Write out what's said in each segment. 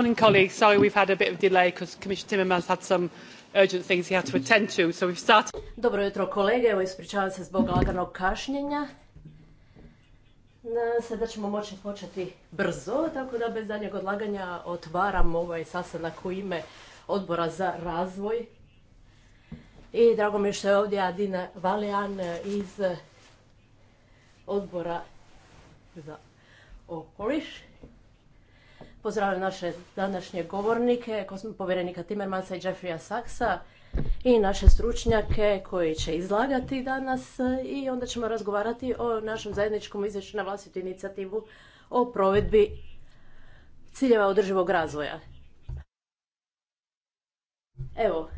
Morning, colleagues. Sorry, we've had a bit of delay because Commissioner Timmermans had some urgent things he had to attend to, so we've started. Dobro jutro, kolege. Evo, ispričavam se zbog laganog kašnjenja. Nadam se da ćemo moći početi brzo, tako da bez daljnjeg odlaganja otvaram ovaj sastanak u ime odbora za razvoj. I drago mi je što je ovdje Adina Valijan iz odbora za okoliš. Pozdravljam naše današnje govornike, povjerenika Timmermansa i Jeffrey'a Saksa i naše stručnjake koji će izlagati danas e, i onda ćemo razgovarati o našem zajedničkom izvješću na vlastitu inicijativu o provedbi ciljeva održivog razvoja. Evo,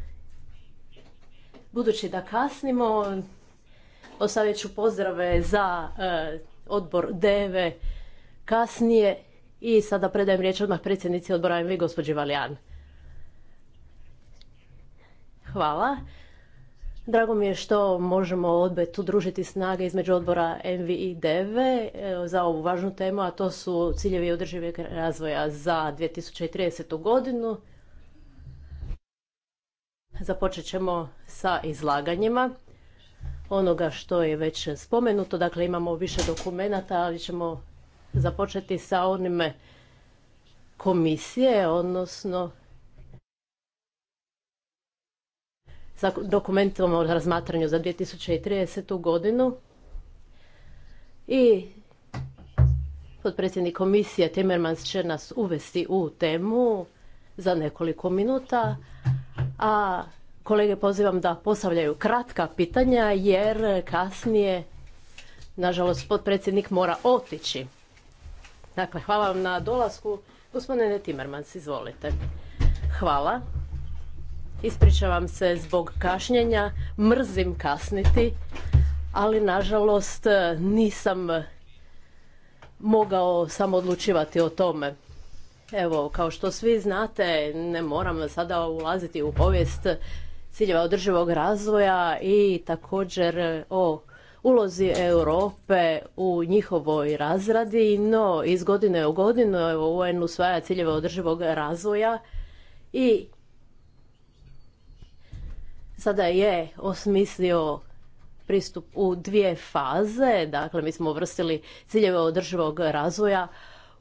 budući da kasnimo, ostavit ću pozdrave za e, odbor DEVE kasnije i sada predajem riječ odmah predsjednici odbora MV, gospođi Valijan. Hvala. Drago mi je što možemo odbet udružiti snage između odbora MV i DV e, za ovu važnu temu, a to su ciljevi održivog razvoja za 2030. godinu. Započet ćemo sa izlaganjima onoga što je već spomenuto. Dakle, imamo više dokumenata, ali ćemo započeti sa onime komisije, odnosno sa dokumentom o razmatranju za 2030. godinu i potpredsjednik komisije Timmermans će nas uvesti u temu za nekoliko minuta, a kolege pozivam da postavljaju kratka pitanja jer kasnije, nažalost, potpredsjednik mora otići. Dakle, hvala vam na dolasku. Gospodine Timmermans, izvolite. Hvala. Ispričavam se zbog kašnjenja. Mrzim kasniti, ali nažalost e, nisam mogao sam odlučivati o tome. Evo, kao što svi znate, ne moram sada ulaziti u povijest ciljeva održivog razvoja i također o ulozi Europe u njihovoj razradi, no iz godine u godinu UN usvaja ciljeve održivog razvoja i sada je osmislio pristup u dvije faze, dakle mi smo uvrstili ciljeve održivog razvoja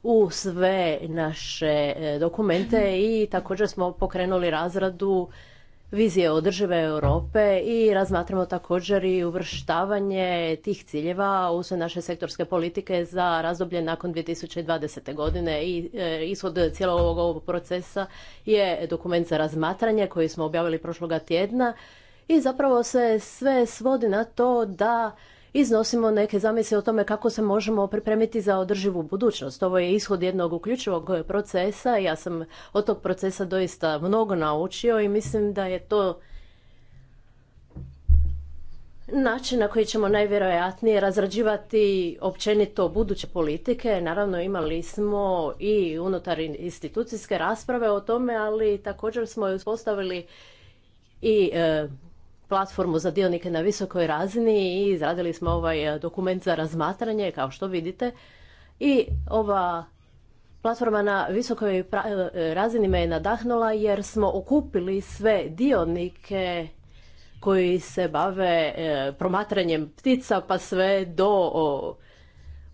u sve naše e, dokumente i također smo pokrenuli razradu vizije održive Europe i razmatramo također i uvrštavanje tih ciljeva u sve naše sektorske politike za razdoblje nakon 2020. godine i e, ishod cijelog ovog procesa je dokument za razmatranje koji smo objavili prošloga tjedna i zapravo se sve svodi na to da iznosimo neke zamisli o tome kako se možemo pripremiti za održivu budućnost. Ovo je ishod jednog uključivog procesa. Ja sam od tog procesa doista mnogo naučio i mislim da je to način na koji ćemo najvjerojatnije razrađivati općenito buduće politike. Naravno imali smo i unutar institucijske rasprave o tome, ali također smo i uspostavili i e, platformu za dionike na visokoj razini i izradili smo ovaj e, dokument za razmatranje, kao što vidite. I ova platforma na visokoj e, razini me je nadahnula jer smo okupili sve dionike koji se bave e, promatranjem ptica pa sve do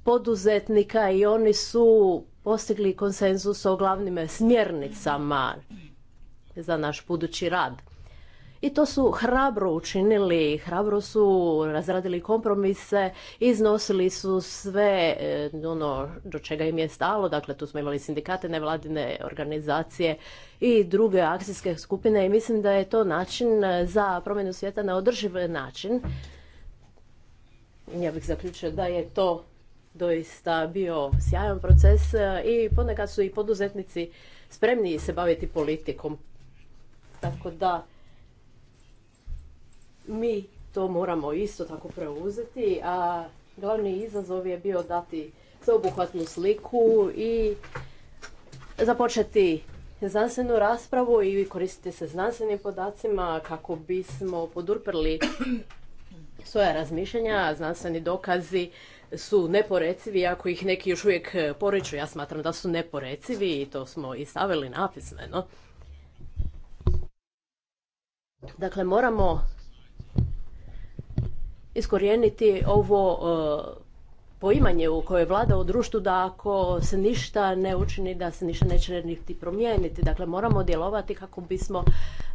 poduzetnika i oni su postigli konsenzus o glavnim smjernicama za naš budući rad. I to su hrabro učinili, hrabro su razradili kompromise, iznosili su sve e, ono do čega im je stalo, dakle tu smo imali sindikate, nevladine organizacije i druge akcijske skupine i mislim da je to način e, za promjenu svijeta na održiv način. Ja bih zaključila da je to doista bio sjajan proces e, i ponekad su i poduzetnici spremni se baviti politikom. Tako da mi to moramo isto tako preuzeti, a glavni izazov je bio dati sveobuhvatnu sliku i započeti znanstvenu raspravu i koristiti se znanstvenim podacima kako bismo podurprli svoja razmišljanja. Znanstveni dokazi su neporecivi, ako ih neki još uvijek poriču, ja smatram da su neporecivi i to smo i stavili napismeno. Dakle, moramo iskorijeniti ovo e, poimanje u koje vlada u društvu da ako se ništa ne učini, da se ništa neće niti promijeniti. Dakle, moramo djelovati kako bismo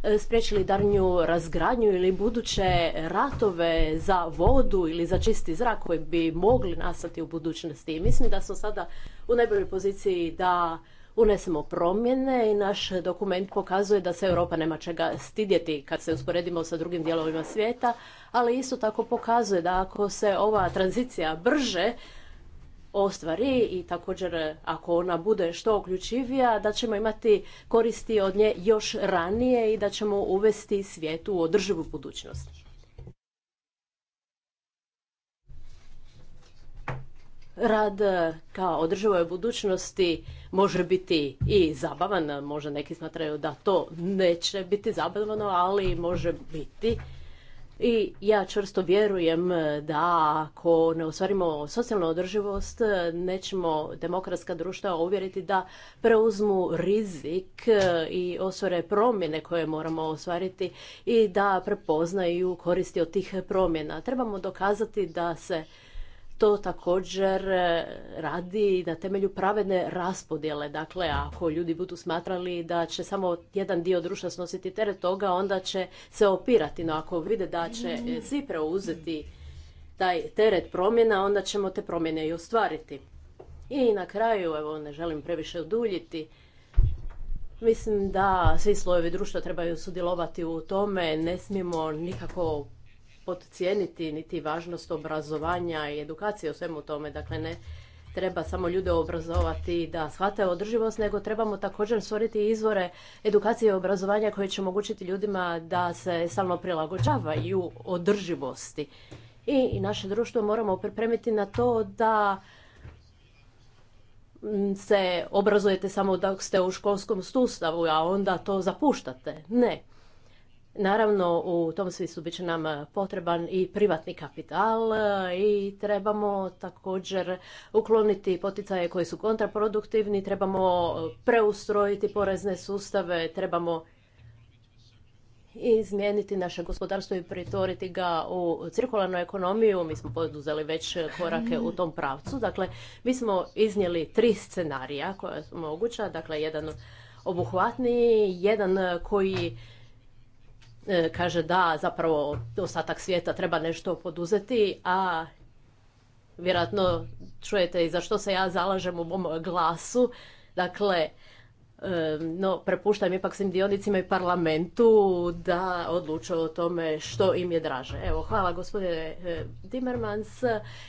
e, spriječili darnju razgradnju ili buduće ratove za vodu ili za čisti zrak koji bi mogli nastati u budućnosti. I mislim da smo sada u najboljoj poziciji da unesemo promjene i naš dokument pokazuje da se Europa nema čega stidjeti kad se usporedimo sa drugim dijelovima svijeta, ali isto tako pokazuje da ako se ova tranzicija brže ostvari i također ako ona bude što uključivija, da ćemo imati koristi od nje još ranije i da ćemo uvesti svijetu u održivu budućnost. Rad e, kao održivoj budućnosti može biti i zabavan, možda neki smatraju da to neće biti zabavno, ali može biti. I ja čvrsto vjerujem da ako ne ostvarimo socijalnu održivost, nećemo demokratska društva uvjeriti da preuzmu rizik e, i osvore promjene koje moramo ostvariti i da prepoznaju koristi od tih promjena. Trebamo dokazati da se to također e, radi na temelju pravedne raspodjele. Dakle, ako ljudi budu smatrali da će samo jedan dio društva snositi teret toga, onda će se opirati. No ako vide da će svi e, preuzeti taj teret promjena, onda ćemo te promjene i ostvariti. I na kraju, evo ne želim previše oduljiti, Mislim da svi slojevi društva trebaju sudjelovati u tome, ne smijemo nikako podcijeniti niti važnost obrazovanja i edukacije u svemu tome. Dakle, ne treba samo ljude obrazovati da shvate održivost, nego trebamo također stvoriti izvore edukacije i obrazovanja koje će omogućiti ljudima da se samo prilagođavaju održivosti. I naše društvo moramo pripremiti na to da mm, se obrazujete samo dok ste u školskom sustavu, a onda to zapuštate. Ne. Naravno, u tom smislu bit će nam e, potreban i privatni kapital e, i trebamo također ukloniti poticaje koji su kontraproduktivni, trebamo e, preustrojiti porezne sustave, trebamo izmijeniti naše gospodarstvo i pritvoriti ga u cirkularnu ekonomiju. Mi smo poduzeli već korake u tom pravcu. Dakle, mi smo iznijeli tri scenarija koja su moguća. Dakle, jedan obuhvatniji, jedan koji E, kaže da zapravo ostatak svijeta treba nešto poduzeti, a vjerojatno čujete i za što se ja zalažem u mom glasu. Dakle, e, no, prepuštam ipak svim dionicima i parlamentu da odluče o tome što im je draže. Evo, hvala gospodine e, Timmermans.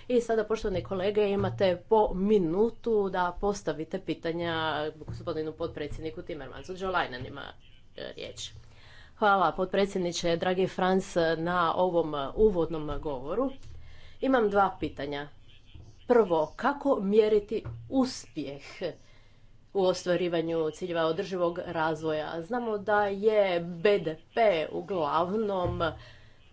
I sada, poštovani kolege, imate po minutu da postavite pitanja gospodinu potpredsjedniku Timmermansu. Đolajnan ima riječ. Hvala potpredsjedniče, dragi Franc, na ovom uh, uvodnom govoru. Imam dva pitanja. Prvo, kako mjeriti uspjeh u ostvarivanju ciljeva održivog razvoja? Znamo da je BDP uglavnom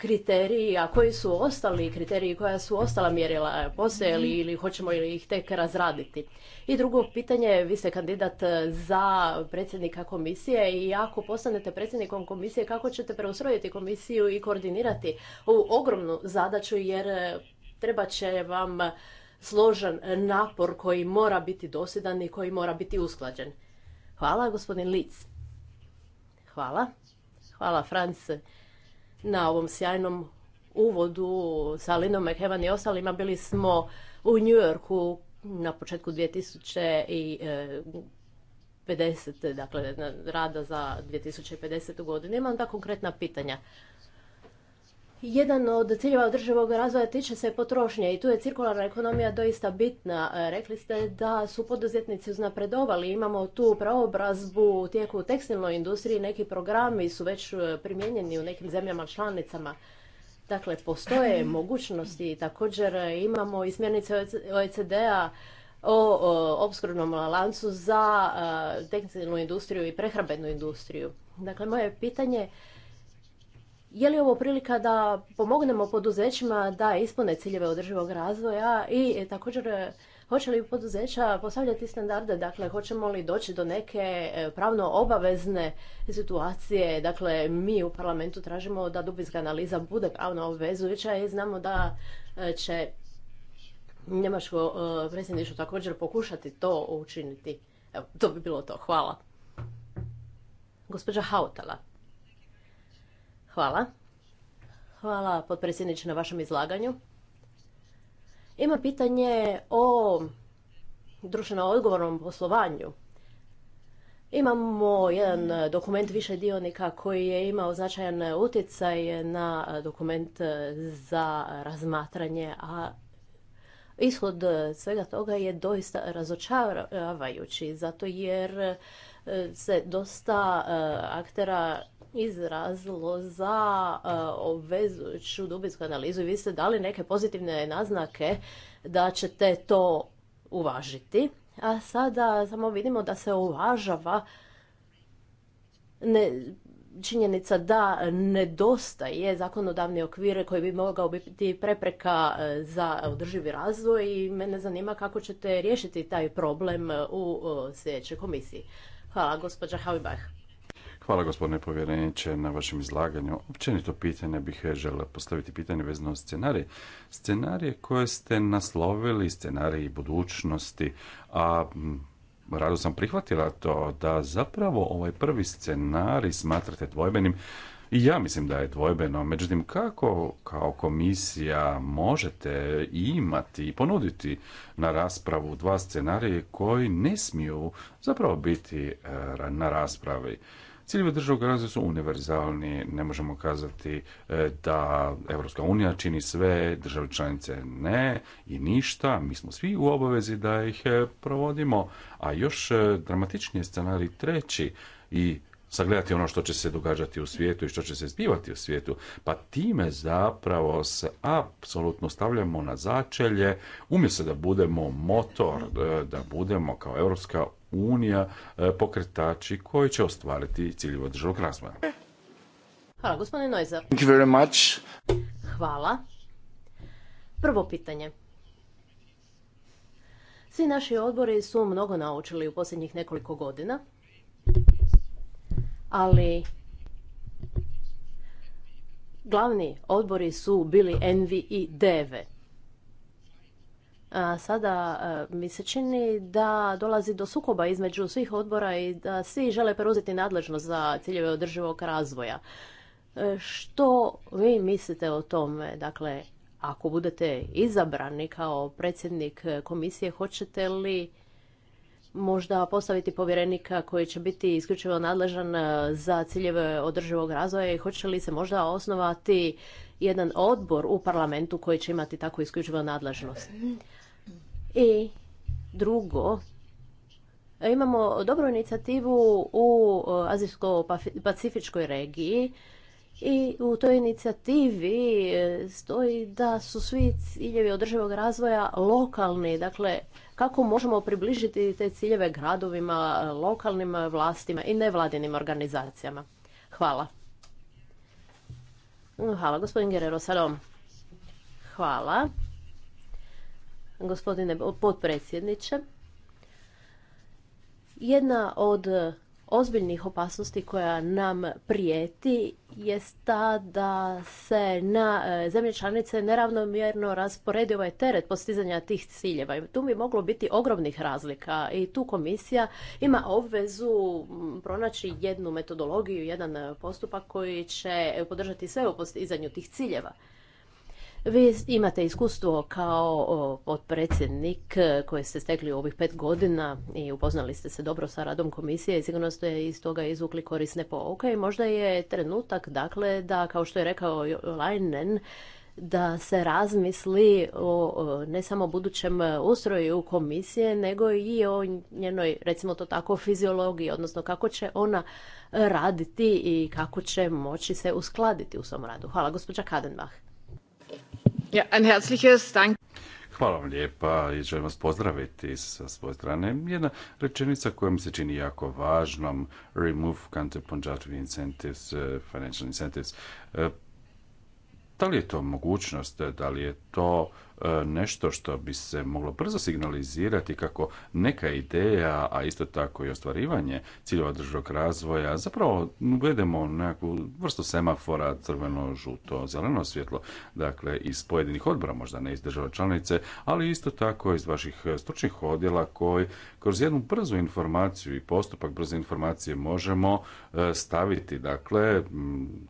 kriteriji, a koji su ostali kriteriji, koja su ostala mjerila, postoje ili hoćemo li ih tek razraditi? I drugo pitanje, vi ste kandidat za predsjednika komisije i ako postanete predsjednikom komisije, kako ćete preustrojiti komisiju i koordinirati ovu ogromnu zadaću, jer treba će vam složen napor koji mora biti dosjedan i koji mora biti usklađen. Hvala, gospodin Lic. Hvala. Hvala, France na ovom sjajnom uvodu sa Alinom McHevan i ostalima. Bili smo u New Yorku na početku 2050, e, dakle rada za 2050. godinu. Imam da konkretna pitanja. Jedan od ciljeva održivog razvoja tiče se potrošnje i tu je cirkularna ekonomija doista bitna. E, rekli ste da su poduzetnici uznapredovali, imamo tu preobrazbu u tijeku tekstilnoj industriji, neki programi su već e, primijenjeni u nekim zemljama članicama. Dakle, postoje mogućnosti, i također e, imamo i smjernice OECD-a o obskrbnom lancu za tekstilnu industriju i prehrambenu industriju. Dakle, moje pitanje je li ovo prilika da pomognemo poduzećima da ispune ciljeve održivog razvoja i također e, hoće li poduzeća postavljati standarde, dakle hoćemo li doći do neke e, pravno obavezne situacije, dakle mi u parlamentu tražimo da dubinska analiza bude pravno obvezujuća i znamo da e, će Njemačko predsjedništvo također pokušati to učiniti. Evo, to bi bilo to. Hvala. Gospođa Hautala. Hvala. Hvala potpredsjedniče na vašem izlaganju. Ima pitanje o društveno odgovornom poslovanju. Imamo jedan dokument više dionika koji je imao značajan utjecaj na dokument za razmatranje, a ishod svega toga je doista razočaravajući, zato jer se dosta e, aktera izrazilo za e, obvezujuću dubinsku analizu i vi ste dali neke pozitivne naznake da ćete to uvažiti. A sada samo vidimo da se uvažava ne, činjenica da nedostaje zakonodavni okvir koji bi mogao biti prepreka e, za održivi razvoj i mene zanima kako ćete riješiti taj problem u e, sljedećoj komisiji. Hvala, gospođa Haubach. Hvala gospodine povjereniče na vašem izlaganju. Općenito pitanje bih želio postaviti pitanje vezano scenarije. Scenarije koje ste naslovili, scenariji budućnosti, a rado sam prihvatila to da zapravo ovaj prvi scenarij smatrate dvojbenim. I ja mislim da je dvojbeno, međutim kako kao komisija možete imati i ponuditi na raspravu dva scenarije koji ne smiju zapravo biti e, na raspravi. Ciljevi državog razvoja su univerzalni, ne možemo kazati e, da Europska unija čini sve, države članice ne i ništa, mi smo svi u obavezi da ih e, provodimo, a još e, dramatičniji scenarij treći i sagledati ono što će se događati u svijetu i što će se zbivati u svijetu, pa time zapravo se apsolutno stavljamo na začelje, umjesto da budemo motor, da budemo kao Europska unija e, pokretači koji će ostvariti ciljeve održivog razvoja. Hvala, gospodine Thank you very much. Hvala. Prvo pitanje. Svi naši odbori su mnogo naučili u posljednjih nekoliko godina, ali glavni odbori su bili Envi i Deve. Sada e, mi se čini da dolazi do sukoba između svih odbora i da svi žele preuzeti nadležnost za ciljeve održivog razvoja. E, što vi mislite o tome? Dakle, ako budete izabrani kao predsjednik komisije, hoćete li možda postaviti povjerenika koji će biti isključivo nadležan e, za ciljeve održivog razvoja i hoće li se možda osnovati jedan odbor u parlamentu koji će imati takvu isključivo nadležnost? I drugo, imamo dobru inicijativu u e, Azijsko-Pacifičkoj regiji i u toj inicijativi e, stoji da su svi ciljevi održivog razvoja lokalni. Dakle, kako možemo približiti te ciljeve gradovima, lokalnim vlastima i nevladinim organizacijama? Hvala. Hvala, gospodin Gerero, Salom. Hvala gospodine potpredsjedniče. Jedna od ozbiljnih opasnosti koja nam prijeti je ta da se na e, zemlje članice neravnomjerno rasporedi ovaj teret postizanja tih ciljeva. I tu bi moglo biti ogromnih razlika i tu komisija ima obvezu pronaći jednu metodologiju, jedan e, postupak koji će podržati sve u postizanju tih ciljeva. Vi imate iskustvo kao potpredsjednik e, koje ste stekli u ovih pet godina i upoznali ste se dobro sa radom komisije i sigurno ste iz toga izvukli korisne pouke i možda je trenutak dakle da kao što je rekao Leinen da se razmisli o ne samo budućem ustroju komisije, nego i o njenoj, recimo to tako, fiziologiji, odnosno kako će ona raditi i kako će moći se uskladiti u svom radu. Hvala, gospođa Kadenbach. Ja, Hvala vam lijepa i želim vas pozdraviti sa svoje strane. Jedna rečenica koja mi se čini jako važnom, remove counterpunjative incentives, eh, financial incentives. Eh, da li je to mogućnost, da li je to E, nešto što bi se moglo brzo signalizirati kako neka ideja, a isto tako i ostvarivanje ciljeva državnog razvoja, zapravo uvedemo nekakvu vrstu semafora, crveno, žuto, zeleno svjetlo, dakle iz pojedinih odbora, možda ne iz država članice, ali isto tako iz vaših stručnih odjela koji kroz jednu brzu informaciju i postupak brze informacije možemo e, staviti, dakle,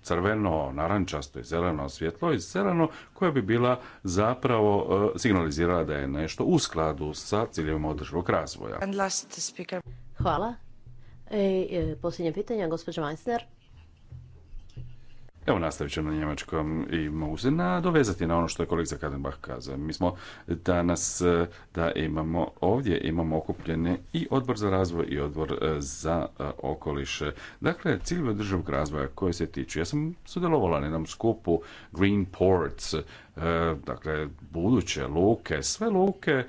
crveno, narančasto i zeleno svjetlo i zeleno koja bi bila zapravo e, signalizirala da je nešto u skladu sa ciljevima održivog razvoja. Hvala. E, e, posljednje pitanje, gospođa Meissner. Evo nastavit ćemo na njemačkom i mogu se nadovezati na ono što je kolegica Kadenbach kazao. Mi smo danas e, da imamo ovdje imamo okupljene i odbor za razvoj i odbor e, za e, okoliš. Dakle, ciljevi održivog razvoja koje se tiču. Ja sam sudjelovala na jednom skupu Green Ports, dakle buduće luke, sve luke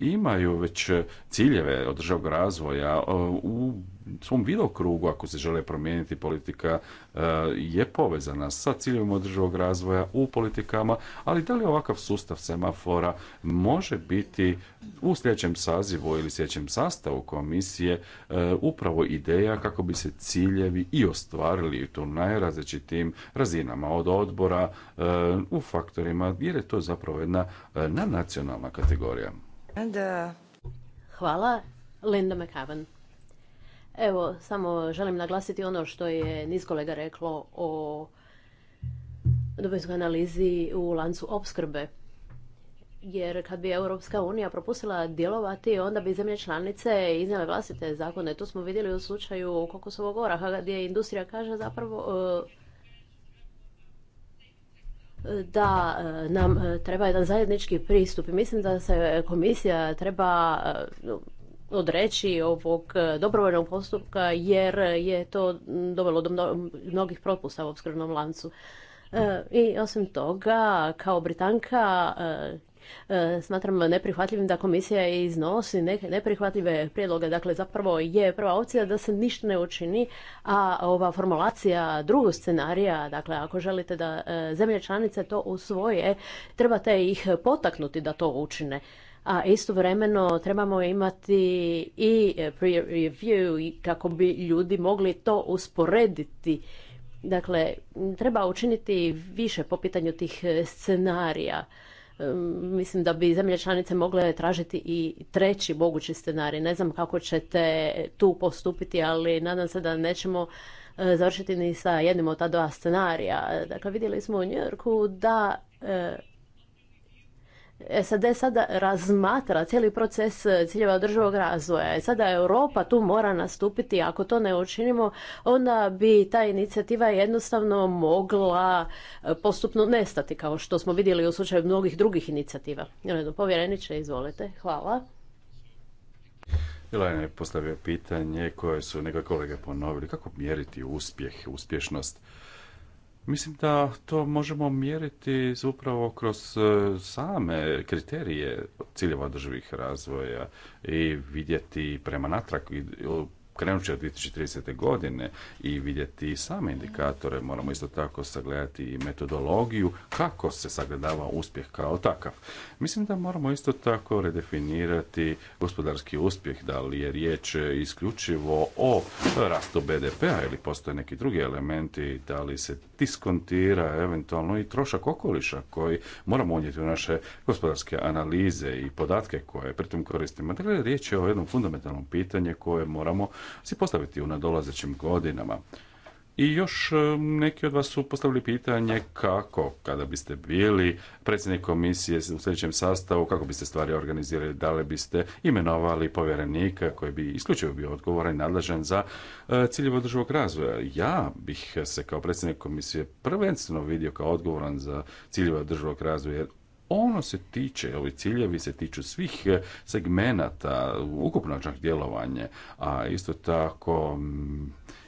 imaju već ciljeve održavog razvoja u svom vidokrugu, ako se žele promijeniti politika, e, je povezana sa ciljevima održivog razvoja u politikama, ali da li ovakav sustav semafora može biti u sljedećem sazivu ili sljedećem sastavu komisije e, upravo ideja kako bi se ciljevi i ostvarili u najrazličitim razinama od odbora e, u faktorima, jer je to zapravo jedna nacionalna kategorija. Uh, Hvala, Linda McAvan. Evo, samo želim naglasiti ono što je niz kolega reklo o dubinskoj analizi u lancu opskrbe. Jer kad bi Europska unija propustila djelovati, onda bi zemlje članice iznijele vlastite zakone. To smo vidjeli u slučaju Kokosovog oraha, gdje industrija kaže zapravo e, da e, nam treba jedan zajednički pristup i mislim da se komisija treba e, odreći ovog e, dobrovoljnog postupka jer je to dovelo do mnogih propusta u opskrbnom lancu. E, I osim toga, kao Britanka e, smatram neprihvatljivim da komisija iznosi neke neprihvatljive prijedloge. Dakle, zapravo je prva opcija da se ništa ne učini, a ova formulacija drugog scenarija, dakle, ako želite da zemlje članice to usvoje, trebate ih potaknuti da to učine a istovremeno trebamo imati i peer review kako bi ljudi mogli to usporediti. Dakle, treba učiniti više po pitanju tih scenarija. Mislim da bi zemlje članice mogle tražiti i treći mogući scenarij. Ne znam kako ćete tu postupiti, ali nadam se da nećemo e, završiti ni sa jednim od ta dva scenarija. Dakle, vidjeli smo u Njorku da e, SAD sada razmatra cijeli proces e, ciljeva održivog razvoja. E, sada Europa tu mora nastupiti, ako to ne učinimo, onda bi ta inicijativa jednostavno mogla e, postupno nestati, kao što smo vidjeli u slučaju mnogih drugih inicijativa. Povjereniče, izvolite. Hvala. Jelena je postavio pitanje koje su kolege ponovili. Kako mjeriti uspjeh, uspješnost? Mislim da to možemo mjeriti upravo kroz e, same kriterije ciljeva održivih razvoja i vidjeti prema natrag krenut će od 2030. godine i vidjeti same indikatore, moramo isto tako sagledati i metodologiju kako se sagledava uspjeh kao takav. Mislim da moramo isto tako redefinirati gospodarski uspjeh, da li je riječ isključivo o rastu BDP-a ili postoje neki drugi elementi, da li se diskontira eventualno i trošak okoliša koji moramo unijeti u naše gospodarske analize i podatke koje pritom koristimo. Dakle, riječ je o jednom fundamentalnom pitanju koje moramo si postaviti u nadolazećim godinama. I još e, neki od vas su postavili pitanje kako, kada biste bili predsjednik komisije u sljedećem sastavu, kako biste stvari organizirali, da li biste imenovali povjerenika koji bi isključivo bio odgovoran i nadležan za e, ciljeve održivog razvoja. Ja bih se kao predsjednik komisije prvenstveno vidio kao odgovoran za ciljeve održivog razvoja, jer ono se tiče, ovi ciljevi se tiču svih segmenata, ukupno čak djelovanje, a isto tako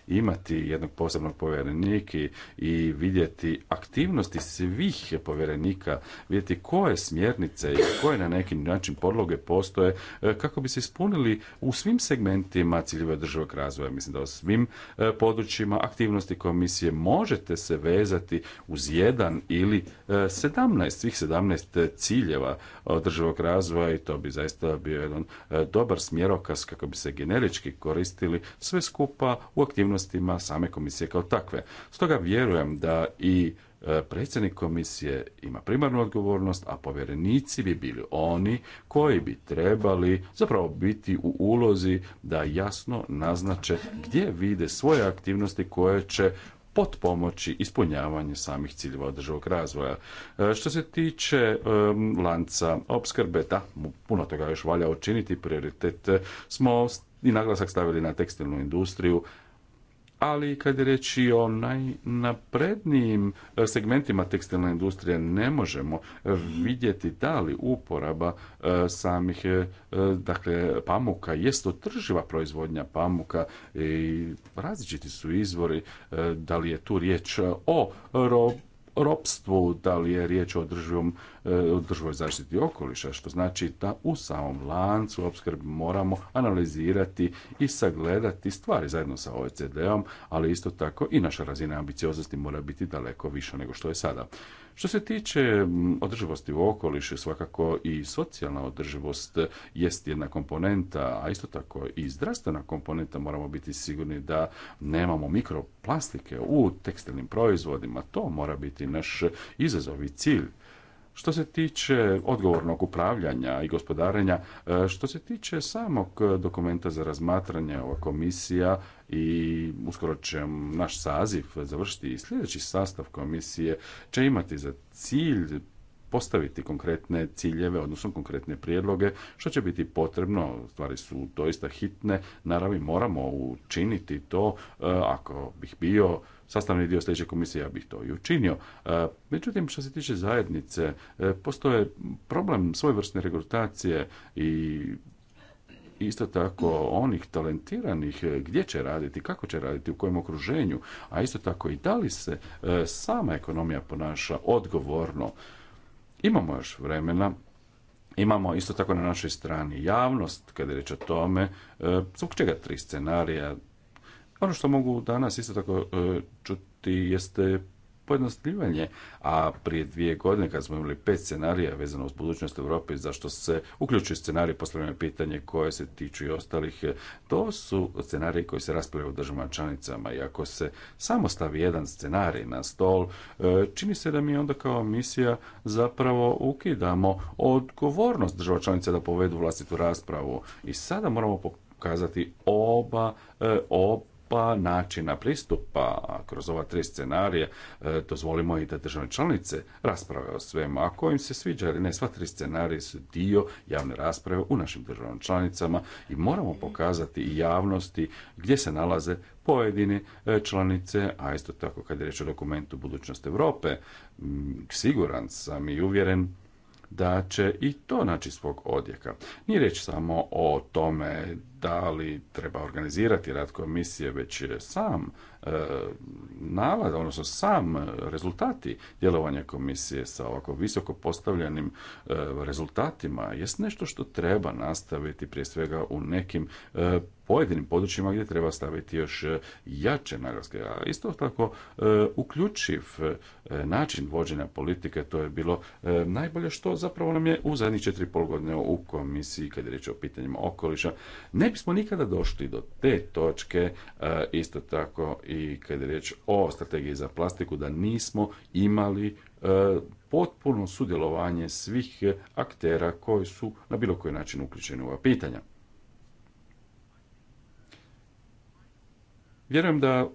imati jednog posebnog povjerenika i vidjeti aktivnosti svih povjerenika, vidjeti koje smjernice i koje na neki način podloge postoje e, kako bi se ispunili u svim segmentima ciljeva državog razvoja. Mislim da u svim e, područjima aktivnosti komisije možete se vezati uz jedan ili e, sedamnaest, svih sedamnaest ciljeva državog razvoja i to bi zaista bio jedan dobar smjerokaz kako bi se generički koristili sve skupa u aktivnosti aktivnostima same komisije kao takve. Stoga vjerujem da i e, predsjednik komisije ima primarnu odgovornost, a povjerenici bi bili oni koji bi trebali zapravo biti u ulozi da jasno naznače gdje vide svoje aktivnosti koje će potpomoći pomoći ispunjavanje samih ciljeva održivog razvoja. E, što se tiče e, lanca opskrbe, da, puno toga još valja učiniti, prioritet smo i naglasak stavili na tekstilnu industriju, ali kad je reč i o najnaprednijim e, segmentima tekstilne industrije ne možemo vidjeti da li uporaba e, samih e, dakle pamuka jest održiva proizvodnja pamuka i različiti su izvori da li je tu riječ o ropstvu, da li je riječ o održivom E, održivoj zaštiti okoliša, što znači da u samom lancu opskrbe moramo analizirati i sagledati stvari zajedno sa OECD-om, ali isto tako i naša razina ambicioznosti mora biti daleko više nego što je sada. Što se tiče održivosti u okolišu, svakako i socijalna održivost jest jedna komponenta, a isto tako i zdravstvena komponenta moramo biti sigurni da nemamo mikroplastike u tekstilnim proizvodima. To mora biti naš izazov i cilj. Što se tiče odgovornog upravljanja i gospodarenja, e, što se tiče samog dokumenta za razmatranje, ova komisija i uskoro će naš saziv završiti i sljedeći sastav komisije će imati za cilj postaviti konkretne ciljeve, odnosno konkretne prijedloge, što će biti potrebno, stvari su doista hitne, naravno moramo učiniti to, e, ako bih bio sastavni dio sljedeće komisije, ja bih to i učinio. E, međutim, što se tiče zajednice, e, postoje problem svojevrsne regrutacije i isto tako onih talentiranih e, gdje će raditi, kako će raditi, u kojem okruženju, a isto tako i da li se sama ekonomija ponaša odgovorno. Imamo još vremena, Imamo isto tako na našoj strani javnost, kada je reč o tome, zbog čega tri scenarija, ono što mogu danas isto tako e, čuti jeste pojednostavljivanje, a prije dvije godine kad smo imali pet scenarija vezano uz budućnost Europe, zašto se uključuju scenarij postavljeno pitanje koje se tiču i ostalih, e, to su scenariji koji se raspravljaju u državama članicama i ako se samo stavi jedan scenarij na stol, e, čini se da mi onda kao misija zapravo ukidamo odgovornost država članica da povedu vlastitu raspravu i sada moramo pokazati oba, oba pa načina pristupa kroz ova tri scenarija e, dozvolimo i da državne članice rasprave o svemu. Ako im se sviđa ili ne, sva tri scenarija su dio javne rasprave u našim državnim članicama i moramo pokazati i javnosti gdje se nalaze pojedine e, članice, a isto tako kad je reč o dokumentu Budućnost Europe, siguran sam i uvjeren da će i to naći svog odjeka. Nije reč samo o tome da li treba organizirati rad komisije, već sam e, odnosno sam rezultati djelovanja komisije sa ovako visoko postavljenim e, rezultatima jest nešto što treba nastaviti prije svega u nekim e, pojedinim područjima gdje treba staviti još e, jače naglaske. A isto tako uključiv način vođenja politike, to je bilo najbolje što zapravo nam je u zadnjih četiri pol godine u komisiji, kad je riječ o pitanjima okoliša. Ne smo nikada došli do te točke, e, isto tako i kada je riječ o strategiji za plastiku, da nismo imali e, potpuno sudjelovanje svih aktera koji su na bilo koji način uključeni u ova pitanja. Vjerujem da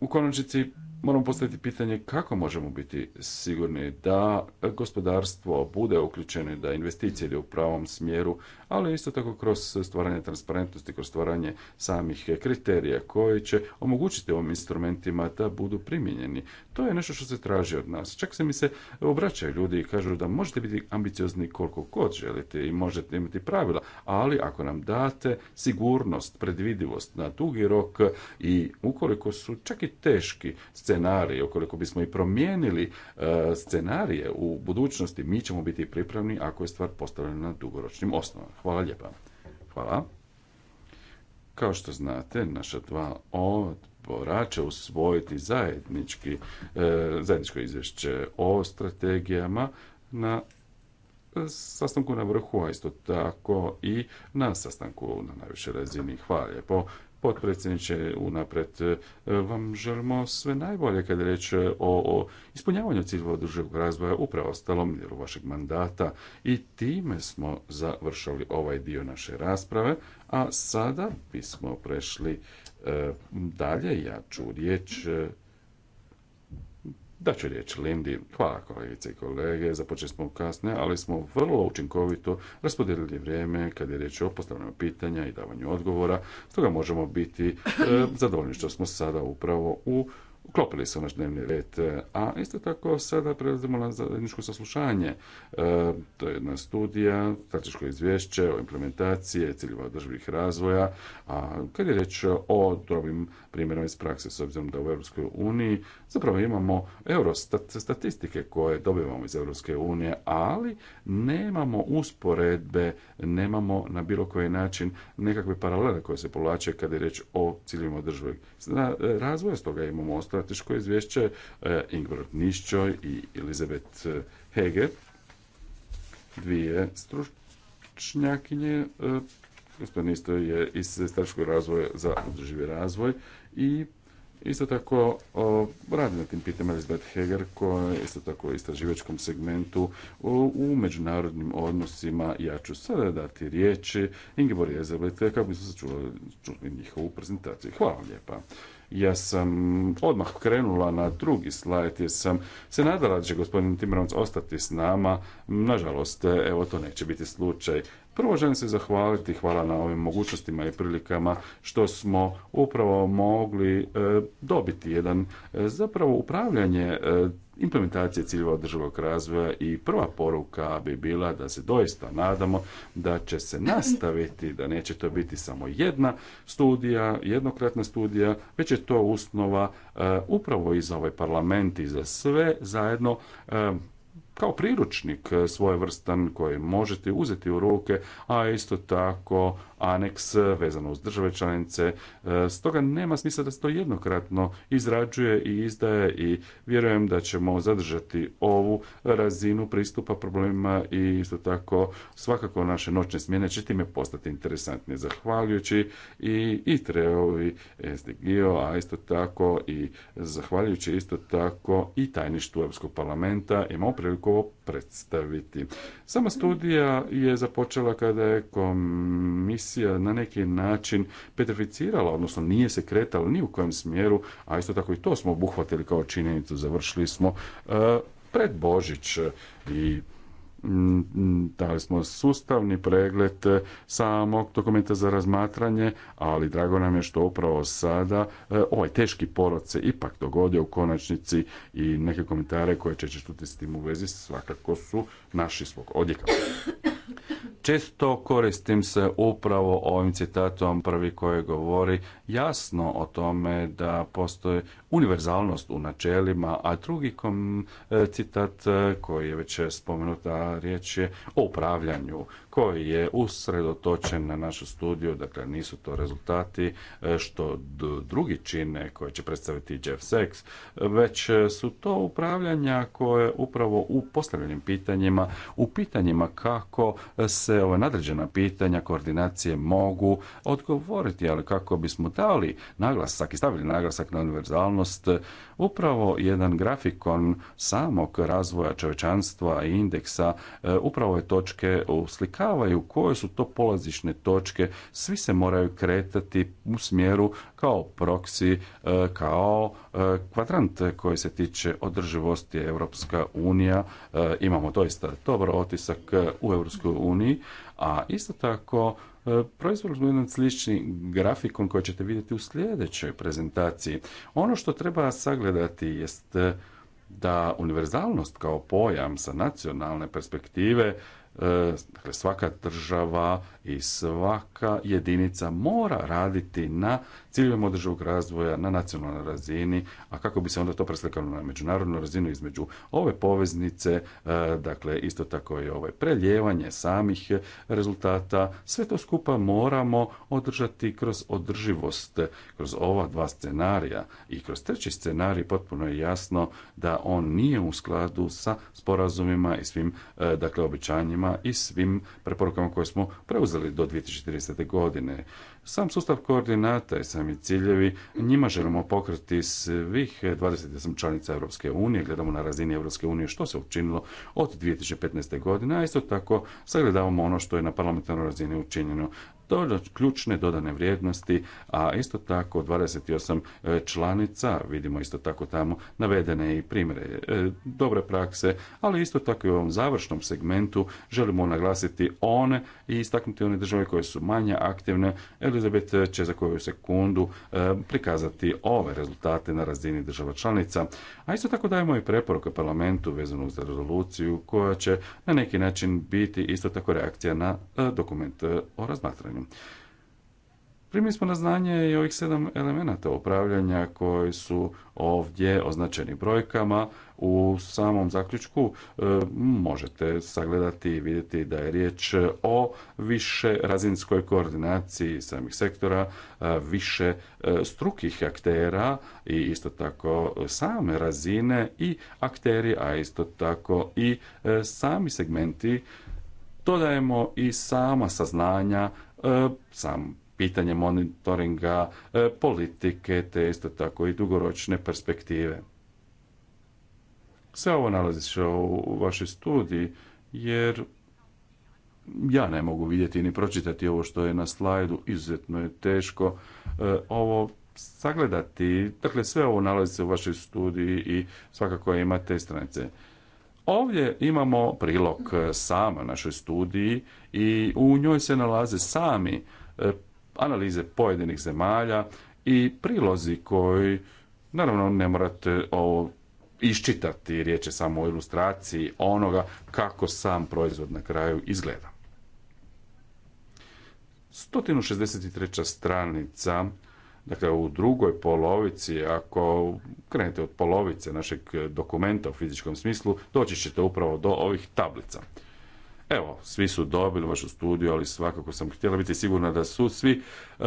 u konačnici moramo postaviti pitanje kako možemo biti sigurni da gospodarstvo bude uključeno, da investicije ide u pravom smjeru, ali isto tako kroz stvaranje transparentnosti, kroz stvaranje samih kriterija koji će omogućiti ovim instrumentima da budu primijenjeni. To je nešto što se traži od nas. Čak se mi se obraćaju ljudi i kažu da možete biti ambiciozni koliko god želite i možete imati pravila, ali ako nam date sigurnost, predvidivost na dugi rok i ukoliko su čak i teški scenarij, ukoliko bismo i promijenili e, scenarije u budućnosti, mi ćemo biti pripravni ako je stvar postavljena na dugoročnim osnovama. Hvala lijepa. Hvala. Kao što znate, naša dva odbora će usvojiti zajednički, e, zajedničko izvješće o strategijama na sastanku na vrhu, a isto tako i na sastanku na najvišoj razini. Hvala lijepo potpredsjedniče, unapred e, vam želimo sve najbolje kada je o, ispunjavanju ciljeva održivog razvoja u preostalom dijelu vašeg mandata i time smo završili ovaj dio naše rasprave, a sada bismo prešli e, dalje. Ja ću riječ e, da ću riječ Lindi. Hvala kolegice i kolege. Započeli smo kasne, ali smo vrlo učinkovito raspodijelili vrijeme kad je riječ o postavljanju pitanja i davanju odgovora. Stoga možemo biti e, zadovoljni što smo sada upravo u uklopili su naš dnevni red. E, a isto tako sada prelazimo na zajedničko saslušanje. E, to je jedna studija, strateško izvješće o implementaciji ciljeva održivih razvoja. A kad je reč o drugim primjerom iz prakse, s obzirom da u Europskoj uniji zapravo imamo Eurostat statistike koje dobivamo iz Europske unije, ali nemamo usporedbe, nemamo na bilo koji način nekakve paralele koje se povlače kada je reč o ciljevima održivog e, razvoja, stoga imamo ostale strateško izvješće e, Ingvar Nišćoj i Elizabeth e, Hege, dvije stručnjakinje, e, gospodin isto je iz strateškog razvoja za održivi razvoj i Isto tako radi na tim pitanjima Elizabeth Heger koja je isto tako u istraživačkom segmentu u, međunarodnim odnosima. Ja ću sada dati riječi Ingeborg Elizabeth kako bismo čuli njihovu prezentaciju. Hvala lijepa. Ja sam odmah krenula na drugi slajd jer sam se nadala da će gospodin Timmermans ostati s nama. Nažalost, evo to neće biti slučaj. Prvo želim se zahvaliti, hvala na ovim mogućnostima i prilikama što smo upravo mogli e, dobiti jedan e, zapravo upravljanje e, implementacije ciljeva održivog razvoja i prva poruka bi bila da se doista nadamo da će se nastaviti, da neće to biti samo jedna studija, jednokratna studija, već je to osnova upravo i za ovaj parlament i za sve zajedno kao priručnik e, svojevrstan koji možete uzeti u ruke, a isto tako aneks e, vezano uz države članice. E, stoga nema smisla da se to jednokratno izrađuje i izdaje i vjerujem da ćemo zadržati ovu razinu pristupa problemima i isto tako svakako naše noćne smjene će time postati interesantnije zahvaljujući i, i treovi SDG-o, a isto tako i zahvaljujući isto tako i tajništu Europskog parlamenta imamo priliku ovo predstaviti. Sama studija je započela kada je komisija na neki način petrificirala, odnosno nije se kretala ni u kojem smjeru, a isto tako i to smo obuhvatili kao činjenicu, završili smo e, pred Božić i mm, mm, dali smo sustavni pregled samog dokumenta za razmatranje, ali drago nam je što upravo sada e, ovaj teški porod se ipak dogodio u konačnici i neke komentare koje će čuti s tim u vezi svakako su naši svog odjeka. Često koristim se upravo ovim citatom prvi koji govori jasno o tome da postoji univerzalnost u načelima, a drugi kom, e, citat e, koji je već spomenuta, riječ je o upravljanju koji je usredotočen na našu studiju, dakle nisu to rezultati e, što drugi čine koje će predstaviti Jeff Sachs, već su to upravljanja koje upravo u postavljenim pitanjima, u pitanjima kako se ova nadređena pitanja koordinacije mogu odgovoriti, ali kako bismo dali naglasak i stavili naglasak na univerzalnost E, upravo jedan grafikon samog razvoja čovečanstva i indeksa e, upravo je točke uslikavaju koje su to polazišne točke svi se moraju kretati u smjeru kao proksi e, kao kvadrant koji se tiče održivosti Europska unija imamo doista dobar otisak u Europskoj uniji a isto tako Proizvod smo jedan slični grafikon koji ćete vidjeti u sljedećoj prezentaciji. Ono što treba sagledati jest eh, da univerzalnost kao pojam sa nacionalne perspektive, eh, dakle svaka država i svaka jedinica mora raditi na ciljevima održivog razvoja na nacionalnoj razini, a kako bi se onda to preslikalo na međunarodnu razinu između ove poveznice, e, dakle isto tako i ovaj prelijevanje samih rezultata, sve to skupa moramo održati kroz održivost, kroz ova dva scenarija i kroz treći scenarij potpuno je jasno da on nije u skladu sa sporazumima i svim e, dakle obećanjima i svim preporukama koje smo preuzeli preuzeli do 2030. godine. Sam sustav koordinata i sami ciljevi, njima želimo pokriti svih 28 članica Europske unije, gledamo na razini Europske unije što se učinilo od 2015. godine, a isto tako sagledavamo ono što je na parlamentarnoj razini učinjeno je ključne dodane vrijednosti, a isto tako 28 e, članica, vidimo isto tako tamo navedene i primjere e, dobre prakse, ali isto tako i u ovom završnom segmentu želimo naglasiti one i istaknuti one države koje su manje aktivne. Elizabeth će za koju sekundu e, prikazati ove rezultate na razini država članica, a isto tako dajemo i preporuke parlamentu vezanu za rezoluciju koja će na neki način biti isto tako reakcija na dokument o razmatranju. Primismo Primili smo na znanje i ovih sedam elemenata upravljanja koji su ovdje označeni brojkama. U samom zaključku e, možete sagledati i vidjeti da je riječ o više razinskoj koordinaciji samih sektora, e, više e, strukih aktera i isto tako same razine i akteri, a isto tako i sami segmenti dodajemo i sama saznanja E, sam pitanje monitoringa, e, politike, te isto tako i dugoročne perspektive. Sve ovo nalazi se u vašoj studiji, jer ja ne mogu vidjeti ni pročitati ovo što je na slajdu, izuzetno je teško e, ovo sagledati. Dakle, sve ovo nalazi se u vašoj studiji i svakako imate stranice. Ovdje imamo prilog e, sama našoj studiji i u njoj se nalaze sami e, analize pojedinih zemalja i prilozi koji, naravno ne morate ovo iščitati, riječ je samo o ilustraciji onoga kako sam proizvod na kraju izgleda. 163. stranica Dakle, u drugoj polovici, ako krenete od polovice našeg dokumenta u fizičkom smislu, doći ćete upravo do ovih tablica. Evo, svi su dobili vašu studiju, ali svakako sam htjela biti sigurna da su svi e,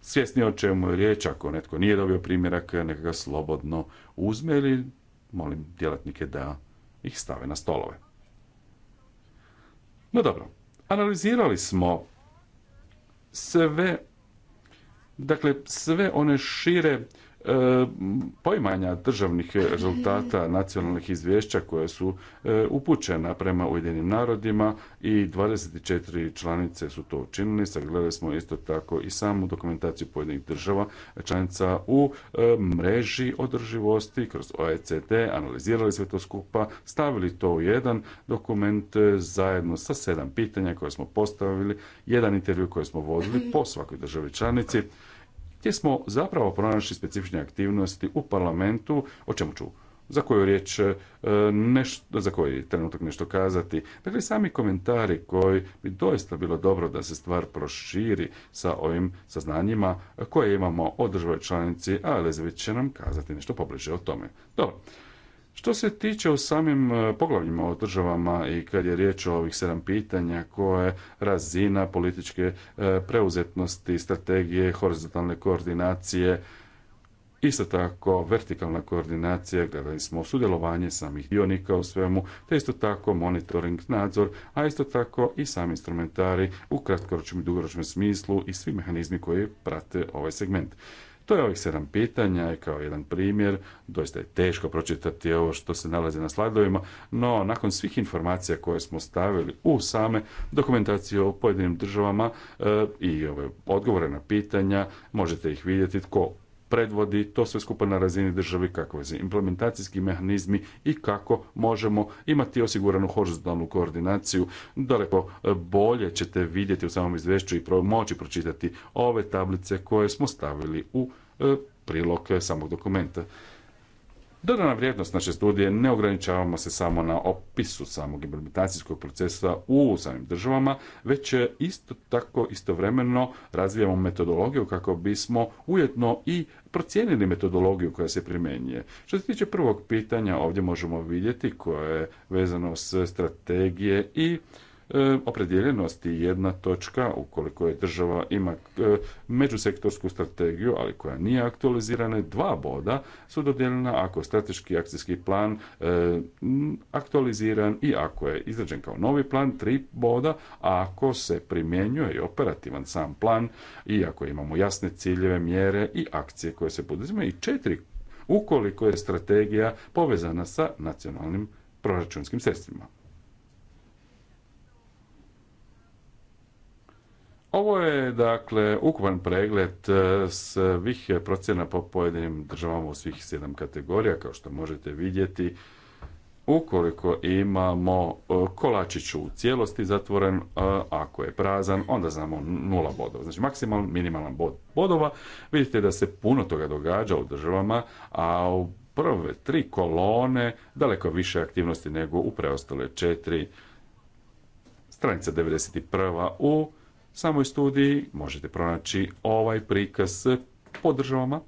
svjesni o čemu je riječ. Ako netko nije dobio primjerak, neka ga slobodno uzme ili molim djelatnike da ih stave na stolove. No dobro, analizirali smo sve Dakle, sve one šire e, poimanja državnih rezultata nacionalnih izvješća koja su e, upućena prema Ujedinim narodima i 24 članice su to učinili. Sagledali smo isto tako i samu dokumentaciju pojedinih država članica u e, mreži održivosti kroz OECD, analizirali sve to skupa, stavili to u jedan dokument zajedno sa sedam pitanja koje smo postavili, jedan intervju koji smo vodili po svakoj državi članici gdje smo zapravo pronašli specifične aktivnosti u parlamentu, o čemu ću za koju riječ, e, nešto, za koji trenutak nešto kazati. Dakle, sami komentari koji bi doista bilo dobro da se stvar proširi sa ovim saznanjima koje imamo o državoj članici, ali će nam kazati nešto pobliže o tome. Dobro, što se tiče u samim e, poglavljima o državama i kad je riječ o ovih sedam pitanja koje razina političke e, preuzetnosti, strategije, horizontalne koordinacije, Isto tako, vertikalna koordinacija, gledali smo sudjelovanje samih dionika u svemu, te isto tako monitoring, nadzor, a isto tako i sami instrumentari u kratkoročnom i dugoročnom smislu i svi mehanizmi koji prate ovaj segment. To je ovih sedam pitanja i kao jedan primjer, doista je teško pročitati ovo što se nalazi na slajdovima, no nakon svih informacija koje smo stavili u same dokumentacije o pojedinim državama e, i ove odgovore na pitanja, možete ih vidjeti tko predvodi to sve skupa na razini države, kakve su implementacijski mehanizmi i kako možemo imati osiguranu horizontalnu koordinaciju. Daleko bolje ćete vidjeti u samom izvješću i moći pročitati ove tablice koje smo stavili u e, prilog samog dokumenta. Dodana vrijednost naše studije ne ograničavamo se samo na opisu samog implementacijskog procesa u samim državama, već isto tako istovremeno razvijamo metodologiju kako bismo ujedno i procijenili metodologiju koja se primjenjuje. Što se tiče prvog pitanja, ovdje možemo vidjeti koje je vezano s strategije i E, opredjeljenosti jedna točka ukoliko je država ima e, međusektorsku strategiju ali koja nije aktualizirana dva boda su dodijeljena ako je strateški akcijski plan e, aktualiziran i ako je izrađen kao novi plan tri boda a ako se primjenjuje i operativan sam plan i ako imamo jasne ciljeve mjere i akcije koje se poduzimaju i četiri ukoliko je strategija povezana sa nacionalnim proračunskim sredstvima Ovo je dakle ukupan pregled e, svih procjena po pojedinim državama u svih sedam kategorija kao što možete vidjeti. Ukoliko imamo e, kolačić u cijelosti zatvoren, e, ako je prazan, onda znamo nula bodova. Znači maksimalan, minimalan bod bodova. Vidite da se puno toga događa u državama, a u prve tri kolone daleko više aktivnosti nego u preostale četiri. Stranica 91. u samoj studiji možete pronaći ovaj prikaz po državama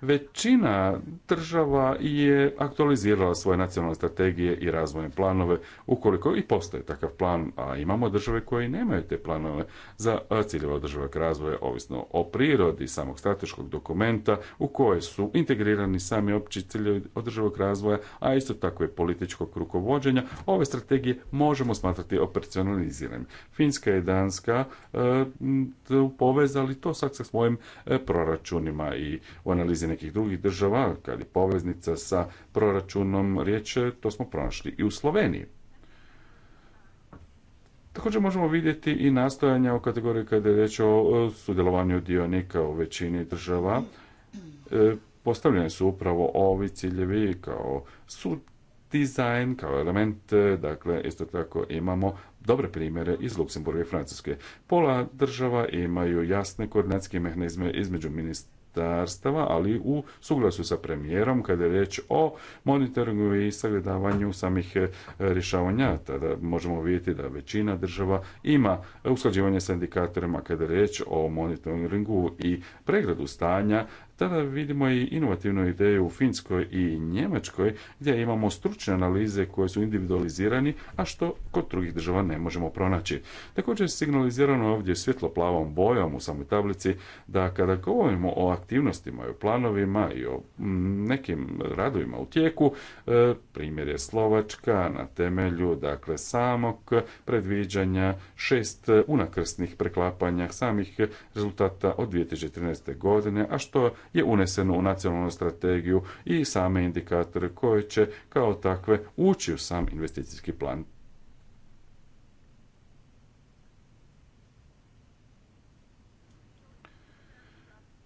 Većina država je aktualizirala svoje nacionalne strategije i razvojne planove, ukoliko i postoji takav plan, a imamo države koje nemaju te planove za ciljeve održivog razvoja, ovisno o prirodi samog strateškog dokumenta u koje su integrirani sami opći ciljevi održivog razvoja, a isto tako i političkog rukovođenja, ove strategije možemo smatrati operacionaliziranim. Finska i Danska povezali to sad sa svojim e, proračunima i u analizi nekih drugih država, kad je poveznica sa proračunom riječe, to smo pronašli i u Sloveniji. Također možemo vidjeti i nastojanja u kategoriji kada je riječ o sudjelovanju dionika u većini država. E, Postavljeni su upravo ovi ciljevi kao sud dizajn kao element, e, dakle isto tako imamo dobre primjere iz Luksemburga i Francuske. Pola država imaju jasne koordinacijske mehanizme između ministra ministarstava, ali u suglasu sa premijerom kada je riječ o monitoringu i sagledavanju samih e, rješavanja. Tada možemo vidjeti da većina država ima usklađivanje sa indikatorima kada je riječ o monitoringu i pregledu stanja tada vidimo i inovativnu ideju u Finskoj i Njemačkoj gdje imamo stručne analize koje su individualizirani, a što kod drugih država ne možemo pronaći. Također je signalizirano ovdje svjetlo-plavom bojom u samoj tablici da kada govorimo o aktivnostima i o planovima i o nekim radovima u tijeku, e, primjer je Slovačka na temelju dakle samog predviđanja šest unakrsnih preklapanja samih rezultata od 2013. godine, a što je uneseno u nacionalnu strategiju i same indikatore koje će kao takve ući u sam investicijski plan.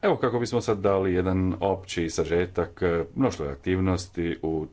Evo kako bismo sad dali jedan opći sažetak e, mnoštve aktivnosti u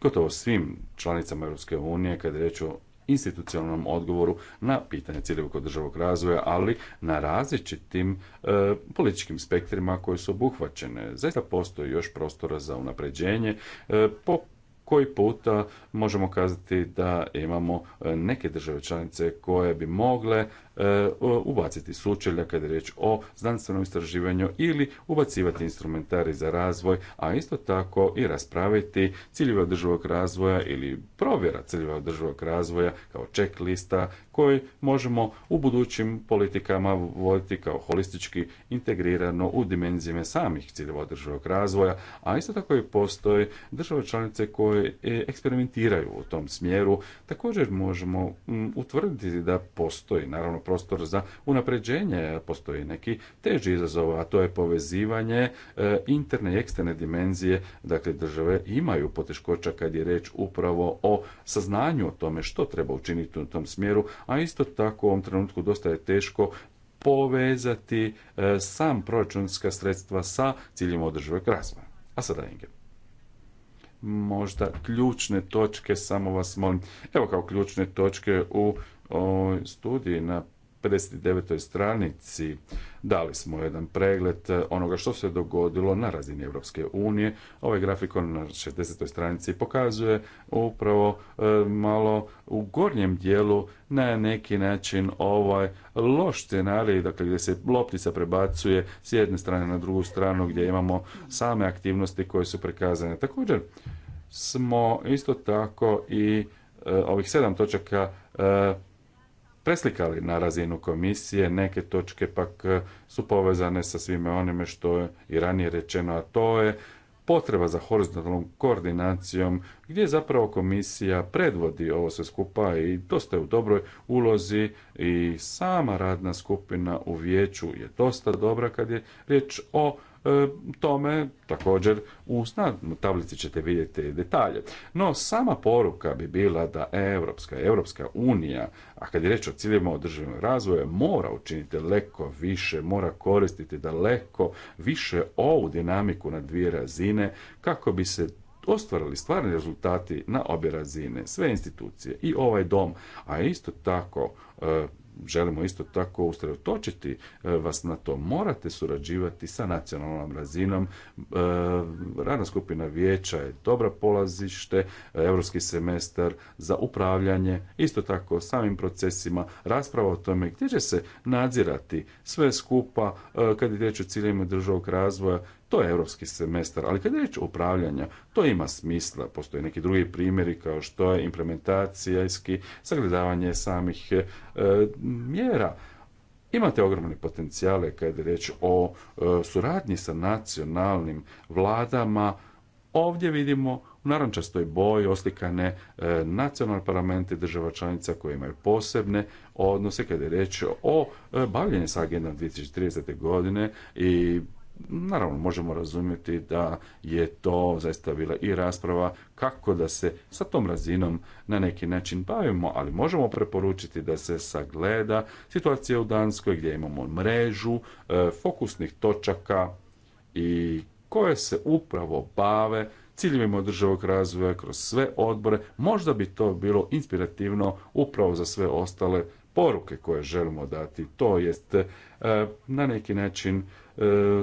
gotovo svim članicama Europske unije kad je reč o institucionalnom odgovoru na pitanje ciljeva državog razvoja, ali na različitim e, političkim spektrima koje su obuhvaćene. Zaista postoji još prostora za unapređenje e, po koji puta možemo kazati da imamo e, neke države članice koje bi mogle E, ubaciti sučelja kada je riječ o znanstvenom istraživanju ili ubacivati instrumentari za razvoj, a isto tako i raspraviti ciljeve održivog razvoja ili provjera ciljeva održivog razvoja kao checklista koji možemo u budućim politikama voditi kao holistički integrirano u dimenzijeme samih ciljeva održivog razvoja, a isto tako i postoje države članice koje e, eksperimentiraju u tom smjeru. Također možemo utvrditi da postoji naravno prostor za unapređenje, postoji neki teži izazov, a to je povezivanje e, interne i eksterne dimenzije, dakle države imaju poteškoća kad je reč upravo o saznanju o tome što treba učiniti u tom smjeru, a isto tako u ovom trenutku dosta je teško povezati e, sam proračunska sredstva sa ciljima održivog razvoja. A sada Inge možda ključne točke, samo vas molim, evo kao ključne točke u studiji na 59. stranici dali smo jedan pregled eh, onoga što se dogodilo na razini Europske unije. Ovaj grafikon na 60. stranici pokazuje upravo eh, malo u gornjem dijelu na neki način ovaj loš scenarij, dakle gdje se loptica prebacuje s jedne strane na drugu stranu gdje imamo same aktivnosti koje su prikazane. Također smo isto tako i eh, ovih sedam točaka preslikali na razinu komisije, neke točke pak e, su povezane sa svime onime što je i ranije rečeno, a to je potreba za horizontalnom koordinacijom gdje zapravo komisija predvodi ovo sve skupa i dosta je u dobroj ulozi i sama radna skupina u vijeću je dosta dobra kad je riječ o E, tome također u tablici ćete vidjeti detalje. No, sama poruka bi bila da Europska, Europska unija, a kad je reč o ciljevima održivog razvoja, mora učiniti daleko više, mora koristiti daleko više ovu dinamiku na dvije razine kako bi se ostvarili stvarni rezultati na obje razine, sve institucije i ovaj dom, a isto tako e, želimo isto tako usredotočiti e, vas na to. Morate surađivati sa nacionalnom razinom. E, radna skupina vijeća je dobra polazište, europski semestar za upravljanje, isto tako samim procesima, rasprava o tome gdje će se nadzirati sve skupa e, kad je riječ o ciljevima državog razvoja to je europski semestar, ali kada je riječ o upravljanju, to ima smisla. Postoje neki drugi primjeri kao što je implementacijski sagledavanje samih e, mjera. Imate ogromne potencijale kada je riječ o e, suradnji sa nacionalnim vladama. Ovdje vidimo u narančastoj boji oslikane e, nacionalne parlamente država članica koje imaju posebne odnose kada je riječ o e, bavljenju sa agendom 2030. godine i Naravno, možemo razumjeti da je to zaista bila i rasprava kako da se sa tom razinom na neki način bavimo, ali možemo preporučiti da se sagleda situacija u Danskoj gdje imamo mrežu e, fokusnih točaka i koje se upravo bave ciljevima održivog razvoja kroz sve odbore. Možda bi to bilo inspirativno upravo za sve ostale poruke koje želimo dati, to jest e, na neki način e,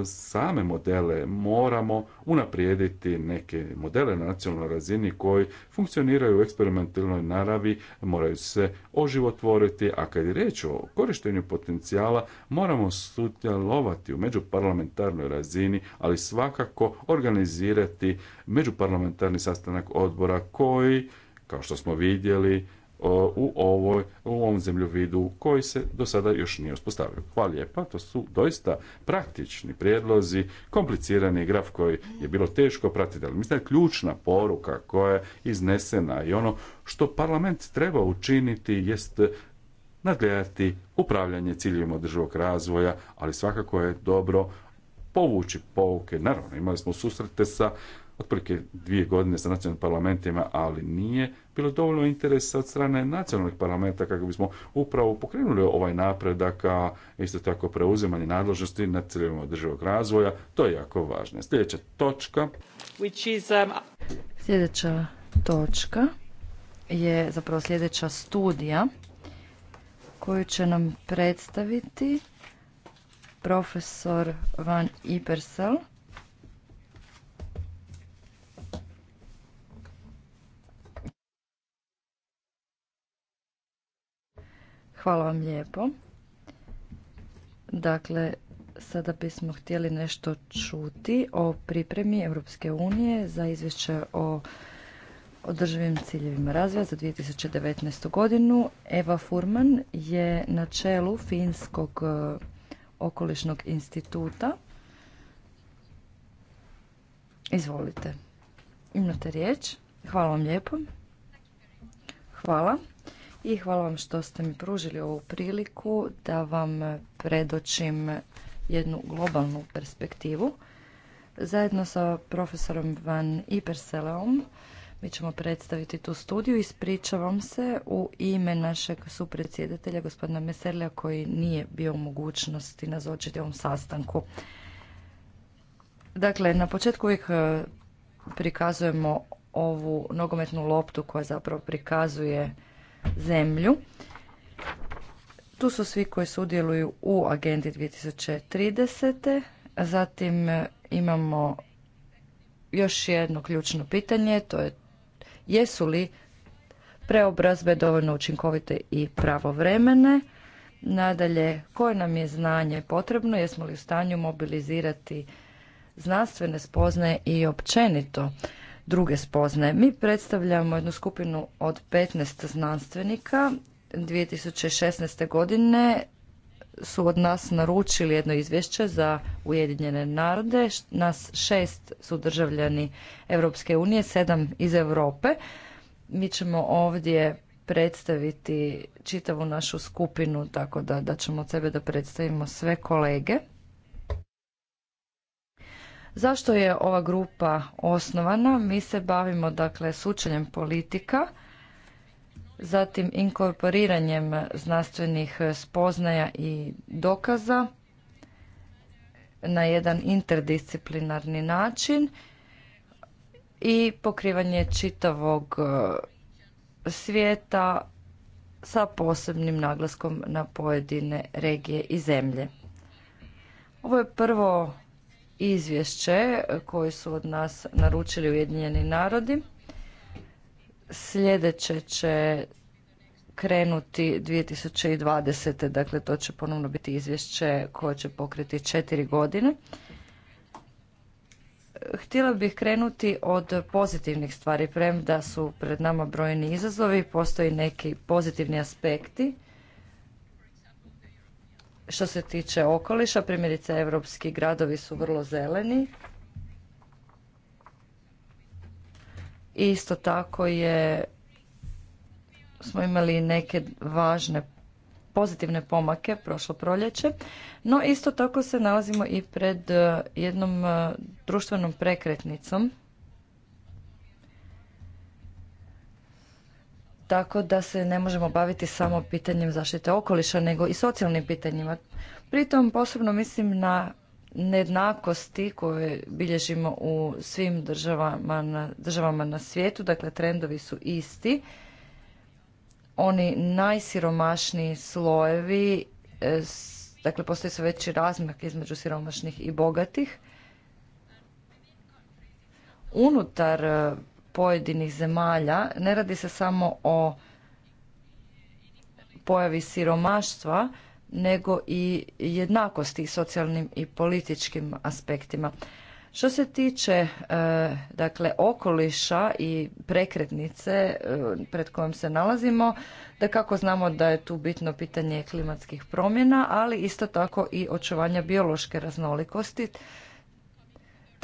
same modele moramo unaprijediti neke modele na nacionalnoj razini koji funkcioniraju u eksperimentalnoj naravi, moraju se oživotvoriti, a kad je riječ o korištenju potencijala moramo sudjelovati u međuparlamentarnoj razini, ali svakako organizirati međuparlamentarni sastanak odbora koji, kao što smo vidjeli, E, u, ovoj, u ovom zemljovidu koji se do sada još nije uspostavio. Hvala lijepa, to su doista praktični prijedlozi, komplicirani graf koji je bilo teško pratiti, ali mislim da je ključna poruka koja je iznesena i ono što parlament treba učiniti jest nadgledati upravljanje ciljevima održivog razvoja, ali svakako je dobro povući pouke. Naravno, imali smo susrete sa otprilike dvije godine sa nacionalnim parlamentima, ali nije bilo dovoljno interesa od strane nacionalnih parlamenta kako bismo upravo pokrenuli ovaj napredak, a isto tako preuzimanje nadležnosti na ciljevima državog razvoja, to je jako važno. Sljedeća točka. Um, sljedeća točka je zapravo sljedeća studija koju će nam predstaviti profesor Van Ipersel Hvala vam lijepo. Dakle, sada bismo htjeli nešto čuti o pripremi Europske unije za izvješće o održivim ciljevima razvoja za 2019. godinu. Eva Furman je na čelu Finskog e, okolišnog instituta. Izvolite. Imate riječ. Hvala vam lijepo. Hvala i hvala vam što ste mi pružili ovu priliku da vam predočim jednu globalnu perspektivu. Zajedno sa profesorom Van Iperseleom mi ćemo predstaviti tu studiju. Ispričavam se u ime našeg supredsjedatelja gospodina Meserlja koji nije bio u mogućnosti nazočiti ovom sastanku. Dakle, na početku uvijek e, prikazujemo ovu nogometnu loptu koja zapravo prikazuje zemlju. Tu su svi koji sudjeluju u agendi 2030. Zatim e, imamo još jedno ključno pitanje, to je jesu li preobrazbe dovoljno učinkovite i pravovremene? Nadalje, koje nam je znanje potrebno? Jesmo li u stanju mobilizirati znanstvene spoznaje i općenito druge spoznaje. Mi predstavljamo jednu skupinu od 15 znanstvenika. 2016. godine su od nas naručili jedno izvješće za Ujedinjene narode. Nas šest su državljani Europske unije, sedam iz Europe. Mi ćemo ovdje predstaviti čitavu našu skupinu, tako da, da ćemo od sebe da predstavimo sve kolege. Zašto je ova grupa osnovana? Mi se bavimo dakle sučenjem politika, zatim inkorporiranjem znanstvenih spoznaja i dokaza na jedan interdisciplinarni način i pokrivanje čitavog e, svijeta sa posebnim naglaskom na pojedine regije i zemlje. Ovo je prvo izvješće koje su od nas naručili Ujedinjeni narodi. Sljedeće će krenuti 2020. Dakle, to će ponovno biti izvješće koje će pokriti četiri godine. Htjela bih krenuti od pozitivnih stvari, premda su pred nama brojni izazovi, postoji neki pozitivni aspekti što se tiče okoliša. Primjerice, evropski gradovi su vrlo zeleni. Isto tako je smo imali neke važne pozitivne pomake prošlo proljeće, no isto tako se nalazimo i pred eh, jednom eh, društvenom prekretnicom tako da se ne možemo baviti samo pitanjem zaštite okoliša, nego i socijalnim pitanjima. Pritom posebno mislim na nejednakosti koje bilježimo u svim državama na, državama na svijetu, dakle trendovi su isti. Oni najsiromašniji slojevi, e, dakle postoji sve veći razmak između siromašnih i bogatih. Unutar e, pojedinih zemalja, ne radi se samo o pojavi siromaštva, nego i jednakosti socijalnim i političkim aspektima. Što se tiče e, dakle okoliša i prekretnice e, pred kojom se nalazimo, da kako znamo da je tu bitno pitanje klimatskih promjena, ali isto tako i očuvanja biološke raznolikosti,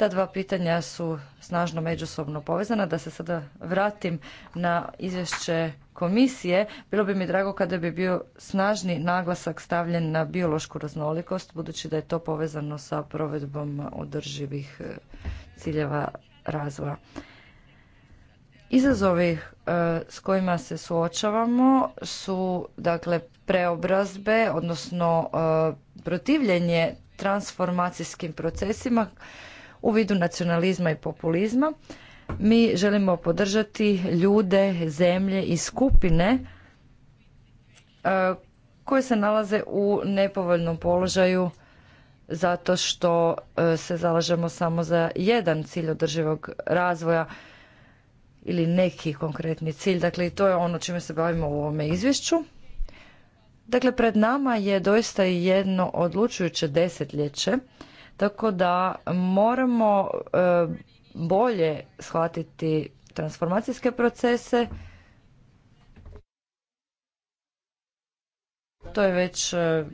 ta dva pitanja su snažno međusobno povezana. Da se sada vratim na izvješće komisije, bilo bi mi drago kada bi bio snažni naglasak stavljen na biološku raznolikost, budući da je to povezano sa provedbom održivih e, ciljeva razvoja. Izazovi e, s kojima se suočavamo su dakle preobrazbe, odnosno e, protivljenje transformacijskim procesima u vidu nacionalizma i populizma. Mi želimo podržati ljude, zemlje i skupine e, koje se nalaze u nepovoljnom položaju zato što e, se zalažemo samo za jedan cilj održivog razvoja ili neki konkretni cilj. Dakle, to je ono čime se bavimo u ovome izvješću. Dakle, pred nama je doista jedno odlučujuće desetljeće tako da moramo e, bolje shvatiti transformacijske procese. To je već, e,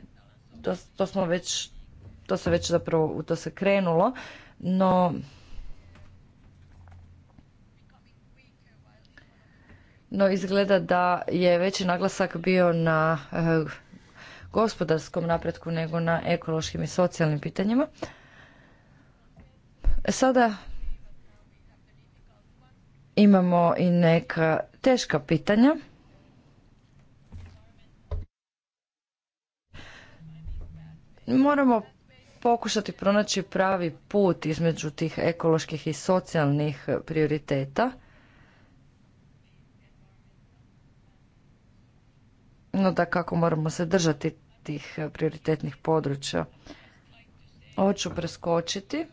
to, smo već, to se već zapravo, u to se krenulo, no No izgleda da je veći naglasak bio na e, gospodarskom napretku nego na ekološkim i socijalnim pitanjima. E sada imamo i neka teška pitanja. Moramo pokušati pronaći pravi put između tih ekoloških i socijalnih prioriteta. No da kako moramo se držati tih prioritetnih područja. Ovo ću preskočiti.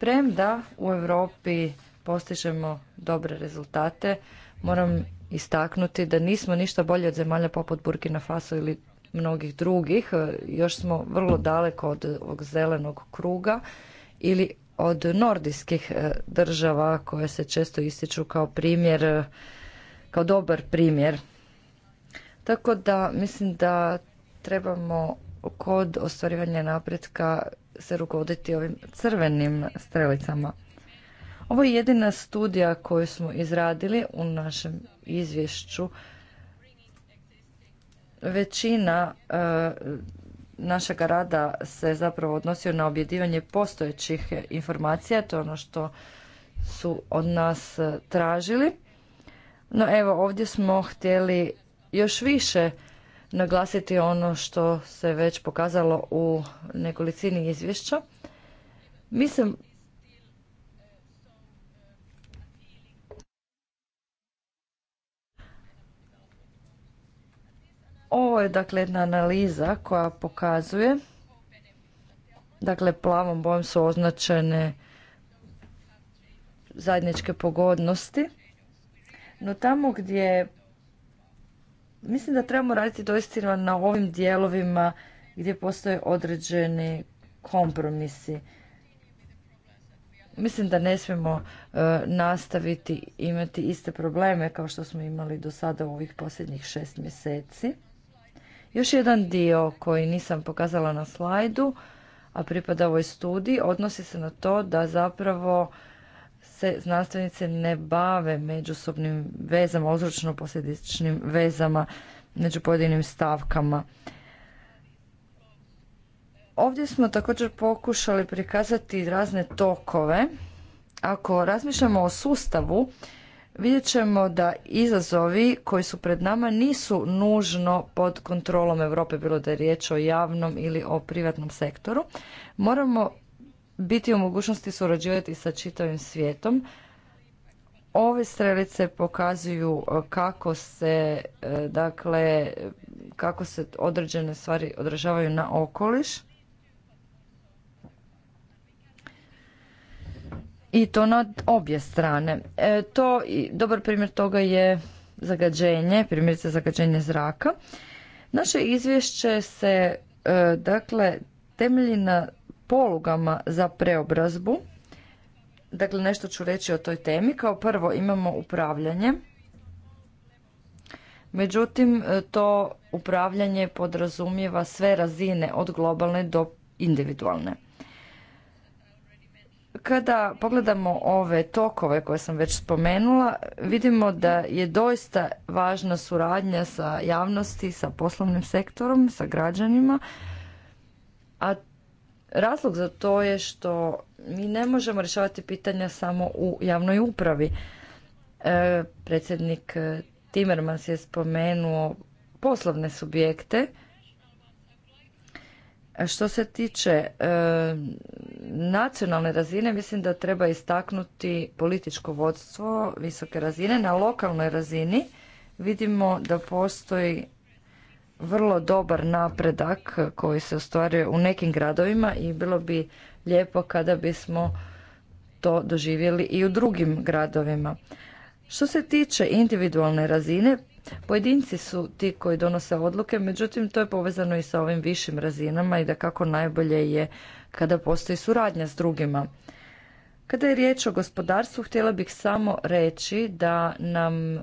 Premda u Europi postižemo dobre rezultate, moram istaknuti da nismo ništa bolje od zemalja poput Burkina Faso ili mnogih drugih. Još smo vrlo daleko od ovog zelenog kruga ili od nordijskih e, država koje se često ističu kao primjer, e, kao dobar primjer. Tako da mislim da trebamo kod ostvarivanja napretka se rukovoditi ovim crvenim strelicama. Ovo je jedina studija koju smo izradili u našem izvješću. Većina eh, našega rada se zapravo odnosio na objedivanje postojećih informacija, to je ono što su od nas eh, tražili. No evo, ovdje smo htjeli još više naglasiti ono što se već pokazalo u nekolicini izvješća. Mislim Ovo je dakle jedna analiza koja pokazuje dakle plavom bojom su označene zajedničke pogodnosti no tamo gdje Mislim da trebamo raditi doistina na ovim dijelovima gdje postoje određeni kompromisi. Mislim da ne smijemo e, nastaviti imati iste probleme kao što smo imali do sada u ovih posljednjih šest mjeseci. Još jedan dio koji nisam pokazala na slajdu, a pripada ovoj studiji, odnosi se na to da zapravo se znanstvenice ne bave međusobnim vezama, uzročno posljedičnim vezama među pojedinim stavkama. Ovdje smo također pokušali prikazati razne tokove. Ako razmišljamo o sustavu, vidjet ćemo da izazovi koji su pred nama nisu nužno pod kontrolom Europe, bilo da je riječ o javnom ili o privatnom sektoru. Moramo biti u mogućnosti surađivati sa čitavim svijetom. Ove strelice pokazuju e, kako se, e, dakle, kako se određene stvari odražavaju na okoliš. I to na obje strane. E, to, dobar primjer toga je zagađenje, primjerice zagađenje zraka. Naše izvješće se, e, dakle, temelji na polugama za preobrazbu. Dakle, nešto ću reći o toj temi. Kao prvo imamo upravljanje. Međutim, to upravljanje podrazumijeva sve razine od globalne do individualne. Kada pogledamo ove tokove koje sam već spomenula, vidimo da je doista važna suradnja sa javnosti, sa poslovnim sektorom, sa građanima, a Razlog za to je što mi ne možemo rješavati pitanja samo u javnoj upravi. E, predsjednik Timmermans je spomenuo poslovne subjekte. Što se tiče e, nacionalne razine, mislim da treba istaknuti političko vodstvo visoke razine. Na lokalnoj razini vidimo da postoji vrlo dobar napredak koji se ostvaruje u nekim gradovima i bilo bi lijepo kada bismo to doživjeli i u drugim gradovima. Što se tiče individualne razine, pojedinci su ti koji donose odluke, međutim to je povezano i sa ovim višim razinama i da kako najbolje je kada postoji suradnja s drugima. Kada je riječ o gospodarstvu, htjela bih samo reći da nam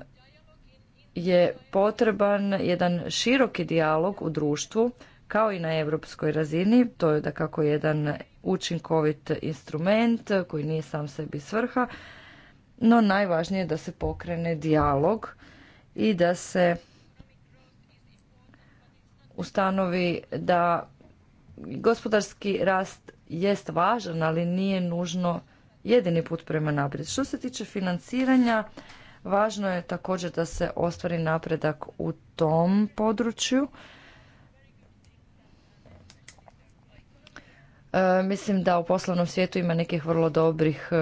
je potreban jedan široki dijalog u društvu kao i na europskoj razini. To je da kako jedan učinkovit instrument koji nije sam sebi svrha, no najvažnije je da se pokrene dijalog i da se ustanovi da gospodarski rast jest važan, ali nije nužno jedini put prema naprijed. Što se tiče financiranja, Važno je također da se ostvari napredak u tom području. E, mislim da u poslovnom svijetu ima nekih vrlo dobrih e,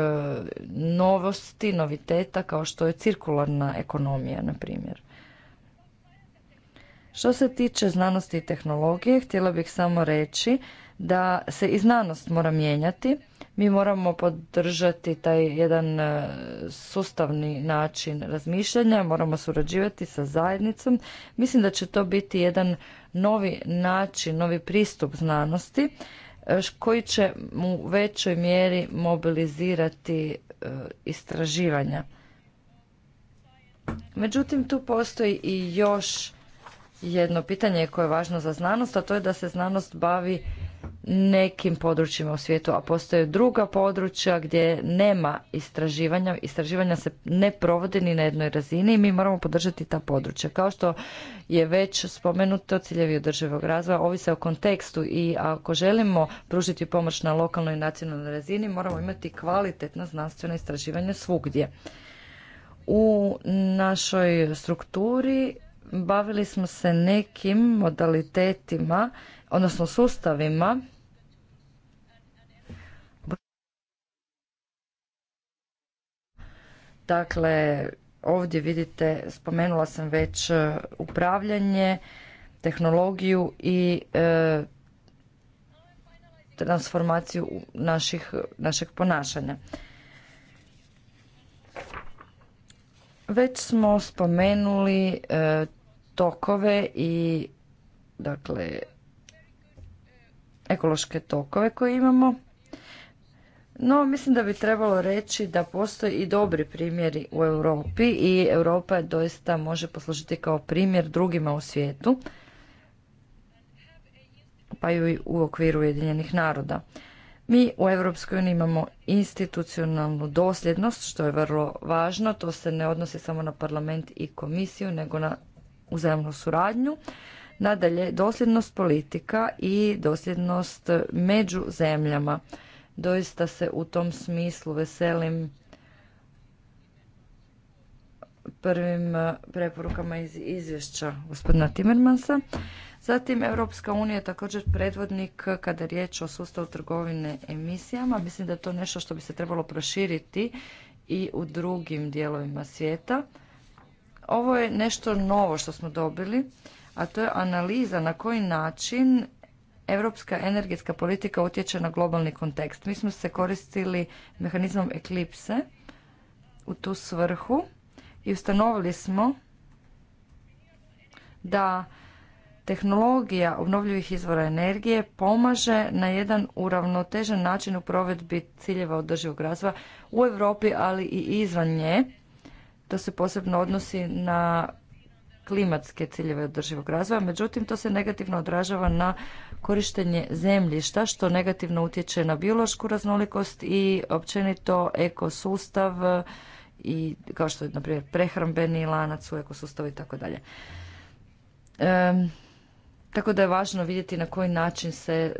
novosti, noviteta kao što je cirkularna ekonomija na primjer. Što se tiče znanosti i tehnologije, htjela bih samo reći da se i znanost mora mijenjati mi moramo podržati taj jedan e, sustavni način razmišljanja, moramo surađivati sa zajednicom. Mislim da će to biti jedan novi način, novi pristup znanosti e, koji će u većoj mjeri mobilizirati e, istraživanja. Međutim, tu postoji i još jedno pitanje koje je važno za znanost, a to je da se znanost bavi nekim područjima u svijetu, a postoje druga područja gdje nema istraživanja, istraživanja se ne provode ni na jednoj razini i mi moramo podržati ta područja. Kao što je već spomenuto, ciljevi održivog razvoja ovise o kontekstu i ako želimo pružiti pomoć na lokalnoj i nacionalnoj razini, moramo imati kvalitetna znanstvena istraživanja svugdje. U našoj strukturi bavili smo se nekim modalitetima odnosno sustavima Dakle, ovdje vidite, spomenula sam već e, upravljanje, tehnologiju i e, transformaciju našeg ponašanja. Već smo spomenuli e, tokove i dakle ekološke tokove koje imamo. No, mislim da bi trebalo reći da postoje i dobri primjeri u Europi i Europa doista može poslužiti kao primjer drugima u svijetu, pa i u okviru Ujedinjenih naroda. Mi u Europskoj uniji imamo institucionalnu dosljednost, što je vrlo važno. To se ne odnosi samo na parlament i komisiju, nego na uzajemnu suradnju. Nadalje, dosljednost politika i dosljednost među zemljama. Doista se u tom smislu veselim prvim e, preporukama iz izvješća gospodina Timmermansa. Zatim, Europska unija je također predvodnik kada je riječ o sustavu trgovine emisijama. Mislim da je to nešto što bi se trebalo proširiti i u drugim dijelovima svijeta. Ovo je nešto novo što smo dobili a to je analiza na koji način europska energetska politika utječe na globalni kontekst. Mi smo se koristili mehanizmom eklipse u tu svrhu i ustanovili smo da tehnologija obnovljivih izvora energije pomaže na jedan uravnotežen način u provedbi ciljeva održivog razvoja u Europi, ali i izvan nje. To se posebno odnosi na klimatske ciljeve održivog razvoja, međutim to se negativno odražava na korištenje zemljišta što negativno utječe na biološku raznolikost i općenito ekosustav i kao što je na primjer prehrambeni lanac u ekosustavu i tako dalje. Tako da je važno vidjeti na koji način se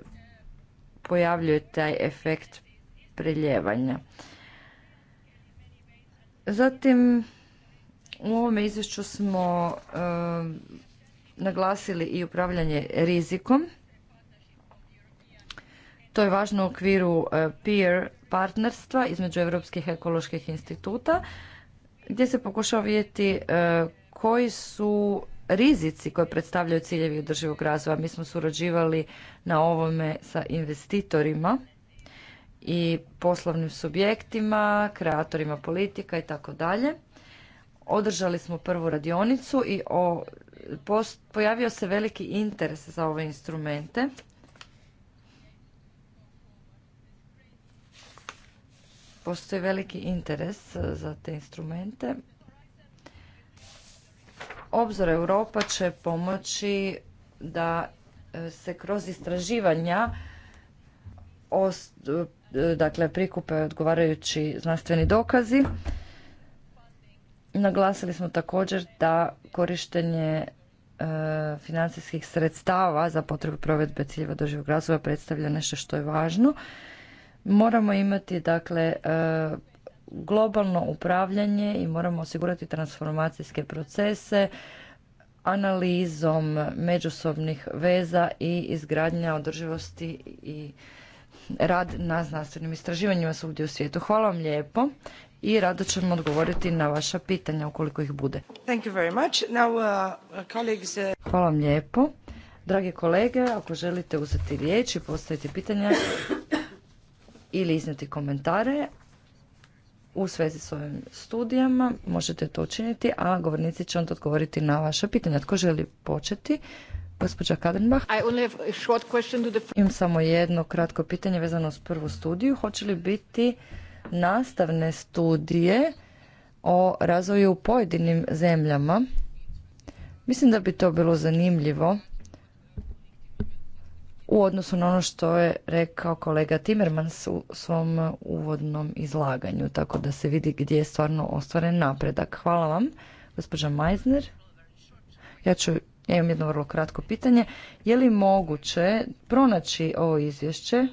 pojavljuje taj efekt preljevanja. Zatim u ovome izvješću smo um, naglasili i upravljanje rizikom. To je važno u okviru uh, peer partnerstva između europskih ekoloških instituta gdje se pokušava vidjeti uh, koji su rizici koje predstavljaju ciljevi održivog razvoja. Mi smo surađivali na ovome sa investitorima i poslovnim subjektima, kreatorima politika i tako dalje održali smo prvu radionicu i pojavio se veliki interes za ove instrumente. Postoji veliki interes e, za te instrumente. Obzor Europa će pomoći da e, se kroz istraživanja e, dakle, prikupe odgovarajući znanstveni dokazi Naglasili smo također da korištenje e, financijskih sredstava za potrebu provedbe ciljeva doživog razvoja predstavlja nešto što je važno. Moramo imati dakle e, globalno upravljanje i moramo osigurati transformacijske procese analizom međusobnih veza i izgradnja održivosti i rad na znanstvenim istraživanjima svugdje u svijetu. Hvala vam lijepo i rado ćemo odgovoriti na vaša pitanja ukoliko ih bude. Uh, uh, Hvala vam lijepo. Drage kolege, ako želite uzeti riječ i postaviti pitanja ili iznijeti komentare u svezi s ovim studijama, možete to učiniti, a govornici će onda odgovoriti na vaša pitanja. Tko želi početi? Gospođa Kadenbach. Imam samo jedno kratko pitanje vezano s prvu studiju. Hoće li biti nastavne studije o razvoju u pojedinim zemljama. Mislim da bi to bilo zanimljivo u odnosu na ono što je rekao kolega Timmermans u svom uvodnom izlaganju, tako da se vidi gdje je stvarno ostvaren napredak. Hvala vam, gospođa Meisner. Ja ću ja imam jedno vrlo kratko pitanje. Je li moguće pronaći ovo izvješće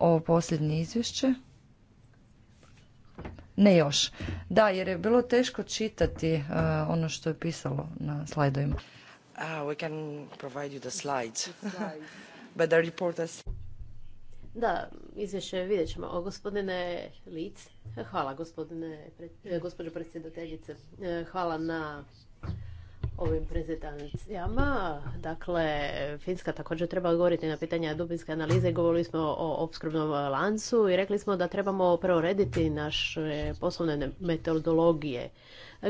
ovo posljednje izvješće? Ne još. Da, jer je bilo teško čitati e, ono što je pisalo na slajdovima. Uh, we report Da, izvješće vidjet ćemo. O, gospodine Lic, hvala gospodine, e, gospođo predsjedateljice. E, hvala na ovim prezentacijama. Dakle, Finska također treba odgovoriti na pitanja dubinske analize. Govorili smo o opskrbnom lancu i rekli smo da trebamo preurediti naše poslovne metodologije.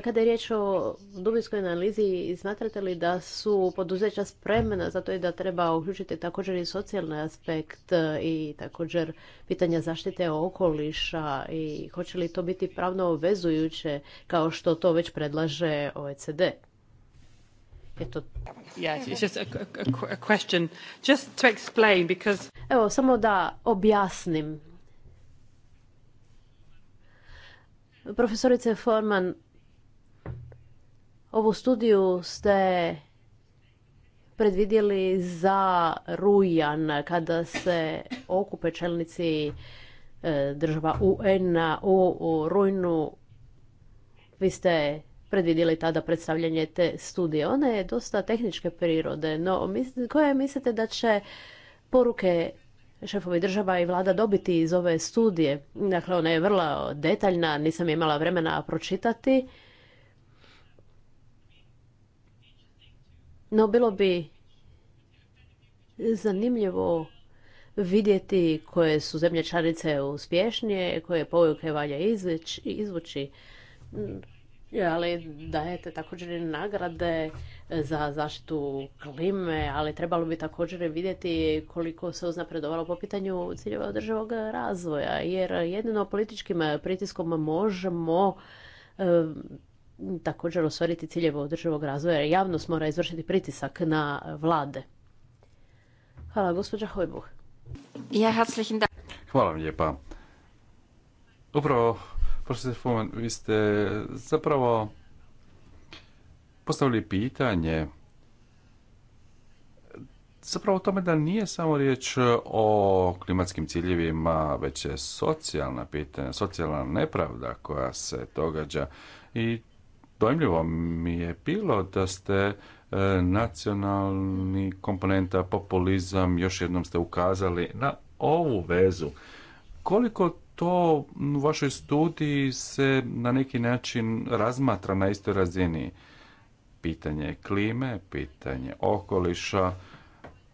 Kada je riječ o dubinskoj analizi, smatrate li da su poduzeća spremna zato i da treba uključiti također i socijalni aspekt i također pitanja zaštite okoliša i hoće li to biti pravno obvezujuće kao što to već predlaže OECD? Evo, samo da objasnim. Profesorice Forman, ovu studiju ste predvidjeli za rujan kada se okupe čelnici e, država UN u, u rujnu. Vi ste predvidjeli tada predstavljanje te studije. Ona je dosta tehničke prirode, no koje mislite da će poruke šefovi država i vlada dobiti iz ove studije? Dakle, ona je vrlo detaljna, nisam imala vremena pročitati. No, bilo bi zanimljivo vidjeti koje su zemlje članice uspješnije, koje povijuke valja izvući. E, ali dajete također nagrade e, za zaštitu klime, ali trebalo bi također vidjeti koliko se uznapredovalo po pitanju ciljeva održivog razvoja, jer jedino političkim pritiskom možemo e, također ostvariti ciljeve održivog razvoja, jer javnost mora izvršiti pritisak na vlade. Hvala, gospođa Hojbuh. Hvala vam lijepa. Upravo Profesor vi ste zapravo postavili pitanje zapravo o tome da nije samo riječ o klimatskim ciljevima, već je socijalna pitanja, socijalna nepravda koja se događa i dojmljivo mi je bilo da ste e, nacionalni komponenta populizam još jednom ste ukazali na ovu vezu koliko to u vašoj studiji se na neki način razmatra na istoj razini? Pitanje klime, pitanje okoliša.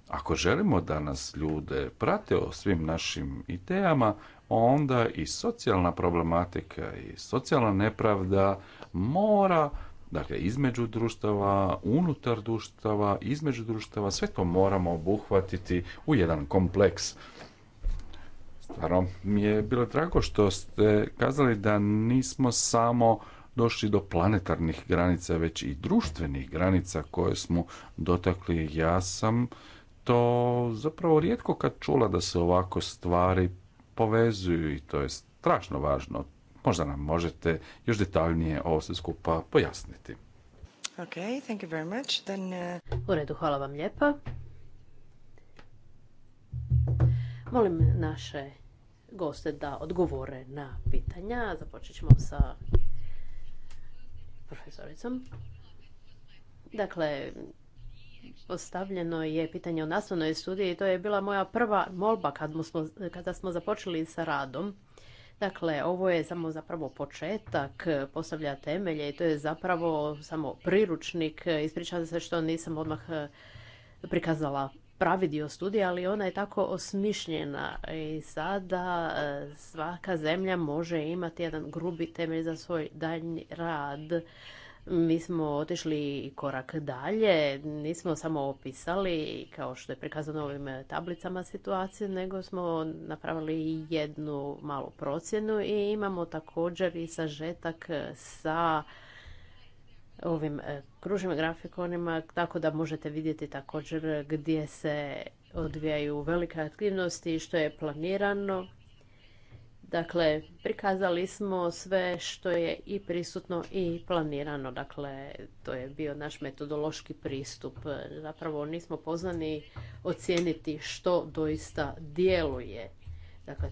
Ako želimo da nas ljude prate o svim našim idejama, onda i socijalna problematika i socijalna nepravda mora Dakle, između društava, unutar društava, između društava, sve to moramo obuhvatiti u jedan kompleks. Stvarno mi je bilo drago što ste kazali da nismo samo došli do planetarnih granica, već i društvenih granica koje smo dotakli. Ja sam to zapravo rijetko kad čula da se ovako stvari povezuju i to je strašno važno. Možda nam možete još detaljnije ovo sve skupa pojasniti. thank you very much. Then, uh... U redu, hvala vam lijepa. Molim naše goste da odgovore na pitanja. Započet ćemo sa profesoricom. Dakle, postavljeno je pitanje o nastavnoj studiji i to je bila moja prva molba kad smo, kada smo započeli sa radom. Dakle, ovo je samo zapravo početak, postavlja temelje i to je zapravo samo priručnik. Ispričavam se što nisam odmah eh, prikazala pravi dio studija, ali ona je tako osmišljena i sada e, svaka zemlja može imati jedan grubi temelj za svoj daljnji rad. Mi smo otišli korak dalje, nismo samo opisali, kao što je prikazano ovim tablicama situacije, nego smo napravili jednu malu procjenu i imamo također i sažetak sa ovim e, kružnim grafikonima, tako da možete vidjeti također gdje se odvijaju velike aktivnosti i što je planirano. Dakle, prikazali smo sve što je i prisutno i planirano. Dakle, to je bio naš metodološki pristup. Zapravo nismo poznani ocijeniti što doista djeluje. Dakle,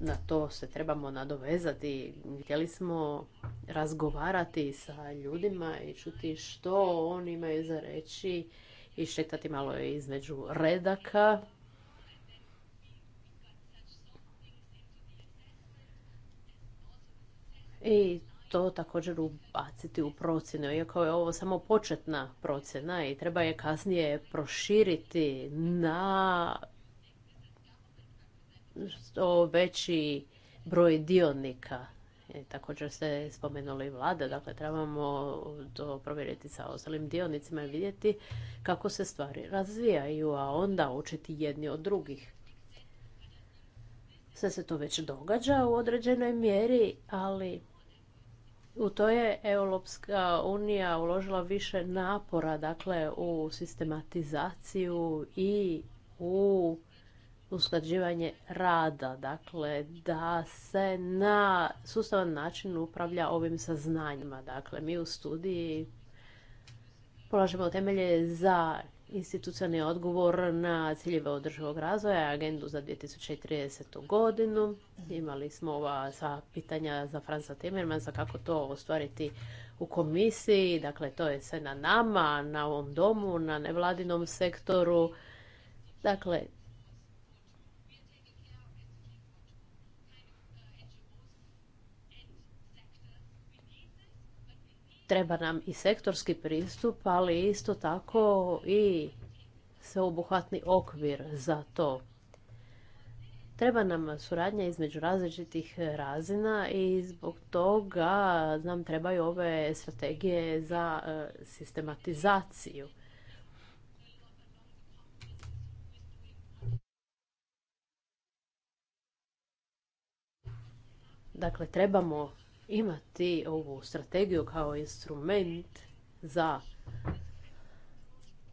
na to se trebamo nadovezati. Htjeli smo razgovarati sa ljudima i čuti što oni imaju za reći i šetati malo između redaka. I to također ubaciti u procjenu, iako je ovo samo početna procjena i treba je kasnije proširiti na što veći broj dionika. E, također ste spomenuli vlade, dakle trebamo to provjeriti sa ostalim dionicima i vidjeti kako se stvari razvijaju, a onda učiti jedni od drugih. Sve se to već događa u određenoj mjeri, ali u to je Europska unija uložila više napora, dakle u sistematizaciju i u usklađivanje rada, dakle da se na sustavan način upravlja ovim saznanjima. Dakle, mi u studiji polažemo temelje za institucionalni odgovor na ciljeve održivog razvoja, agendu za 2030. godinu. Imali smo ova sva pitanja za Franca za kako to ostvariti u komisiji. Dakle, to je sve na nama, na ovom domu, na nevladinom sektoru. Dakle, Treba nam i sektorski pristup, ali isto tako i sveobuhvatni okvir za to. Treba nam suradnja između različitih razina i zbog toga nam trebaju ove strategije za e, sistematizaciju. Dakle, trebamo imati ovu strategiju kao instrument za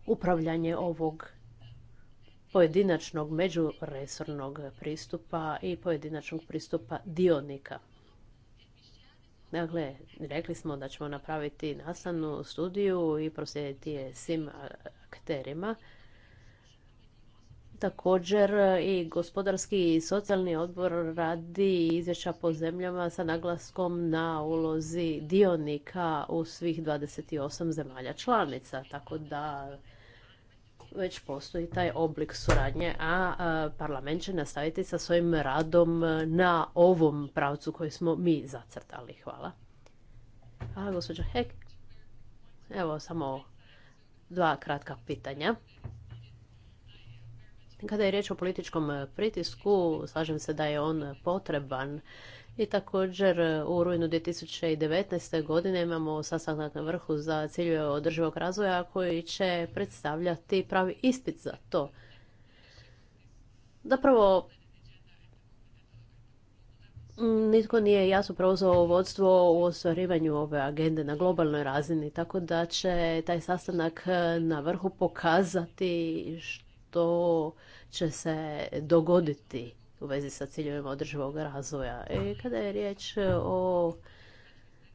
upravljanje ovog pojedinačnog međuresornog pristupa i pojedinačnog pristupa dionika. Dakle, rekli smo da ćemo napraviti nastavnu studiju i proslijediti je svim akterima Također e, i gospodarski i socijalni odbor radi izvješća po zemljama sa naglaskom na ulozi dionika u svih 28 zemalja članica, tako da već postoji taj oblik suradnje, a parlament će nastaviti sa svojim radom na ovom pravcu koji smo mi zacrtali. Hvala. Hvala, gospođa Hek, evo samo dva kratka pitanja. Kada je riječ o političkom e, pritisku, slažem se da je on potreban i također e, u rujnu 2019. godine imamo sastanak na vrhu za ciljeve održivog razvoja koji će predstavljati pravi ispit za to. Zapravo, nitko nije jasno preuzeo vodstvo u ostvarivanju ove agende na globalnoj razini, tako da će taj sastanak e, na vrhu pokazati što to će se dogoditi u vezi sa ciljevima održivog razvoja. e kada je riječ e, o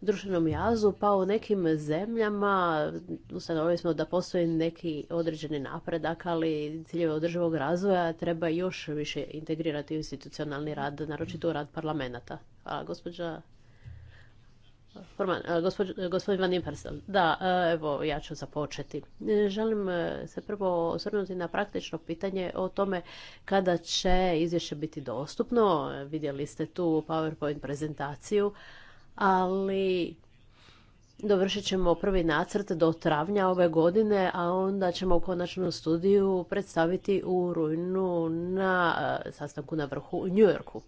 društvenom jazu, pa u nekim zemljama ustanovili smo da postoji neki određeni napredak, ali ciljeve održivog razvoja treba još više integrirati u institucionalni rad, naročito u rad parlamenta. a gospođa E, e, gospodin Van Impersel, da, e, evo, ja ću započeti. Želim se prvo osvrnuti na praktično pitanje o tome kada će izvješće biti dostupno. Vidjeli ste tu PowerPoint prezentaciju, ali dovršit ćemo prvi nacrt do travnja ove godine, a onda ćemo konačnu studiju predstaviti u rujnu na sastanku na vrhu u New Yorku.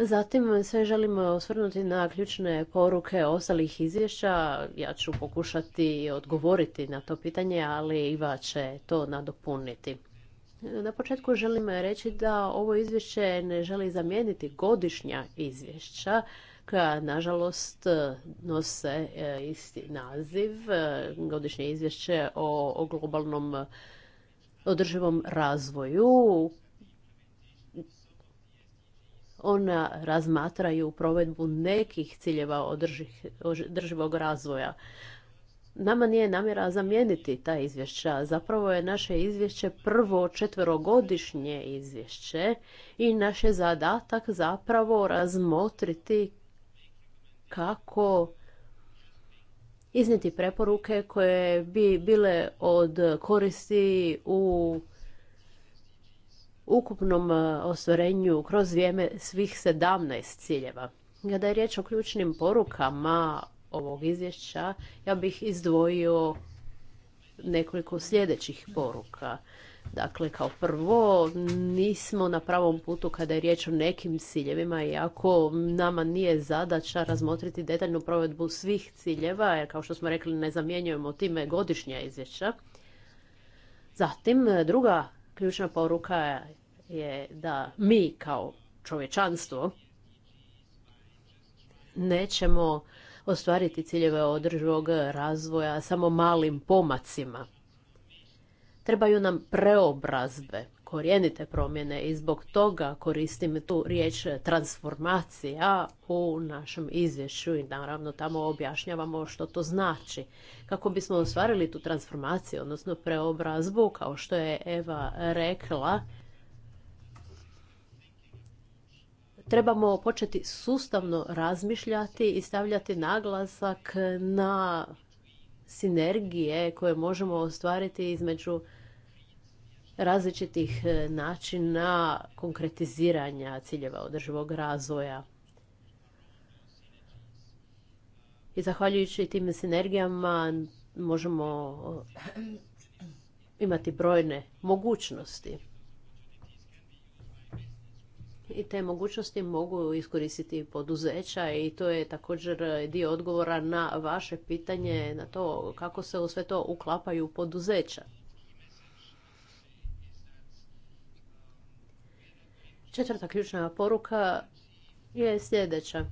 Zatim se želimo osvrnuti na ključne poruke ostalih izvješća. Ja ću pokušati odgovoriti na to pitanje, ali Iva će to nadopuniti. Na početku želim reći da ovo izvješće ne želi zamijeniti godišnja izvješća koja nažalost nose e, isti naziv, e, godišnje izvješće o globalnom održivom razvoju ona razmatraju provedbu nekih ciljeva održivog razvoja. Nama nije namjera zamijeniti ta izvješća. Zapravo je naše izvješće prvo četverogodišnje izvješće i naš je zadatak zapravo razmotriti kako izniti preporuke koje bi bile od koristi u ukupnom e, ostvarenju kroz vrijeme svih sedamnaest ciljeva. Kada je riječ o ključnim porukama ovog izvješća, ja bih izdvojio nekoliko sljedećih poruka. Dakle, kao prvo, nismo na pravom putu kada je riječ o nekim ciljevima, iako nama nije zadaća razmotriti detaljnu provedbu svih ciljeva, jer kao što smo rekli, ne zamjenjujemo time godišnja izvješća. Zatim, druga ključna poruka je da mi kao čovječanstvo nećemo ostvariti ciljeve održivog razvoja samo malim pomacima. Trebaju nam preobrazbe, korijenite promjene i zbog toga koristim tu riječ transformacija u našem izvješću i naravno tamo objašnjavamo što to znači. Kako bismo ostvarili tu transformaciju, odnosno preobrazbu, kao što je Eva rekla, trebamo početi sustavno razmišljati i stavljati naglasak na sinergije koje možemo ostvariti između različitih e, načina konkretiziranja ciljeva održivog razvoja. I zahvaljujući tim sinergijama možemo imati brojne mogućnosti i te mogućnosti mogu iskoristiti poduzeća i to je također dio odgovora na vaše pitanje na to kako se u sve to uklapaju poduzeća. Četvrta ključna poruka je sljedeća.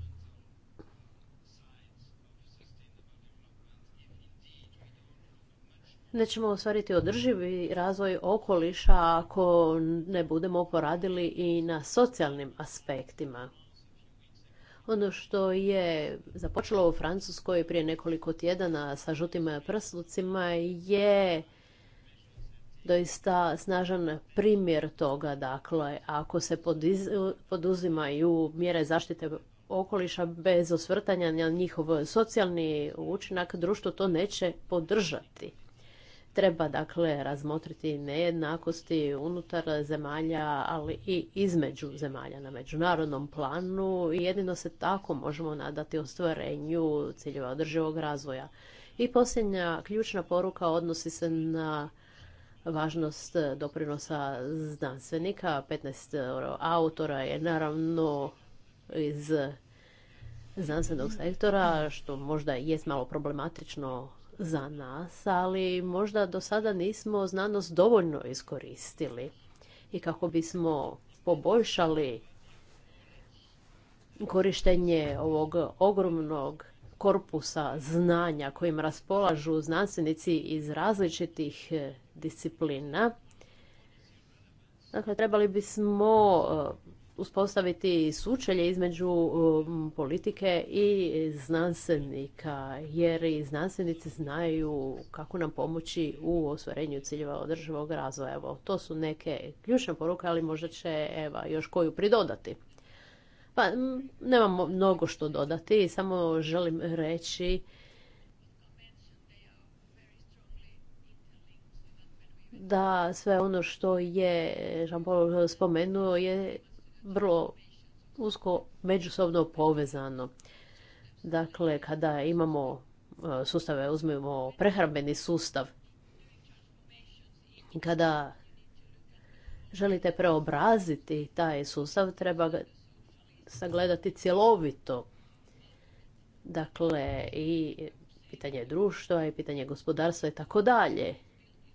nećemo ostvariti održivi razvoj okoliša ako ne budemo poradili i na socijalnim aspektima. Ono što je započelo u Francuskoj prije nekoliko tjedana sa žutim prslucima je doista snažan primjer toga. Dakle, ako se poduzimaju mjere zaštite okoliša bez osvrtanja na njihov socijalni učinak, društvo to neće podržati. Treba dakle razmotriti nejednakosti unutar zemalja, ali i između zemalja na međunarodnom planu i jedino se tako možemo nadati ostvarenju ciljeva održivog razvoja. I posljednja ključna poruka odnosi se na važnost doprinosa znanstvenika. 15 autora je naravno iz znanstvenog sektora, što možda jest malo problematično za nas, ali možda do sada nismo znanost dovoljno iskoristili. I kako bismo poboljšali korištenje ovog ogromnog korpusa znanja kojim raspolažu znanstvenici iz različitih e, disciplina, dakle trebali bismo e, uspostaviti sučelje između um, politike i znanstvenika, jer i znanstvenici znaju kako nam pomoći u ostvarenju ciljeva održivog razvoja. Evo, to su neke ključne poruke, ali možda će Eva još koju pridodati. Pa, nemam mnogo što dodati, samo želim reći da sve ono što je Jean Paul spomenuo je vrlo usko međusobno povezano. Dakle, kada imamo e, sustave, uzmemo prehrambeni sustav, kada želite preobraziti taj sustav, treba ga sagledati cjelovito. Dakle, i pitanje društva, i pitanje gospodarstva i tako dalje.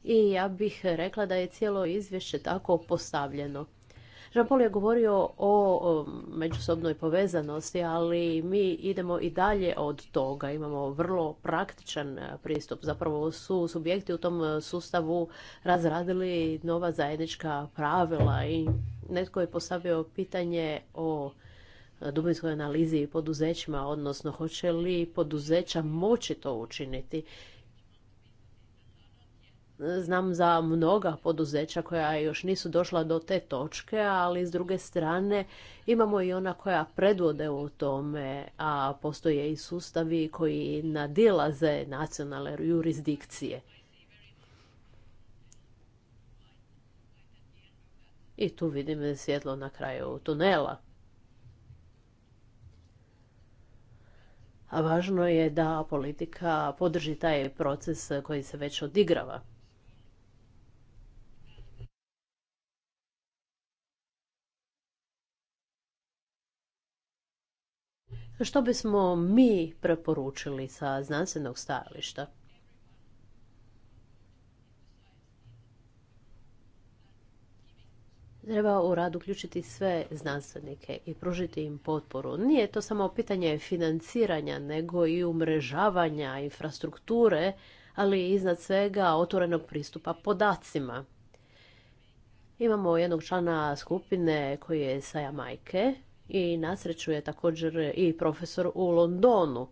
I ja bih rekla da je cijelo izvješće tako postavljeno. Jean-Paul je govorio o međusobnoj povezanosti, ali mi idemo i dalje od toga. Imamo vrlo praktičan e, pristup. Zapravo su subjekti u tom sustavu razradili nova zajednička pravila i netko je postavio pitanje o e, dubinskoj analizi poduzećima, odnosno hoće li poduzeća moći to učiniti. Znam za mnoga poduzeća koja još nisu došla do te točke, ali s druge strane imamo i ona koja predvode u tome, a postoje i sustavi koji nadilaze nacionalne jurisdikcije. I tu vidim svjetlo na kraju tunela. A važno je da politika podrži taj proces koji se već odigrava. Što bismo mi preporučili sa znanstvenog stajališta? Treba u rad uključiti sve znanstvenike i pružiti im potporu. Nije to samo pitanje financiranja, nego i umrežavanja, infrastrukture, ali iznad svega otvorenog pristupa podacima. Imamo jednog člana skupine koji je sa Jamajke, i nasreću je također i profesor u Londonu.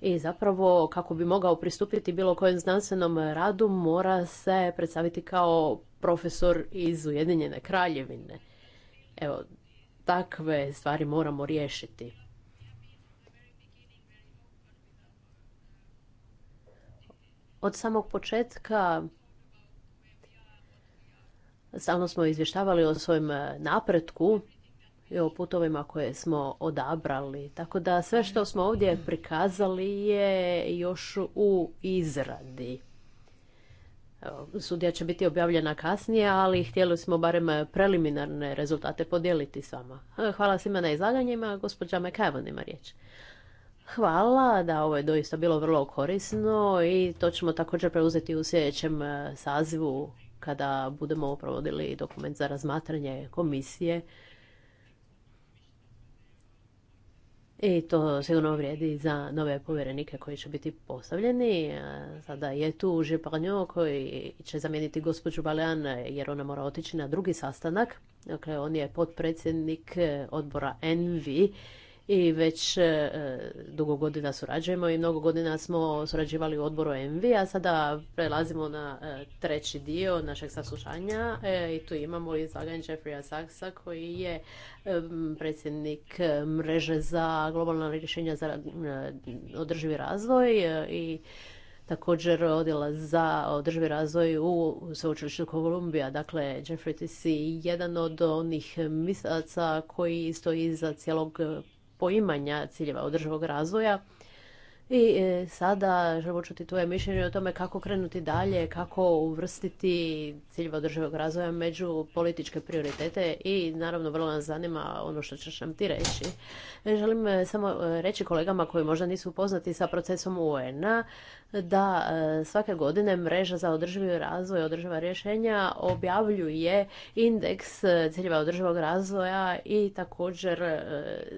I zapravo kako bi mogao pristupiti bilo kojem znanstvenom radu mora se predstaviti kao profesor iz Ujedinjene kraljevine. Evo, takve stvari moramo riješiti. Od samog početka stalno smo izvještavali o svojem e, napretku i o putovima koje smo odabrali. Tako da sve što smo ovdje prikazali je još u izradi. Sudija će biti objavljena kasnije, ali htjeli smo barem preliminarne rezultate podijeliti s vama. E, hvala svima na izlaganjima. Gospođa McEwan ima riječ. Hvala, da ovo je doista bilo vrlo korisno i to ćemo također preuzeti u sljedećem e, sazivu kada budemo provodili dokument za razmatranje komisije. I to sigurno vrijedi za nove povjerenike koji će biti postavljeni. E, sada je tu Žipanjo koji će zamijeniti gospođu Balean jer ona mora otići na drugi sastanak. Dakle, on je potpredsjednik e, odbora ENVI i već e, dugo godina surađujemo i mnogo godina smo surađivali u odboru ENVI, a sada prelazimo na e, treći dio našeg saslušanja e, i tu imamo izlaganje Jeffrey Saksa koji je predsjednik mreže za globalna rješenja za održivi razvoj i također odjela za održivi razvoj u sveučilištu Kolumbija. Dakle, Jeffrey, ti si jedan od onih mislaca koji stoji iza cijelog poimanja ciljeva održivog razvoja. I e, sada želimo čuti tvoje mišljenje o tome kako krenuti dalje, kako uvrstiti ciljeva održivog razvoja među političke prioritete i naravno vrlo nas zanima ono što ćeš nam ti reći. E, želim e, samo reći kolegama koji možda nisu upoznati sa procesom UN-a da e, svake godine mreža za održivi razvoj održiva rješenja objavljuje indeks e, ciljeva održivog razvoja i također e,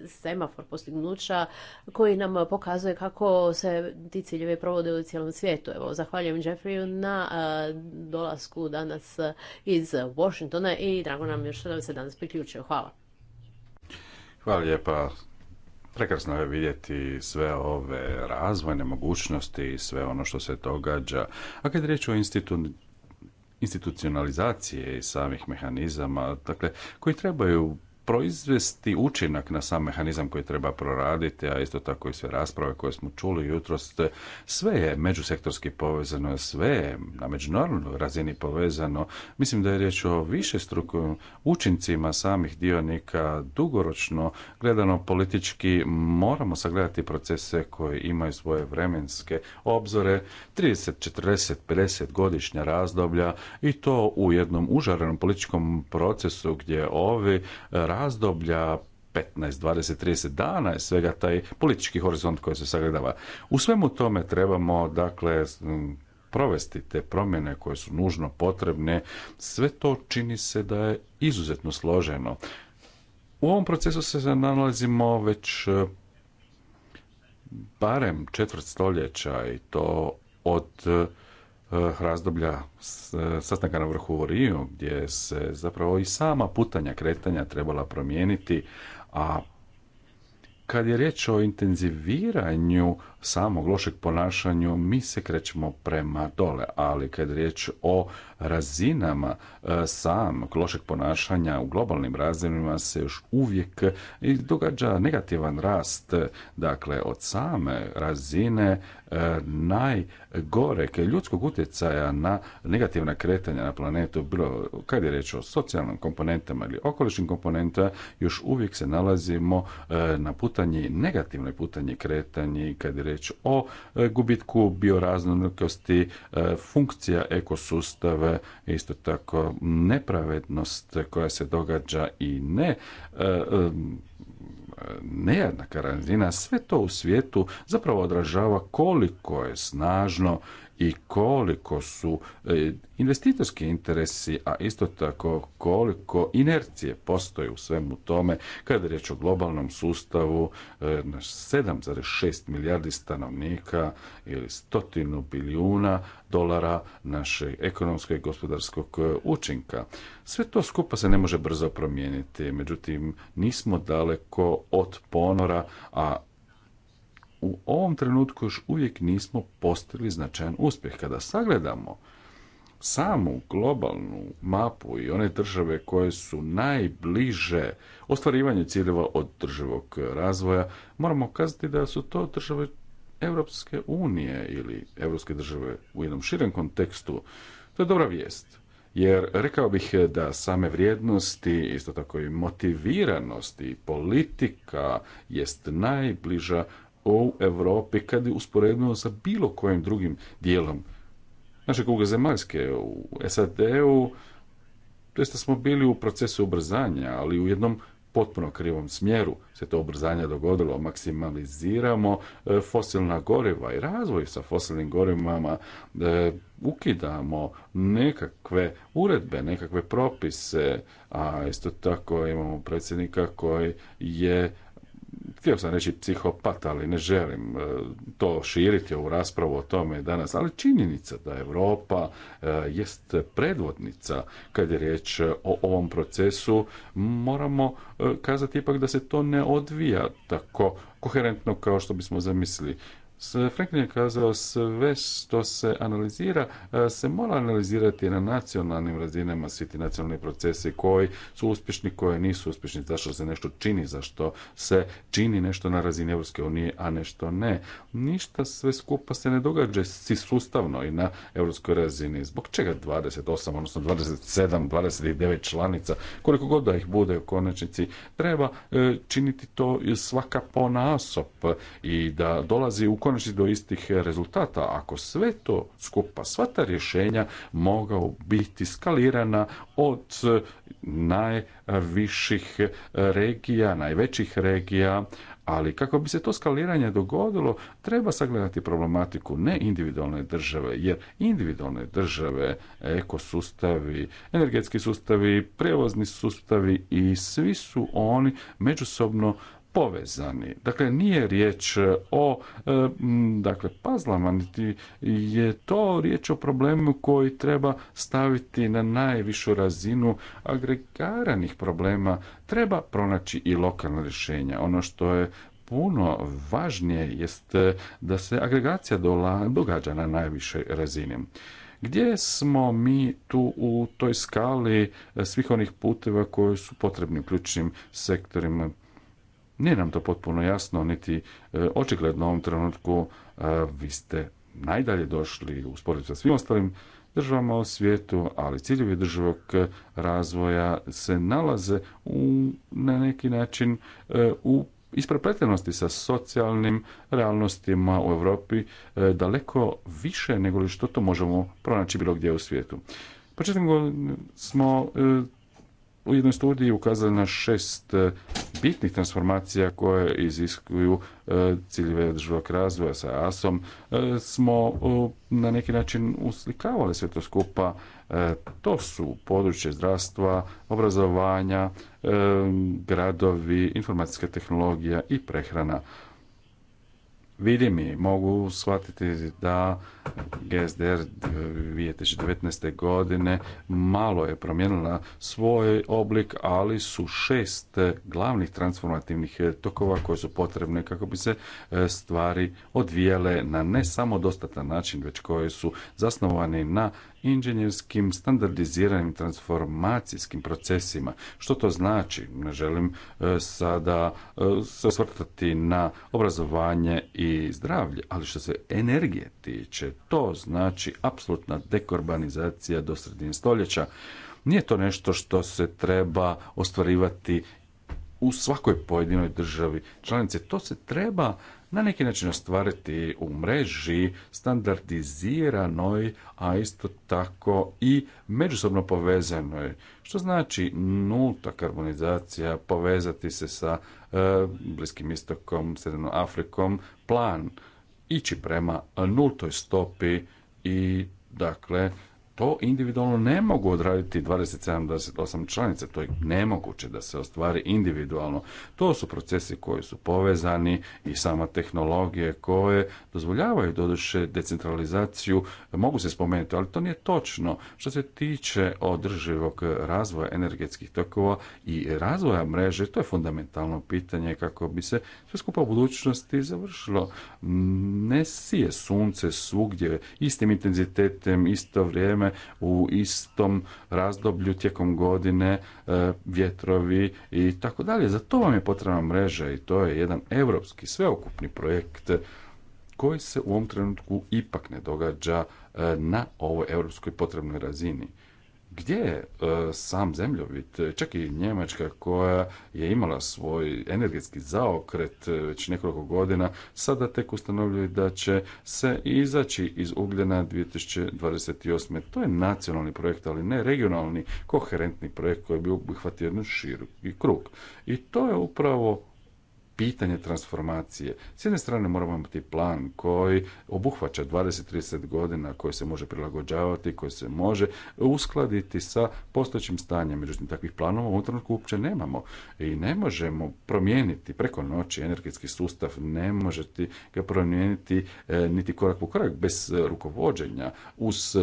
semafor postignuća koji nam pokazuje kako se ti ciljevi provode u cijelom svijetu. Evo, zahvaljujem Jeffreyu na dolasku danas iz Washingtona i drago nam je što nam se danas priključio. Hvala. Hvala lijepa Prekrasno je vidjeti sve ove razvojne mogućnosti i sve ono što se događa. A kad je riječ o institu institucionalizacije i samih mehanizama, dakle, koji trebaju proizvesti učinak na sam mehanizam koji treba proraditi, a isto tako i sve rasprave koje smo čuli jutros, sve je međusektorski povezano, sve je na međunarodnoj razini povezano. Mislim da je riječ o više učincima samih dionika dugoročno gledano politički moramo sagledati procese koji imaju svoje vremenske obzore 30, 40, 50 godišnja razdoblja i to u jednom užarenom političkom procesu gdje ovi razdoblja 15, 20, 30 dana je svega taj politički horizont koji se sagledava. U svemu tome trebamo, dakle, provesti te promjene koje su nužno potrebne. Sve to čini se da je izuzetno složeno. U ovom procesu se nalazimo već e, barem četvrt stoljeća i to od e, Eh, razdoblja eh, sastanka na vrhu u Riju, gdje se zapravo i sama putanja kretanja trebala promijeniti, a kad je riječ o intenziviranju samog lošeg ponašanja, mi se krećemo prema dole, ali kad je riječ o razinama e, samog lošeg ponašanja u globalnim razinama se još uvijek događa negativan rast, dakle od same razine e, najgoreg ljudskog utjecaja na negativna kretanja na planetu, bilo kad je riječ o socijalnim komponentama ili okolišnim komponentama, još uvijek se nalazimo e, na putanji, negativnoj putanji kretanji kad je riječ o e, gubitku bioraznolikosti, e, funkcija ekosustave, isto tako nepravednost koja se događa i ne e, nejednaka razina, sve to u svijetu zapravo odražava koliko je snažno i koliko su e, investitorski interesi, a isto tako koliko inercije postoje u svemu tome kada je riječ o globalnom sustavu e, na 7,6 milijardi stanovnika ili stotinu bilijuna dolara našeg ekonomskog i gospodarskog e, učinka. Sve to skupa se ne može brzo promijeniti, međutim nismo daleko od ponora, a u ovom trenutku još uvijek nismo postigli značajan uspjeh. Kada sagledamo samu globalnu mapu i one države koje su najbliže ostvarivanju ciljeva od državog razvoja, moramo kazati da su to države Europske unije ili europske države u jednom širem kontekstu. To je dobra vijest. Jer rekao bih da same vrijednosti, isto tako i motiviranosti i politika jest najbliža u Europi kad je usporedno sa bilo kojim drugim dijelom naše kuge zemaljske u SAD-u doista smo bili u procesu ubrzanja, ali u jednom potpuno krivom smjeru se to ubrzanje dogodilo. Maksimaliziramo e, fosilna goriva i razvoj sa fosilnim gorivama, e, ukidamo nekakve uredbe, nekakve propise, a isto tako imamo predsjednika koji je htio sam reći psihopat, ali ne želim e, to širiti, u raspravu o tome danas, ali činjenica da Europa e, jest predvodnica kad je riječ o ovom procesu, moramo e, kazati ipak da se to ne odvija tako koherentno kao što bismo zamislili. Franklin je kazao sve što se analizira e, se mora analizirati na nacionalnim razinama svi ti nacionalni procesi koji su uspješni, koji nisu uspješni, zašto se nešto čini, zašto se čini nešto na razini Europske unije, a nešto ne. Ništa sve skupa se ne događa si sustavno i na europskoj razini. Zbog čega 28, odnosno 27, 29 članica, koliko god da ih bude u konačnici, treba e, činiti to svaka nasop i da dolazi u do istih rezultata. Ako sve to skupa, sva ta rješenja mogao biti skalirana od najviših regija, najvećih regija, ali kako bi se to skaliranje dogodilo, treba sagledati problematiku ne individualne države, jer individualne države, ekosustavi, energetski sustavi, prijevozni sustavi i svi su oni međusobno povezani. Dakle, nije riječ e, o e, dakle, pazlama, niti je to riječ o problemu koji treba staviti na najvišu razinu agregaranih problema. Treba pronaći i lokalna rješenja. Ono što je puno važnije jest e, da se agregacija događa na najvišoj razini. Gdje smo mi tu u toj skali svih onih puteva koji su potrebni ključnim sektorima nije nam to potpuno jasno, niti e, očigledno u ovom trenutku e, vi ste najdalje došli u sporedu sa svim ostalim državama u svijetu, ali ciljevi državog razvoja se nalaze u, na neki način e, u isprepletenosti sa socijalnim realnostima u Europi daleko više nego li što to možemo pronaći bilo gdje u svijetu. Početkom smo u jednoj studiji ukazali na šest bitnih transformacija koje iziskuju e, ciljeve održivog razvoja sa ASOM e, smo e, na neki način uslikavali sve to skupa. To su područje zdravstva, obrazovanja, gradovi, informacijska tehnologija i prehrana vidim i mogu shvatiti da GSDR 2019. godine malo je promijenila svoj oblik, ali su šest glavnih transformativnih tokova koje su potrebne kako bi se e, stvari odvijale na ne samo dostatan način, već koje su zasnovani na inženjerskim standardiziranim transformacijskim procesima. Što to znači? Ne želim e, sada e, se osvrtati na obrazovanje i zdravlje, ali što se energije tiče, to znači apsolutna dekorbanizacija do sredine stoljeća. Nije to nešto što se treba ostvarivati u svakoj pojedinoj državi članice. To se treba na neki način ostvariti u mreži standardiziranoj, a isto tako i međusobno povezanoj. Što znači nulta karbonizacija, povezati se sa e, Bliskim istokom, Srednjom Afrikom, plan ići prema nultoj stopi i dakle to individualno ne mogu odraditi 27-28 članica, to je nemoguće da se ostvari individualno. To su procesi koji su povezani i sama tehnologije koje dozvoljavaju doduše decentralizaciju, mogu se spomenuti, ali to nije točno. Što se tiče održivog razvoja energetskih tokova i razvoja mreže, to je fundamentalno pitanje kako bi se sve skupa u budućnosti završilo. Ne sije sunce svugdje istim intenzitetem, isto vrijeme, u istom razdoblju tijekom godine e, vjetrovi i tako dalje. Za to vam je potrebna mreža i to je jedan europski sveukupni projekt koji se u ovom trenutku ipak ne događa e, na ovoj europskoj potrebnoj razini gdje je e, sam zemljovid, čak i Njemačka koja je imala svoj energetski zaokret e, već nekoliko godina, sada tek ustanovljuje da će se izaći iz ugljena 2028. To je nacionalni projekt, ali ne regionalni, koherentni projekt koji bi obuhvatio širu i krug. I to je upravo pitanje transformacije. S jedne strane moramo imati plan koji obuhvaća 20-30 godina, koji se može prilagođavati, koji se može uskladiti sa postojećim stanjem. Međutim, takvih planova u ovom trenutku uopće nemamo i ne možemo promijeniti preko noći energetski sustav, ne možete ga promijeniti e, niti korak po korak bez e, rukovođenja uz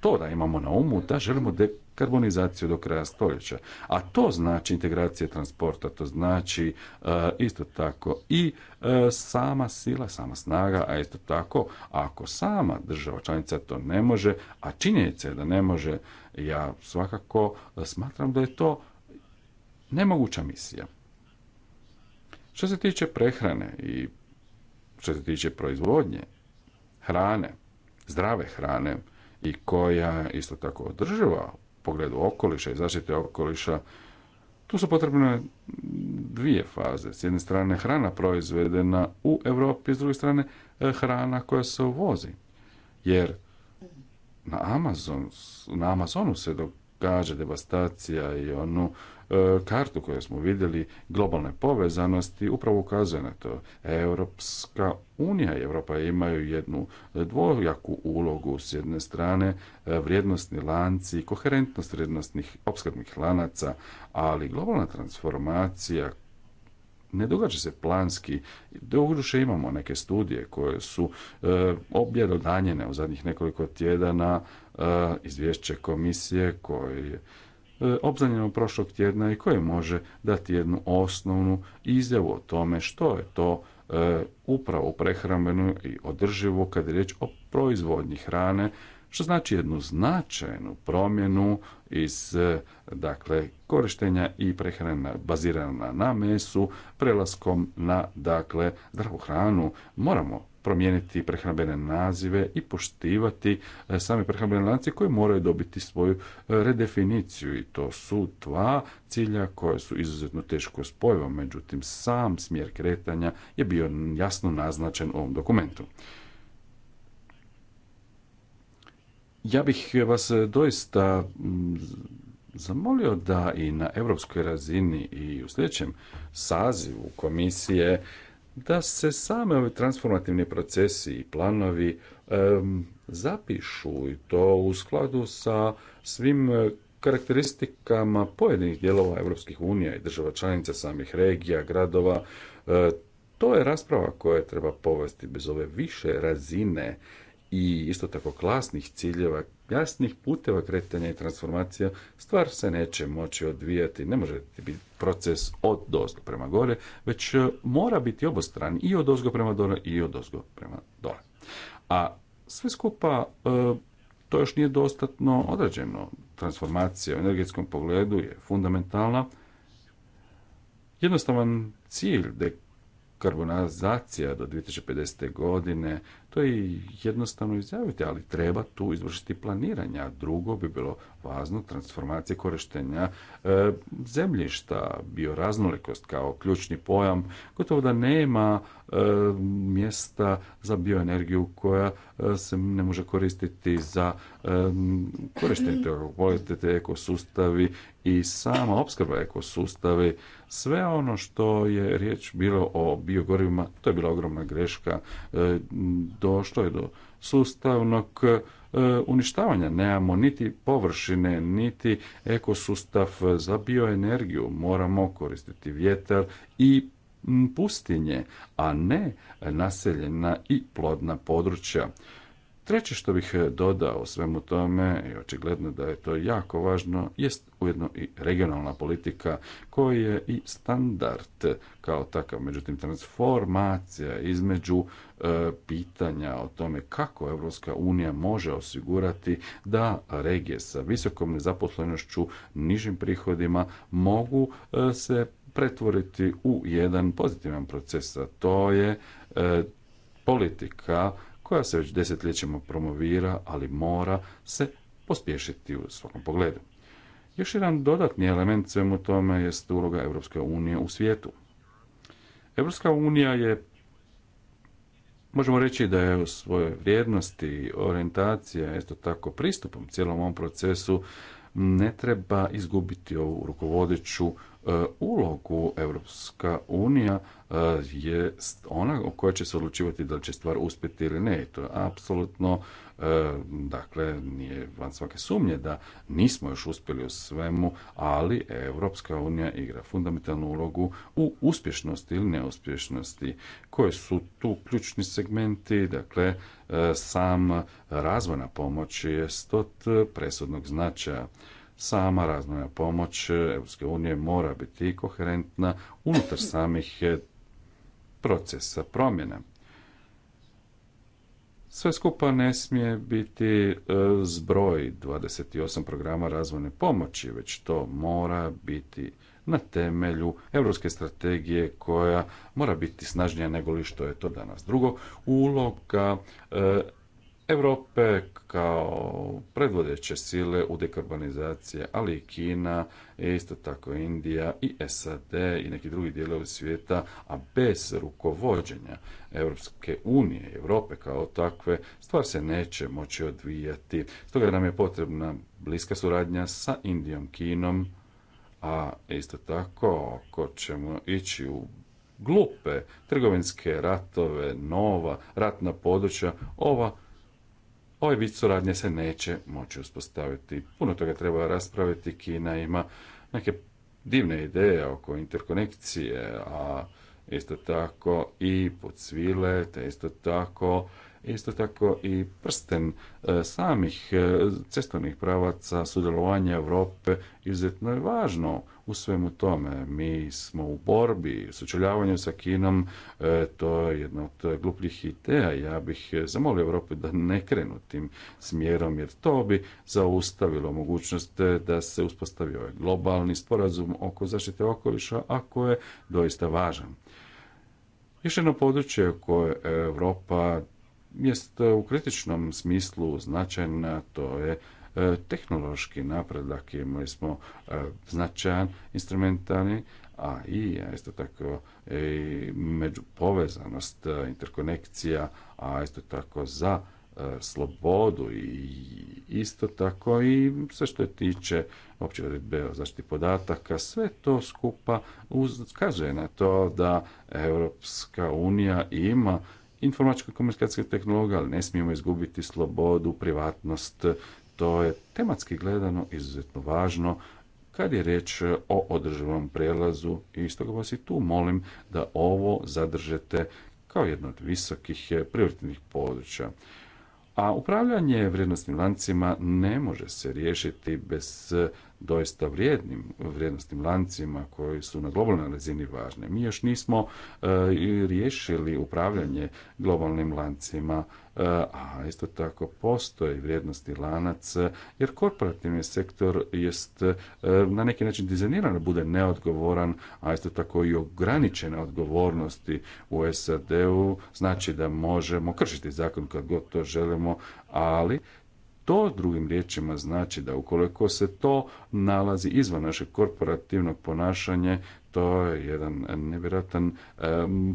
to da imamo na umu da želimo de karbonizaciju do kraja stoljeća. A to znači integracija transporta, to znači e, isto tako i e, sama sila, sama snaga, a isto tako ako sama država članica to ne može, a činjenica je da ne može, ja svakako e, smatram da je to nemoguća misija. Što se tiče prehrane i što se tiče proizvodnje hrane, zdrave hrane i koja isto tako održava pogledu okoliša i zaštite okoliša, tu su potrebne dvije faze. S jedne strane hrana proizvedena u Europi, s druge strane e, hrana koja se uvozi. Jer na, Amazon, na Amazonu se događa devastacija i onu E, kartu koju smo vidjeli globalne povezanosti upravo ukazuje na to. Europska unija i Europa imaju jednu dvojaku ulogu s jedne strane e, vrijednostni lanci, koherentnost vrijednostnih opskrbnih lanaca, ali globalna transformacija ne događa se planski. Doduše imamo neke studije koje su e, objelodanjene u zadnjih nekoliko tjedana e, izvješće komisije koje E, obznanjeno prošlog tjedna i koje može dati jednu osnovnu izjavu o tome što je to e, upravo prehrambeno i održivo kad je riječ o proizvodnji hrane, što znači jednu značajnu promjenu iz e, dakle korištenja i prehrana bazirana na mesu prelaskom na dakle zdravu hranu moramo promijeniti prehrambene nazive i poštivati e, same prehrambene lance koje moraju dobiti svoju e, redefiniciju i to su dva cilja koje su izuzetno teško spojiva, međutim sam smjer kretanja je bio jasno naznačen u ovom dokumentu. Ja bih vas doista zamolio da i na europskoj razini i u sljedećem sazivu komisije da se same ovi transformativni procesi i planovi zapišu i to u skladu sa svim eh, karakteristikama pojedinih dijelova Europskih unija i država članica samih regija, gradova, eh, to je rasprava koja treba povesti bez ove više razine i isto tako klasnih ciljeva, jasnih puteva kretanja i transformacija, stvar se neće moći odvijati, ne može biti proces od dozgo prema gore, već e, mora biti obostran i od dozgo prema dole i od dozgo prema dole. A sve skupa e, to još nije dostatno određeno. Transformacija u energetskom pogledu je fundamentalna. Jednostavan cilj dekarbonizacija do 2050. godine to je jednostavno izjaviti, ali treba tu izvršiti planiranja. Drugo bi bilo važno transformacije korištenja e, zemljišta, bioraznolikost kao ključni pojam. Gotovo da nema e, mjesta za bioenergiju koja e, se ne može koristiti za korištenje te ekosustavi i sama opskrba ekosustavi. Sve ono što je riječ bilo o biogorivima, to je bila ogromna greška došlo je do sustavnog e, uništavanja. Nemamo niti površine, niti ekosustav za bioenergiju. Moramo koristiti vjetar i pustinje, a ne naseljena i plodna područja. Treće što bih e, dodao svemu tome, i očigledno da je to jako važno, jest ujedno i regionalna politika koja je i standard kao takav. Međutim, transformacija između E, pitanja o tome kako Europska unija može osigurati da regije sa visokom nezaposlenošću, nižim prihodima mogu e, se pretvoriti u jedan pozitivan proces, a to je e, politika koja se već desetljećima promovira, ali mora se pospješiti u svakom pogledu. Još jedan dodatni element svemu tome jest uloga Europske unije u svijetu. Europska unija je Možemo reći da je u svojoj vrijednosti, orijentacija, isto tako pristupom cijelom ovom procesu, ne treba izgubiti ovu rukovodeću e, ulogu Europska unija e, je ona o kojoj će se odlučivati da li će stvar uspjeti ili ne. I to je apsolutno E, dakle, nije van svake sumnje da nismo još uspjeli u svemu, ali Europska unija igra fundamentalnu ulogu u uspješnosti ili neuspješnosti. Koje su tu ključni segmenti? Dakle, e, sam razvojna pomoć je stot presudnog značaja sama razvojna pomoć Europske unije mora biti koherentna unutar samih procesa promjena. Sve skupa ne smije biti e, zbroj 28 programa razvojne pomoći, već to mora biti na temelju europske strategije koja mora biti snažnija nego li što je to danas. Drugo, uloga e, Europe kao predvodeće sile u dekarbonizaciji, ali i Kina, isto tako Indija i SAD i neki drugi dijelovi svijeta, a bez rukovođenja Europske unije, Europe kao takve, stvar se neće moći odvijati. Stoga nam je potrebna bliska suradnja sa Indijom, Kinom, a isto tako ako ćemo ići u glupe trgovinske ratove, nova ratna područja, ova ovaj vid suradnje se neće moći uspostaviti. Puno toga treba raspraviti. Kina ima neke divne ideje oko interkonekcije, a isto tako i pod svile, te isto tako isto tako i prsten e, samih e, cestovnih pravaca sudjelovanja Europe izuzetno je važno u svemu tome. Mi smo u borbi, sučeljavanju sa Kinom, e, to je jedna od glupljih ideja. Ja bih zamolio Europu da ne krenu tim smjerom, jer to bi zaustavilo mogućnost da se uspostavi ovaj globalni sporazum oko zaštite okoliša, ako je doista važan. Još jedno područje koje Europa jest u kritičnom smislu značajna, to je e, tehnološki napredak. Imali smo e, značajan instrumentalni, a i isto tako i e, međupovezanost, interkonekcija, a isto tako za slobodu i isto tako i sve što je tiče opće uredbe o zaštiti podataka, sve to skupa uz, kaže na to da Europska unija ima informačko komunikacijska tehnologije, ali ne smijemo izgubiti slobodu, privatnost. To je tematski gledano izuzetno važno kad je riječ o održivom prelazu i stoga vas i tu molim da ovo zadržete kao jedno od visokih prioritetnih područja. A upravljanje vrijednostnim lancima ne može se riješiti bez doista vrijednim vrijednostnim lancima koji su na globalnoj razini važni. Mi još nismo e, riješili upravljanje globalnim lancima, e, a isto tako postoji vrijednosti lanac, jer korporativni sektor jest e, na neki način dizajniran da bude neodgovoran, a isto tako i ograničene odgovornosti u SAD-u, znači da možemo kršiti zakon kad god to želimo, ali to drugim riječima znači da ukoliko se to nalazi izvan našeg korporativnog ponašanja, to je jedan nevjerojatan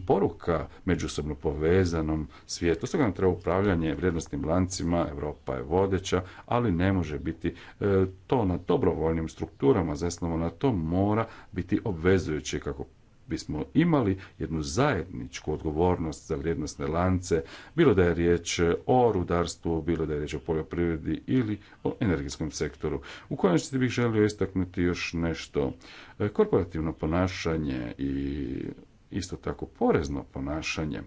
poruka međusobno povezanom svijetu. Stoga nam treba upravljanje vrijednostnim lancima, Europa je vodeća, ali ne može biti e, to na dobrovoljnim strukturama, zasnovano na to mora biti obvezujuće kako bismo imali jednu zajedničku odgovornost za vrijednostne lance, bilo da je riječ o rudarstvu, bilo da je riječ o poljoprivredi ili o energetskom sektoru. U konačnici bih želio istaknuti još nešto. E, korporativno ponašanje i isto tako porezno ponašanje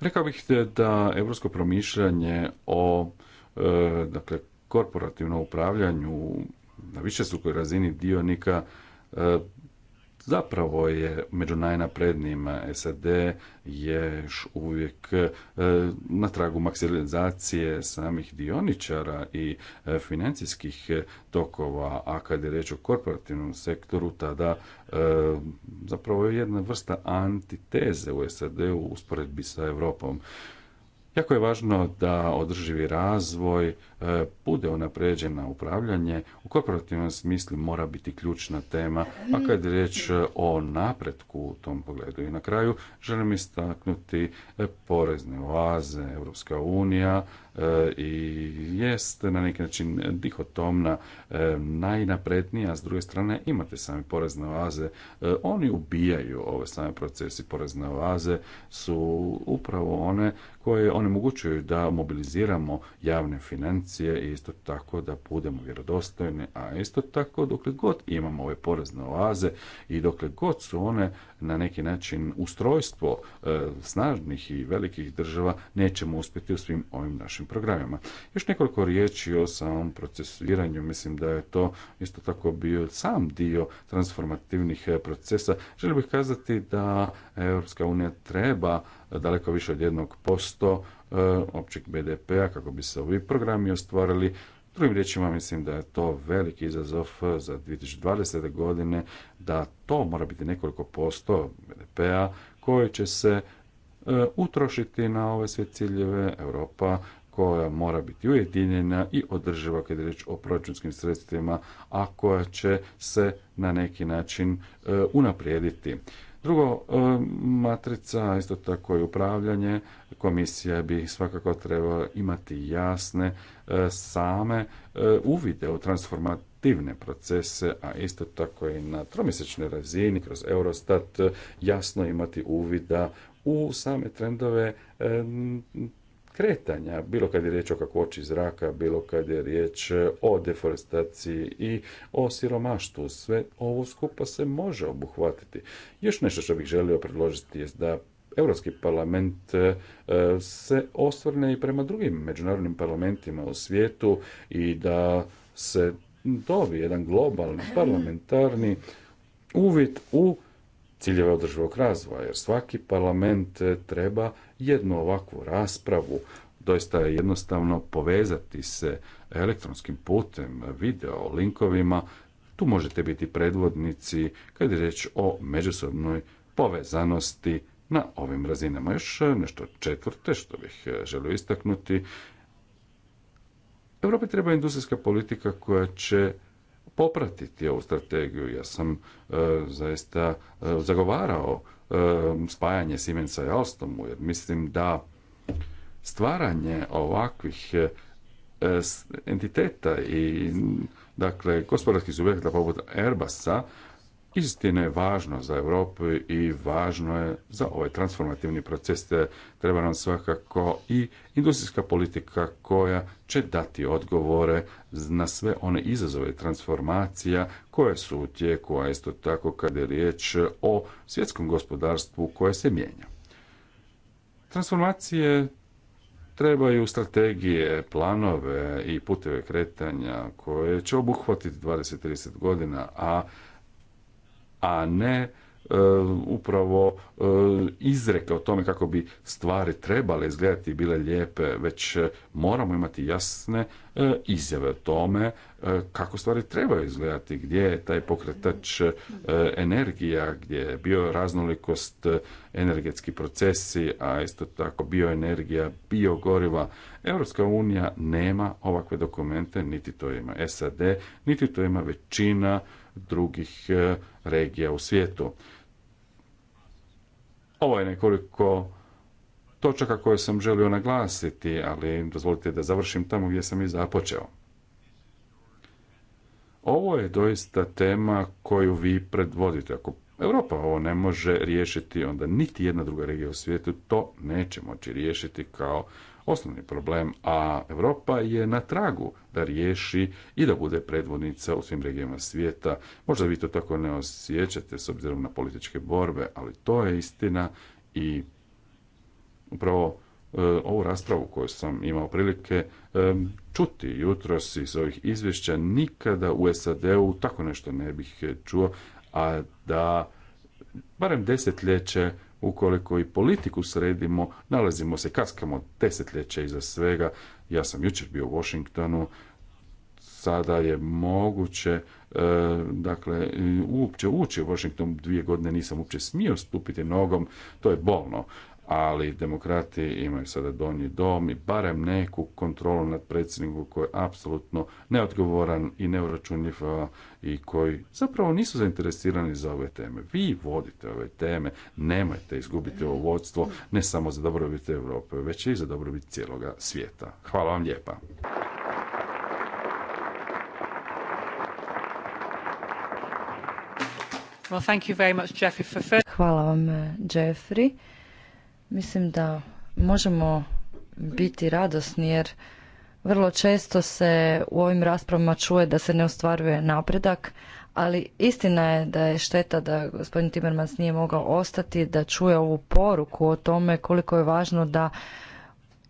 Rekao bih da europsko promišljanje o e, dakle, korporativnom upravljanju na više sukoj razini dionika e, zapravo je među najnaprednijima. SAD je uvijek e, na tragu maksimalizacije samih dioničara i e, financijskih tokova, a kad je reč o korporativnom sektoru, tada zapravo je jedna vrsta antiteze u SAD u usporedbi sa Europom. Jako je važno da održivi razvoj e, bude unapređen na upravljanje. U korporativnom smislu mora biti ključna tema, a kad je riječ e, o napretku u tom pogledu. I na kraju želim istaknuti e, porezne oaze, Europska unija, E, i jest na neki način dihotomna, e, najnaprednija, s druge strane imate same porezne oaze, e, oni ubijaju ove same procesi porezne oaze, su upravo one koje onemogućuju da mobiliziramo javne financije i isto tako da budemo vjerodostojni, a isto tako dokle god imamo ove porezne oaze i dokle god su one na neki način ustrojstvo snažnih i velikih država, nećemo uspjeti u svim ovim našim programima. Još nekoliko riječi o samom procesuiranju. Mislim da je to isto tako bio sam dio transformativnih e, procesa. Želio bih kazati da Europska unija treba daleko više od jednog posto e, općeg BDP-a kako bi se ovi programi ostvarili. Drugim riječima mislim da je to veliki izazov za 2020. godine da to mora biti nekoliko posto BDP-a koje će se e, utrošiti na ove sve ciljeve. Europa koja mora biti ujedinjena i održiva kad je riječ o proračunskim sredstvima, a koja će se na neki način e, unaprijediti. Drugo, e, matrica, isto tako i upravljanje, komisija bi svakako trebala imati jasne e, same uvide u transformativne procese, a isto tako i na tromjesečnoj razini kroz Eurostat jasno imati uvida u same trendove kretanja, bilo kad je riječ o kakvoći zraka, bilo kad je riječ o deforestaciji i o siromaštvu. Sve ovo skupa se može obuhvatiti. Još nešto što bih želio predložiti je da Europski parlament e, se osvrne i prema drugim međunarodnim parlamentima u svijetu i da se dobi jedan globalni parlamentarni uvid u ciljeve održivog razvoja, jer svaki parlament e, treba jednu ovakvu raspravu doista je jednostavno povezati se elektronskim putem, video, linkovima. Tu možete biti predvodnici kad je riječ o međusobnoj povezanosti na ovim razinama. Još e, nešto četvrte što bih e, želio istaknuti. Europi treba industrijska politika koja će popratiti ovu strategiju. Ja sam e, zaista e, zagovarao e, spajanje Siemensa i Alstomu, jer mislim da stvaranje ovakvih entiteta i dakle gospodarskih subjekata poput Airbusa Istine je važno za Europu i važno je za ovaj transformativni proces. Treba nam svakako i industrijska politika koja će dati odgovore na sve one izazove transformacija koje su u tijeku, a isto tako kada je riječ o svjetskom gospodarstvu koje se mijenja. Transformacije trebaju strategije, planove i puteve kretanja koje će obuhvatiti 20-30 godina, a a ne e, upravo e, izreke o tome kako bi stvari trebale izgledati bile lijepe, već e, moramo imati jasne izjave o tome kako stvari trebaju izgledati, gdje je taj pokretač energija, gdje je bio raznolikost energetski procesi, a isto tako bioenergija, biogoriva. Europska unija nema ovakve dokumente, niti to ima SAD, niti to ima većina drugih e, regija u svijetu. Ovo je nekoliko točaka koje sam želio naglasiti, ali dozvolite da završim tamo gdje sam i započeo. Ovo je doista tema koju vi predvodite. Ako Europa ovo ne može riješiti, onda niti jedna druga regija u svijetu to neće moći riješiti kao osnovni problem, a Europa je na tragu da riješi i da bude predvodnica u svim regijama svijeta. Možda vi to tako ne osjećate s obzirom na političke borbe, ali to je istina i upravo e, ovu raspravu koju sam imao prilike e, čuti jutros iz ovih izvješća nikada u SAD-u tako nešto ne bih čuo, a da barem desetljeće ukoliko i politiku sredimo, nalazimo se, kaskamo desetljeće iza svega. Ja sam jučer bio u Washingtonu, sada je moguće e, dakle, uopće ući u Washington dvije godine nisam uopće smio stupiti nogom, to je bolno ali demokrati imaju sada donji dom i barem neku kontrolu nad predsjednikom koji je apsolutno neodgovoran i neuračunljiv i koji zapravo nisu zainteresirani za ove teme. Vi vodite ove teme, nemojte izgubiti ovo vodstvo ne samo za dobrobit Europe, već i za dobrobit cijeloga svijeta. Hvala vam lijepa. Well, thank you very much, Jeffrey, for... Hvala vam, eh, Jeffrey. Mislim da možemo biti radosni jer vrlo često se u ovim raspravama čuje da se ne ostvaruje napredak, ali istina je da je šteta da gospodin Timmermans nije mogao ostati, da čuje ovu poruku o tome koliko je važno da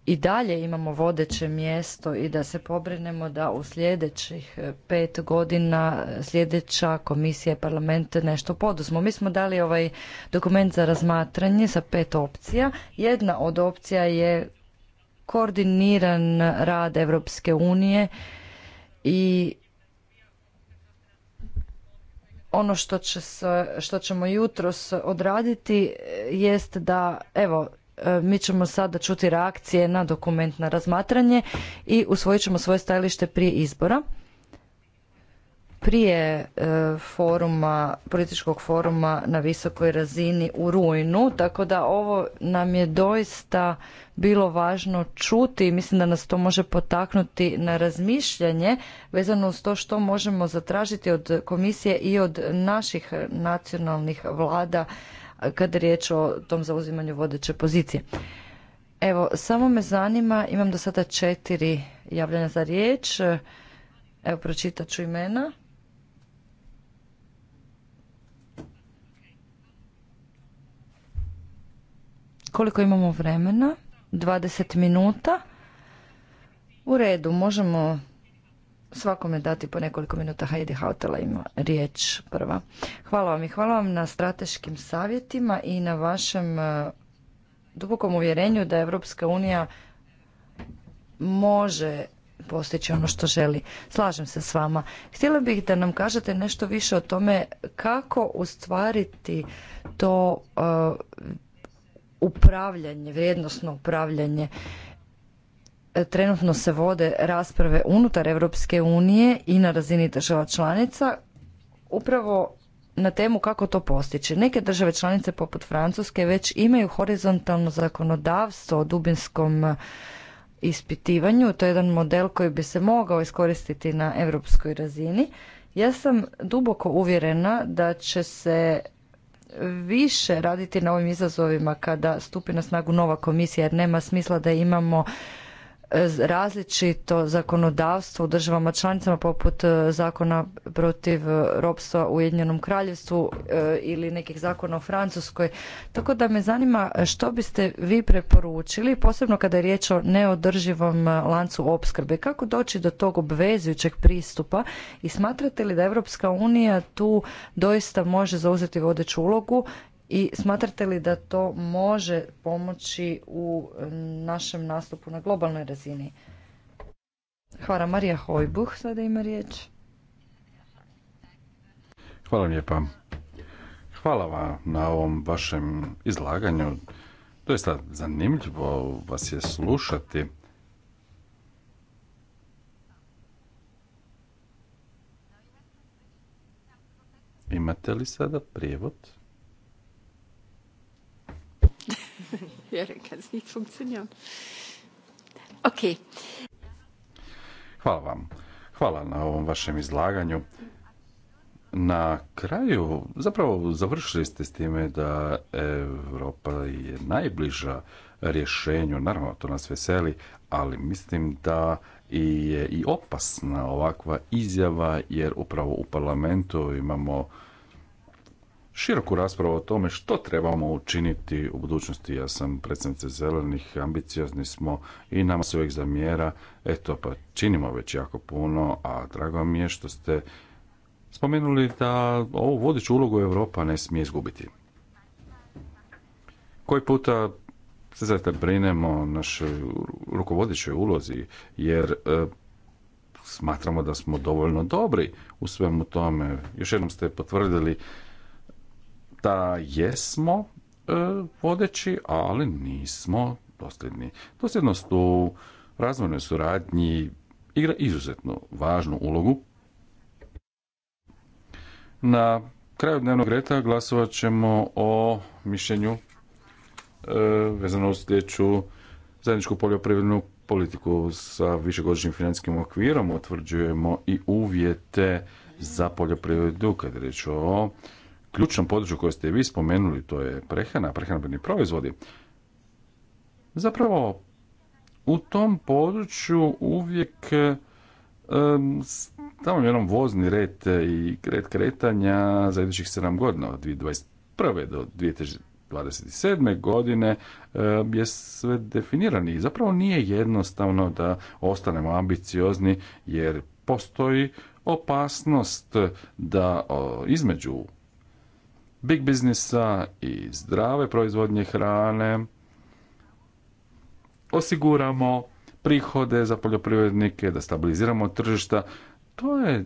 i dalje imamo vodeće mjesto i da se pobrinemo da u sljedećih e, pet godina e, sljedeća komisija i parlament nešto poduzmu. Mi smo dali ovaj dokument za razmatranje sa pet opcija. Jedna od opcija je koordiniran rad Europske unije i ono što, će se, što ćemo jutros odraditi e, jest da evo E, mi ćemo sada čuti reakcije na dokument na razmatranje i usvojit ćemo svoje stajalište prije izbora. Prije e, foruma, političkog foruma na visokoj razini u rujnu, tako da ovo nam je doista bilo važno čuti i mislim da nas to može potaknuti na razmišljanje vezano uz to što možemo zatražiti od komisije i od naših nacionalnih vlada kada je riječ o tom zauzimanju vodeće pozicije. Evo, samo me zanima, imam do sada četiri javljanja za riječ. Evo, pročitat ću imena. Koliko imamo vremena? 20 minuta. U redu, možemo svakome dati po nekoliko minuta. Heidi Hautala ima riječ prva. Hvala vam i hvala vam na strateškim savjetima i na vašem e, dubokom uvjerenju da Evropska unija može postići ono što želi. Slažem se s vama. Htjela bih da nam kažete nešto više o tome kako ustvariti to e, upravljanje, vrijednosno upravljanje trenutno se vode rasprave unutar Europske unije i na razini država članica upravo na temu kako to postići. Neke države članice poput Francuske već imaju horizontalno zakonodavstvo o dubinskom e, ispitivanju. To je jedan model koji bi se mogao iskoristiti na europskoj razini. Ja sam duboko uvjerena da će se više raditi na ovim izazovima kada stupi na snagu nova komisija jer nema smisla da imamo različito zakonodavstvo u državama članicama poput e, zakona protiv e, ropstva u Ujedinjenom kraljevstvu e, ili nekih zakona u Francuskoj. Tako da me zanima što biste vi preporučili, posebno kada je riječ o neodrživom lancu opskrbe. Kako doći do tog obvezujućeg pristupa i smatrate li da Europska unija tu doista može zauzeti vodeću ulogu i smatrate li da to može pomoći u našem nastupu na globalnoj razini? Hvala Marija Hojbuh, sada ima riječ. Hvala lijepa. Hvala vam na ovom vašem izlaganju. sad zanimljivo vas je slušati. Imate li sada prijevod? Hvala vam. Hvala na ovom vašem izlaganju. Na kraju, zapravo završili ste s time da Europa je najbliža rješenju, naravno to nas veseli, ali mislim da je i opasna ovakva izjava jer upravo u parlamentu imamo široku raspravu o tome što trebamo učiniti u budućnosti. Ja sam predsjednice zelenih, ambiciozni smo i nama se uvijek zamjera. Eto, pa činimo već jako puno, a drago mi je što ste spomenuli da ovu vodeću ulogu Europa ne smije izgubiti. Koji puta se zaista brinemo našoj rukovodećoj ulozi, jer e, smatramo da smo dovoljno dobri u svemu tome. Još jednom ste potvrdili da jesmo e, vodeći, ali nismo dosljedni. Dosljednost u razvojnoj suradnji igra izuzetno važnu ulogu. Na kraju dnevnog reda glasovat ćemo o mišljenju e, vezano uz sljedeću zajedničku poljoprivrednu politiku sa višegodišnjim financijskim okvirom Otvrđujemo i uvjete za poljoprivredu kad je o ključnom području koje ste vi spomenuli, to je prehrana, prehranbeni proizvodi, zapravo u tom području uvijek tamo jednom vozni red i red kretanja za idućih 7 godina od 2021. do 2027. godine je sve definirani i zapravo nije jednostavno da ostanemo ambiciozni jer postoji opasnost da između big biznisa i zdrave proizvodnje hrane osiguramo prihode za poljoprivrednike, da stabiliziramo tržišta, to je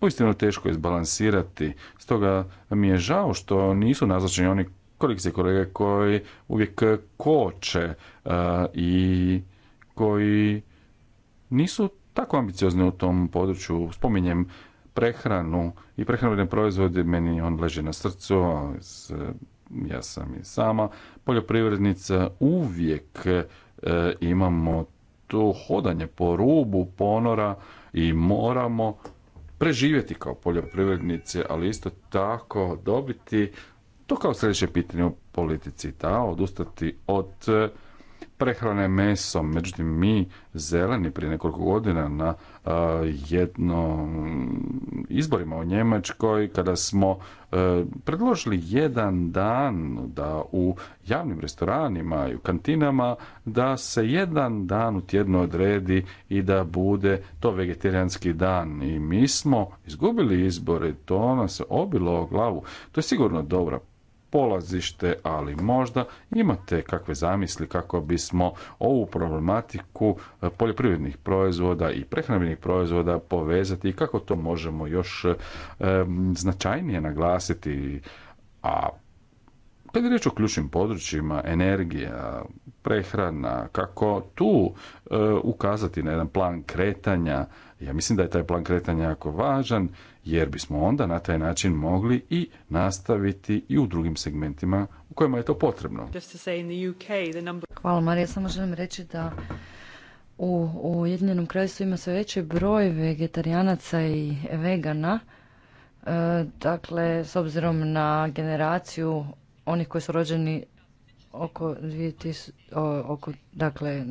uistinu teško izbalansirati. Stoga mi je žao što nisu nazočeni oni kolegice kolege koji uvijek koče e, i koji nisu tako ambiciozni u tom području. Spominjem prehranu i prehrambene proizvode, meni on leži na srcu, eh, ja sam i sama poljoprivrednica, uvijek eh, imamo to hodanje po rubu ponora i moramo preživjeti kao poljoprivrednice, ali isto tako dobiti to kao sljedeće pitanje u politici, da, odustati od eh, prehrane mesom. Međutim, mi zeleni prije nekoliko godina na jedno mm, izborima u Njemačkoj kada smo e, predložili jedan dan da u javnim restoranima i u kantinama da se jedan dan u tjednu odredi i da bude to vegetarijanski dan i mi smo izgubili izbore to nas se obilo o glavu to je sigurno dobra polazište, ali možda imate kakve zamisli kako bismo ovu problematiku e, poljoprivrednih proizvoda i prehrambenih proizvoda povezati i kako to možemo još e, značajnije naglasiti, a kad je riječ o ključnim područjima, energija, prehrana, kako tu e, ukazati na jedan plan kretanja, ja mislim da je taj plan kretanja jako važan jer bismo onda na taj način mogli i nastaviti i u drugim segmentima u kojima je to potrebno. Hvala Marija, samo želim reći da u Ujedinjenom kraljestvu ima sve veći broj vegetarijanaca i vegana. E, dakle, s obzirom na generaciju onih koji su rođeni oko 2000, oko, dakle,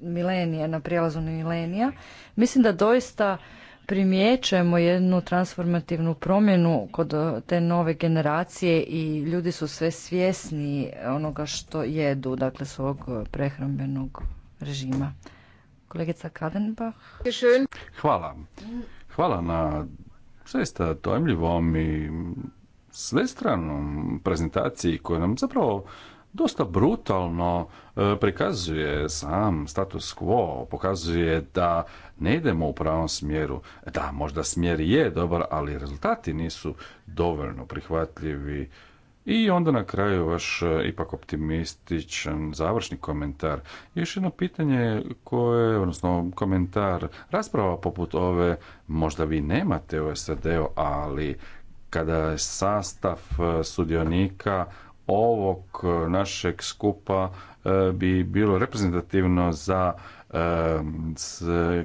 milenije, na prijelazu milenija, mislim da doista primjećujemo jednu transformativnu promjenu kod e, te nove generacije i ljudi su sve svjesni onoga što jedu, dakle svog prehrambenog režima. Kolegica Kadenbach. Hvala. Hvala na zaista dojemljivom i svestranom prezentaciji koja nam zapravo dosta brutalno e, prikazuje sam status quo, pokazuje da ne idemo u pravom smjeru. Da, možda smjer je dobar, ali rezultati nisu dovoljno prihvatljivi. I onda na kraju vaš e, ipak optimističan završni komentar. Još jedno pitanje koje, odnosno komentar, rasprava poput ove, možda vi nemate u sad ali kada je sastav e, sudionika ovog e, našeg skupa bi bilo reprezentativno za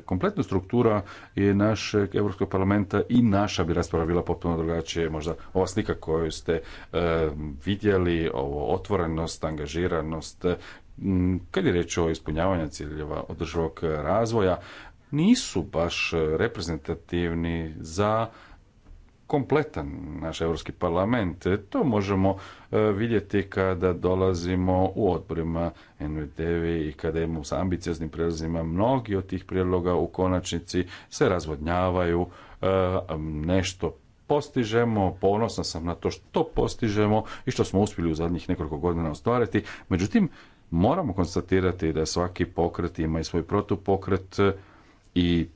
kompletna struktura je našeg Europskog parlamenta i naša bi rasprava bila potpuno drugačije. Možda ova slika koju ste vidjeli, ovo otvorenost, angažiranost, kad je reč o ispunjavanju ciljeva održivog razvoja, nisu baš reprezentativni za kompletan naš Europski parlament. To možemo e, vidjeti kada dolazimo u odborima NVTV i kada imamo sa ambicioznim prijedlozima. Mnogi od tih prijedloga u konačnici se razvodnjavaju, e, nešto postižemo, ponosan sam na to što postižemo i što smo uspjeli u zadnjih nekoliko godina ostvariti. Međutim, moramo konstatirati da svaki pokret ima i svoj protupokret i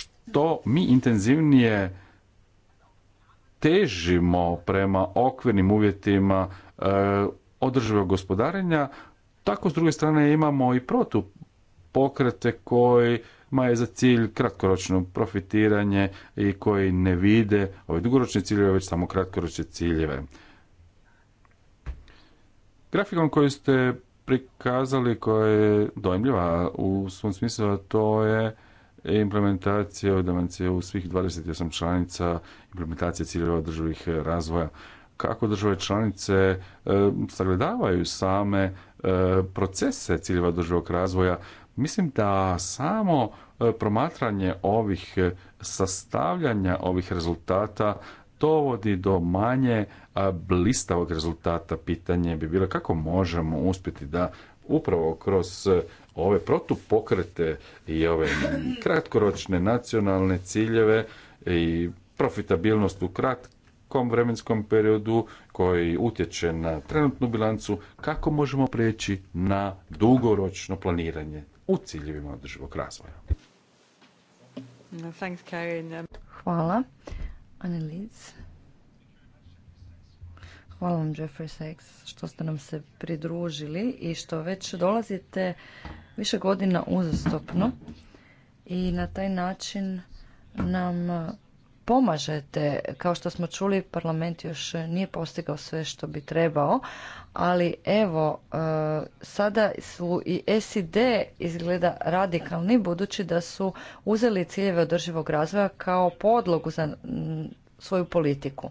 što mi intenzivnije težimo prema okvirnim uvjetima e, održivog gospodarenja, tako s druge strane imamo i protu pokrete koji ma je za cilj kratkoročno profitiranje i koji ne vide ove dugoročne ciljeve, već samo kratkoročne ciljeve. Grafikom koji ste prikazali, koja je dojmljiva u svom smislu, to je implementacije u u svih 28 članica, implementacije ciljeva državih razvoja. Kako države članice e, sagledavaju same e, procese ciljeva održivog razvoja, mislim da samo e, promatranje ovih sastavljanja ovih rezultata dovodi do manje blistavog rezultata. Pitanje bi bilo kako možemo uspjeti da upravo kroz ove protupokrete i ove kratkoročne nacionalne ciljeve i profitabilnost u kratkom vremenskom periodu koji utječe na trenutnu bilancu, kako možemo prijeći na dugoročno planiranje u ciljevima održivog razvoja. Hvala. Hvala vam Jeffrey Sachs što ste nam se pridružili i što već dolazite više godina uzastopno i na taj način nam pomažete. Kao što smo čuli, parlament još nije postigao sve što bi trebao, ali evo, e, sada su i SID izgleda radikalni, budući da su uzeli ciljeve održivog razvoja kao podlogu za svoju politiku.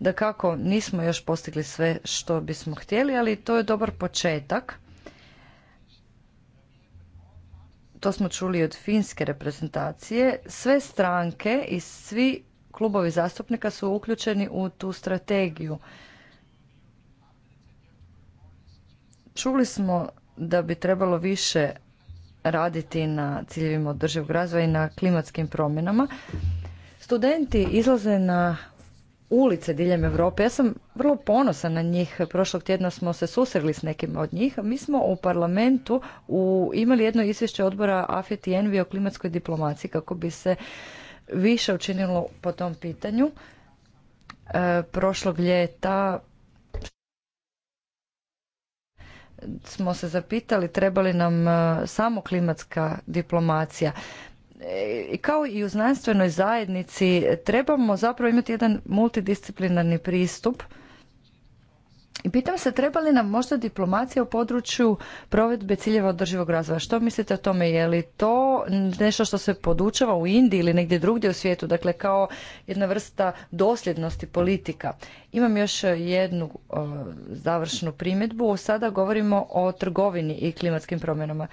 Da kako nismo još postigli sve što bismo htjeli, ali to je dobar početak. To smo čuli od finske reprezentacije. Sve stranke i svi klubovi zastupnika su uključeni u tu strategiju. Čuli smo da bi trebalo više raditi na ciljevima održivog razvoja i na klimatskim promjenama. Studenti izlaze na ulice diljem Europe. Ja sam vrlo ponosan na njih. Prošlog tjedna smo se susreli s nekim od njih. Mi smo u parlamentu u, imali jedno izvješće odbora AFET i Envi o klimatskoj diplomaciji kako bi se više učinilo po tom pitanju. E, prošlog ljeta smo se zapitali trebali nam e, samo klimatska diplomacija. E, kao i u znanstvenoj zajednici trebamo zapravo imati jedan multidisciplinarni pristup i pitam se treba li nam možda diplomacija u području provedbe ciljeva održivog razvoja. Što mislite o tome? Je li to nešto što se podučava u Indiji ili negdje drugdje u svijetu? Dakle, kao jedna vrsta dosljednosti politika. Imam još jednu o, e, završnu primjedbu. Sada govorimo o trgovini i klimatskim promjenama.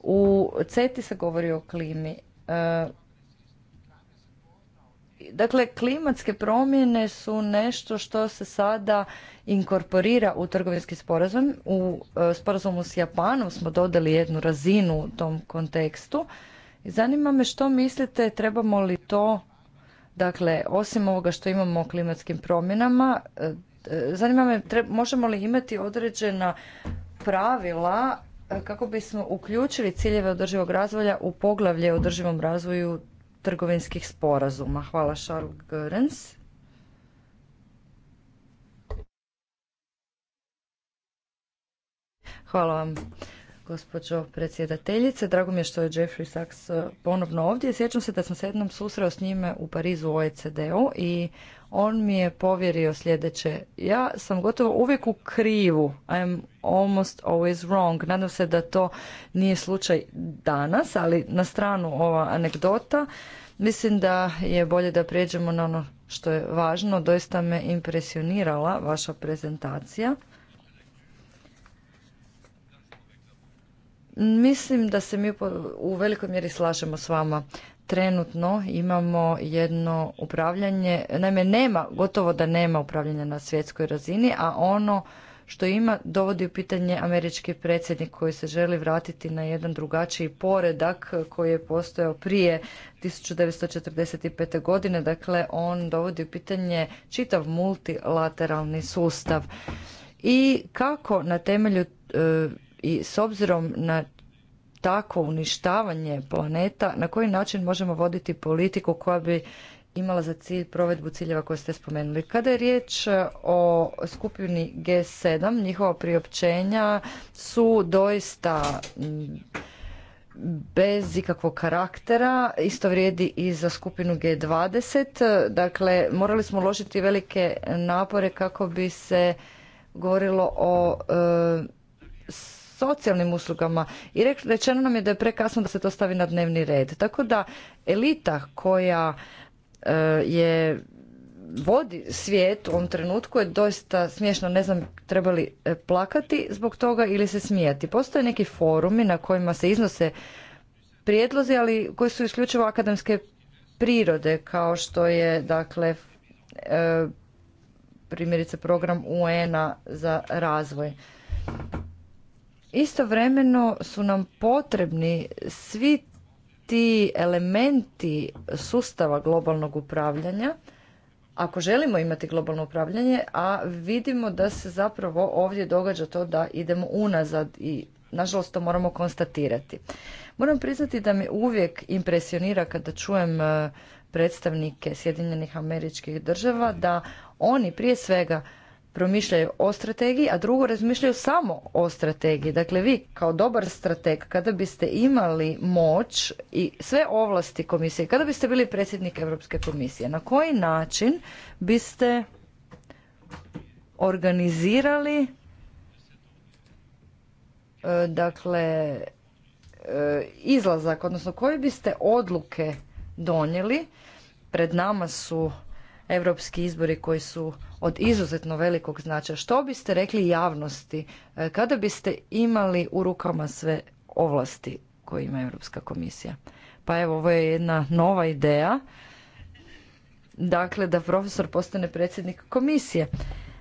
U CETI se govori o klimi, E, dakle, klimatske promjene su nešto što se sada inkorporira u trgovinski sporazum. U e, sporazumu s Japanom smo dodali jednu razinu u tom kontekstu. Zanima me što mislite, trebamo li to, dakle, osim ovoga što imamo o klimatskim promjenama, e, zanima me, možemo li imati određena pravila kako bismo uključili ciljeve održivog razvoja u poglavlje održivom razvoju trgovinskih sporazuma. Hvala Charles Görens. Hvala vam gospođo predsjedateljice. Drago mi je što je Jeffrey Sachs eh, ponovno ovdje. Sjećam se da sam se jednom susreo s njime u Parizu u OECD-u i on mi je povjerio sljedeće. Ja sam gotovo uvijek u krivu. am almost always wrong. Nadam se da to nije slučaj danas, ali na stranu ova anegdota. Mislim da je bolje da prijeđemo na ono što je važno. Doista me impresionirala vaša prezentacija. Mislim da se mi u velikoj mjeri slažemo s vama trenutno imamo jedno upravljanje, naime nema, gotovo da nema upravljanja na svjetskoj razini, a ono što ima dovodi u pitanje američki predsjednik koji se želi vratiti na jedan drugačiji poredak koji je postojao prije 1945. godine, dakle on dovodi u pitanje čitav multilateralni sustav. I kako na temelju e, i s obzirom na takvo uništavanje planeta, na koji način možemo voditi politiku koja bi imala za cilj provedbu ciljeva koje ste spomenuli. Kada je riječ e, o skupini G7, njihova priopćenja su doista mm, bez ikakvog karaktera. Isto vrijedi i za skupinu G20. Dakle, morali smo uložiti velike napore kako bi se govorilo o e, socijalnim uslugama i rečeno nam je da je prekasno da se to stavi na dnevni red. Tako da elita koja e, je vodi svijet u ovom trenutku je doista smiješno, ne znam trebali e, plakati zbog toga ili se smijati. Postoje neki forumi na kojima se iznose prijedlozi, ali koji su isključivo akademske prirode, kao što je dakle e, primjerice program UN-a za razvoj. Istovremeno su nam potrebni svi ti elementi sustava globalnog upravljanja ako želimo imati globalno upravljanje, a vidimo da se zapravo ovdje događa to da idemo unazad i nažalost to moramo konstatirati. Moram priznati da me uvijek impresionira kada čujem e, predstavnike Sjedinjenih američkih država da oni prije svega promišljaju o strategiji, a drugo razmišljaju samo o strategiji. Dakle, vi kao dobar strateg, kada biste imali moć i sve ovlasti komisije, kada biste bili predsjednik Europske komisije, na koji način biste organizirali e, dakle e, izlazak, odnosno koje biste odluke donijeli. Pred nama su europski izbori koji su od izuzetno velikog značaja. Što biste rekli javnosti e, kada biste imali u rukama sve ovlasti koje ima Europska komisija? Pa evo, ovo je jedna nova ideja. Dakle, da profesor postane predsjednik komisije.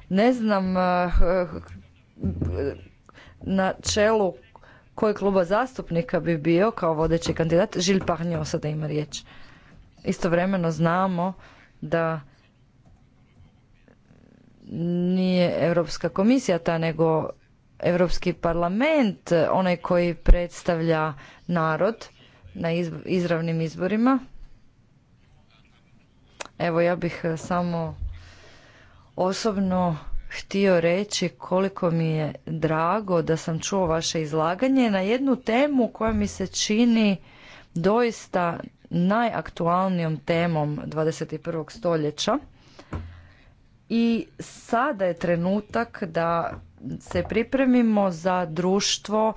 Ne znam e, na čelu kojeg kluba zastupnika bi bio kao vodeći kandidat. Žil Pahnjo sada ima riječ. Istovremeno znamo da nije Europska komisija ta nego Europski parlament, onaj koji predstavlja narod na izravnim izborima. Evo ja bih eh, samo osobno htio reći koliko mi je drago da sam čuo vaše izlaganje na jednu temu koja mi se čini doista najaktualnijom temom 21. stoljeća i sada je trenutak da se pripremimo za društvo,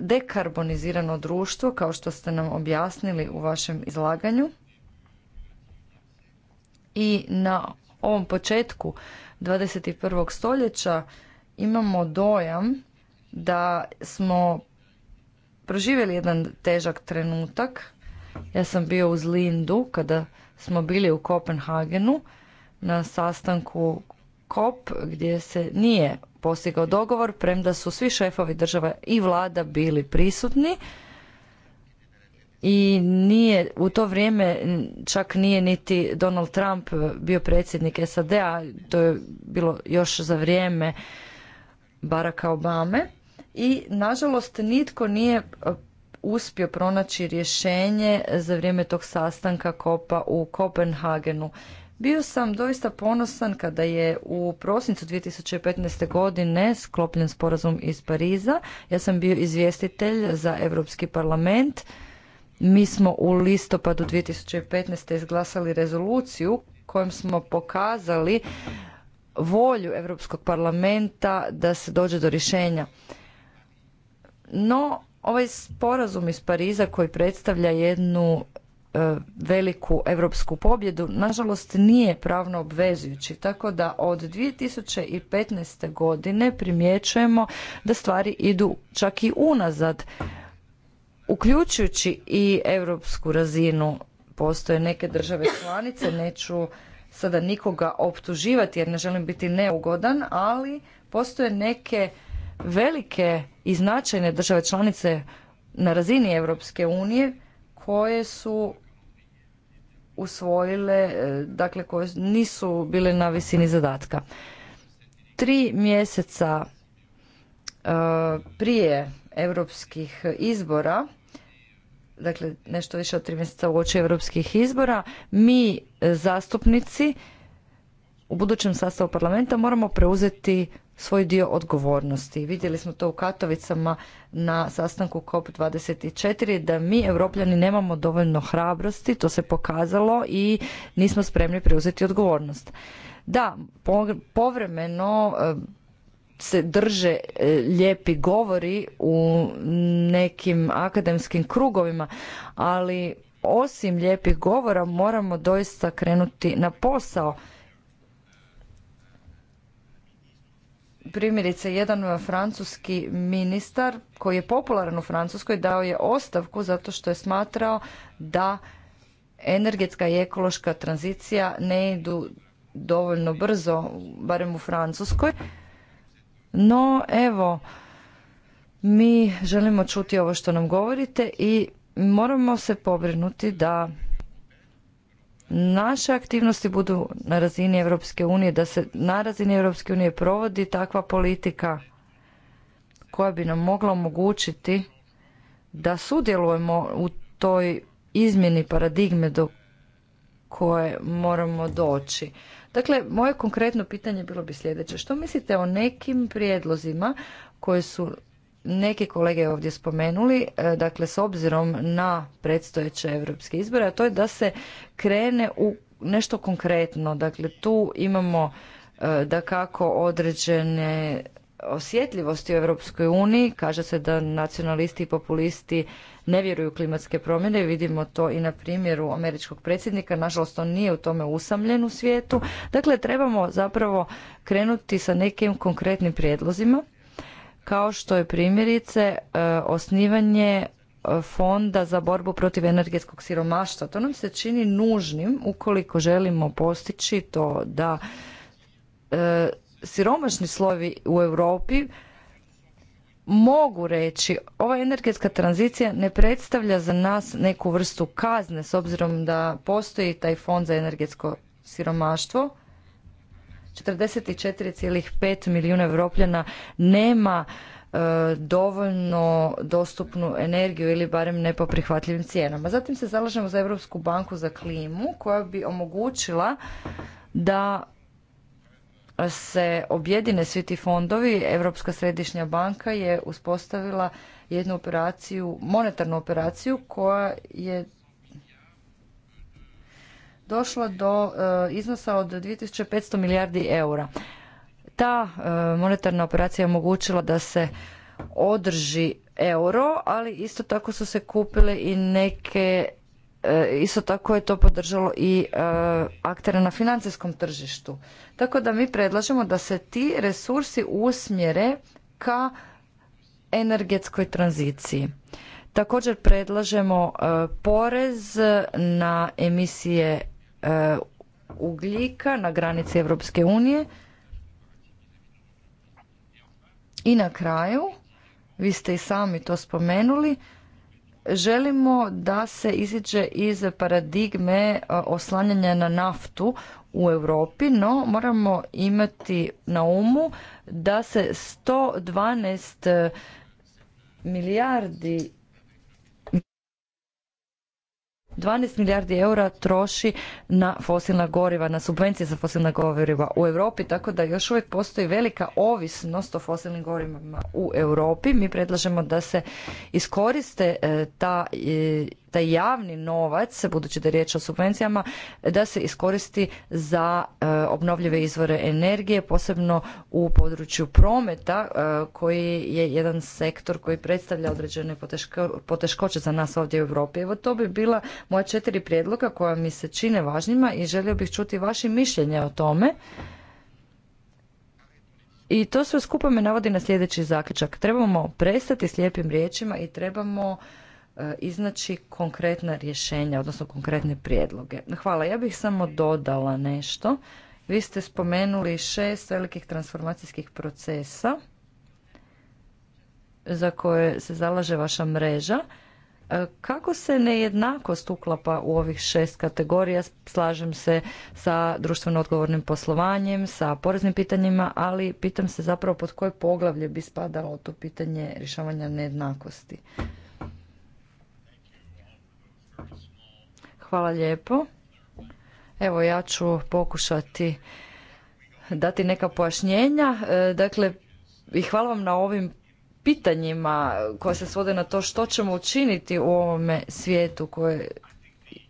dekarbonizirano društvo, kao što ste nam objasnili u vašem izlaganju. I na ovom početku 21. stoljeća imamo dojam da smo proživjeli jedan težak trenutak. Ja sam bio uz Lindu kada smo bili u Kopenhagenu na sastanku COP gdje se nije postigao dogovor, premda su svi šefovi država i vlada bili prisutni i nije u to vrijeme čak nije niti Donald Trump bio predsjednik SAD-a, to je bilo još za vrijeme Baracka Obame i nažalost nitko nije e, uspio pronaći rješenje za vrijeme tog sastanka Kopa u Kopenhagenu. Bio sam doista ponosan kada je u prosincu 2015. godine sklopljen sporazum iz Pariza. Ja sam bio izvjestitelj za Europski parlament. Mi smo u listopadu 2015. izglasali rezoluciju kojom smo pokazali volju Europskog parlamenta da se dođe do rješenja. No, ovaj sporazum iz Pariza koji predstavlja jednu E, veliku europsku pobjedu nažalost nije pravno obvezujući tako da od 2015. godine primjećujemo da stvari idu čak i unazad uključujući i europsku razinu postoje neke države članice neću sada nikoga optuživati jer ne želim biti neugodan ali postoje neke velike i značajne države članice na razini Europske unije koje su usvojile, e, dakle koje nisu bile na visini zadatka. Tri mjeseca e, prije europskih izbora, dakle nešto više od tri mjeseca uoči europskih izbora, mi e, zastupnici u budućem sastavu parlamenta moramo preuzeti svoj dio odgovornosti. Vidjeli smo to u Katovicama na sastanku COP24 da mi europljani nemamo dovoljno hrabrosti, to se pokazalo i nismo spremni preuzeti odgovornost. Da, povremeno eh, se drže eh, lijepi govori u nekim akademskim krugovima, ali osim lijepih govora moramo doista krenuti na posao Primjerice, jedan e, francuski ministar koji je popularan u Francuskoj dao je ostavku zato što je smatrao da energetska i ekološka tranzicija ne idu dovoljno brzo, barem u Francuskoj. No, evo, mi želimo čuti ovo što nam govorite i moramo se pobrinuti da naše aktivnosti budu na razini Europske unije, da se na razini Europske unije provodi takva politika koja bi nam mogla omogućiti da sudjelujemo u toj izmjeni paradigme do koje moramo doći. Dakle, moje konkretno pitanje bilo bi sljedeće. Što mislite o nekim prijedlozima koje su neke kolege ovdje spomenuli, e, dakle s obzirom na predstojeće europske izbore, a to je da se krene u nešto konkretno. Dakle, tu imamo e, da kako određene osjetljivosti u Europskoj uniji. Kaže se da nacionalisti i populisti ne vjeruju klimatske promjene. Vidimo to i na primjeru američkog predsjednika. Nažalost, on nije u tome usamljen u svijetu. Dakle, trebamo zapravo krenuti sa nekim konkretnim prijedlozima kao što je primjerice e, osnivanje e, fonda za borbu protiv energetskog siromaštva. To nam se čini nužnim ukoliko želimo postići to da e, siromašni slovi u Europi mogu reći ova energetska tranzicija ne predstavlja za nas neku vrstu kazne s obzirom da postoji taj fond za energetsko siromaštvo 44,5 milijuna Evropljana nema e, dovoljno dostupnu energiju ili barem ne po prihvatljivim cijenama. Zatim se zalažemo za Europsku banku za klimu koja bi omogućila da se objedine svi ti fondovi. Europska središnja banka je uspostavila jednu operaciju, monetarnu operaciju koja je došla do e, iznosa od 2500 milijardi eura. Ta e, monetarna operacija je omogućila da se održi euro, ali isto tako su se kupile i neke e, isto tako je to podržalo i aktere na financijskom tržištu. Tako da mi predlažemo da se ti resursi usmjere ka energetskoj tranziciji. Također predlažemo porez na emisije E, ugljika na granici Europske unije. I na kraju, vi ste i sami to spomenuli, želimo da se iziđe iz paradigme e, oslanjanja na naftu u Europi, no moramo imati na umu da se 112 e, milijardi 12 milijardi eura troši na fosilna goriva, na subvencije za fosilna goriva u Europi, tako da još uvijek postoji velika ovisnost o fosilnim gorivima u Europi. Mi predlažemo da se iskoriste e, ta e, taj javni novac, budući da je riječ o subvencijama, da se iskoristi za e, obnovljive izvore energije, posebno u području prometa e, koji je jedan sektor koji predstavlja određene poteškoće za nas ovdje u Europi. Evo to bi bila moja četiri prijedloga koja mi se čine važnima i želio bih čuti vaše mišljenje o tome. I to sve skupa me navodi na sljedeći zaključak. Trebamo prestati s lijepim riječima i trebamo E, iznaći konkretna rješenja, odnosno konkretne prijedloge. Hvala. Ja bih samo dodala nešto. Vi ste spomenuli šest velikih transformacijskih procesa za koje se zalaže vaša mreža. E, kako se nejednakost uklapa u ovih šest kategorija? Slažem se sa društveno odgovornim poslovanjem, sa poreznim pitanjima, ali pitam se zapravo pod koje poglavlje bi spadalo to pitanje rješavanja nejednakosti. Hvala lijepo. Evo ja ću pokušati dati neka pojašnjenja. E, dakle, i hvala vam na ovim pitanjima koja se svode na to što ćemo učiniti u ovome svijetu koje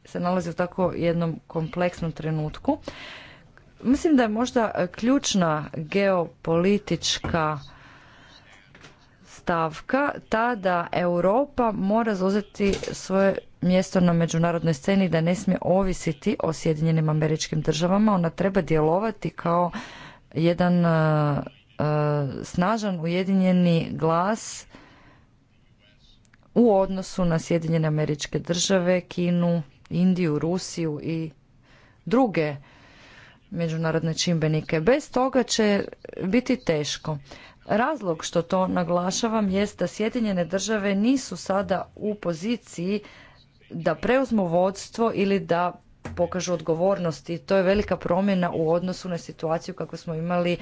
se nalazi u tako jednom kompleksnom trenutku. Mislim da je možda ključna geopolitička stavka, tada Europa mora zauzeti svoje mjesto na međunarodnoj sceni da ne smije ovisiti o Sjedinjenim američkim državama. Ona treba djelovati kao jedan e, e, snažan ujedinjeni glas u odnosu na Sjedinjene američke države, Kinu, Indiju, Rusiju i druge međunarodne čimbenike. Bez toga će biti teško. Razlog što to naglašavam jest da Sjedinjene države nisu sada u poziciji da preuzmu vodstvo ili da pokažu odgovornost i to je velika promjena u odnosu na situaciju kakvu smo imali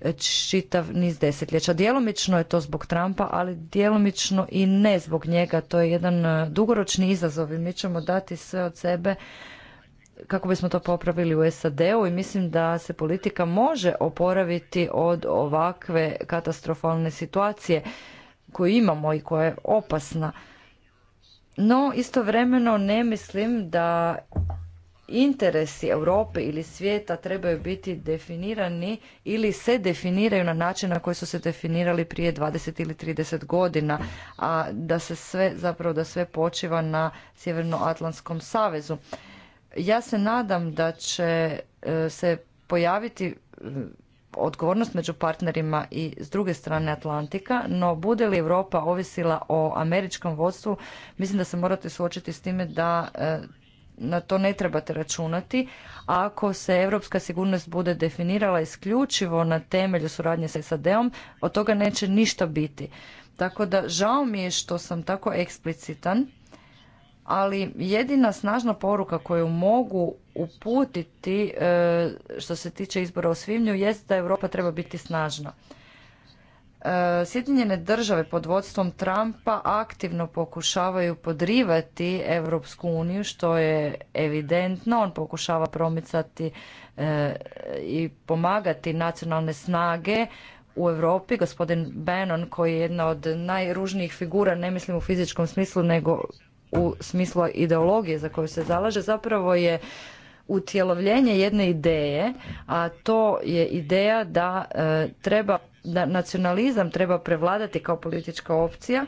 e, čitav niz desetljeća. Djelomično je to zbog Trumpa, ali djelomično i ne zbog njega. To je jedan e, dugoročni izazov i mi ćemo dati sve od sebe kako bismo to popravili u SAD-u i mislim da se politika može oporaviti od ovakve katastrofalne situacije koju imamo i koja je opasna. No, istovremeno ne mislim da interesi Europe ili svijeta trebaju biti definirani ili se definiraju na način na koji su se definirali prije 20 ili 30 godina, a da se sve, zapravo da sve počiva na Sjevernoatlantskom savezu. Ja se nadam da će e, se pojaviti e, odgovornost među partnerima i s druge strane Atlantika, no bude li Europa ovisila o američkom vodstvu, mislim da se morate suočiti s time da e, na to ne trebate računati. ako se europska sigurnost bude definirala isključivo na temelju suradnje sa SAD-om, od toga neće ništa biti. Tako da žao mi je što sam tako eksplicitan ali jedina snažna poruka koju mogu uputiti e, što se tiče izbora u svibnju jest da Europa treba biti snažna. E, Sjedinjene države pod vodstvom Trumpa aktivno pokušavaju podrivati Europsku uniju što je evidentno. On pokušava promicati e, i pomagati nacionalne snage u Europi, gospodin Bannon koji je jedna od najružnijih figura, ne mislim u fizičkom smislu nego u smislu ideologije za koju se zalaže zapravo je utjelovljenje jedne ideje, a to je ideja da e, treba da nacionalizam treba prevladati kao politička opcija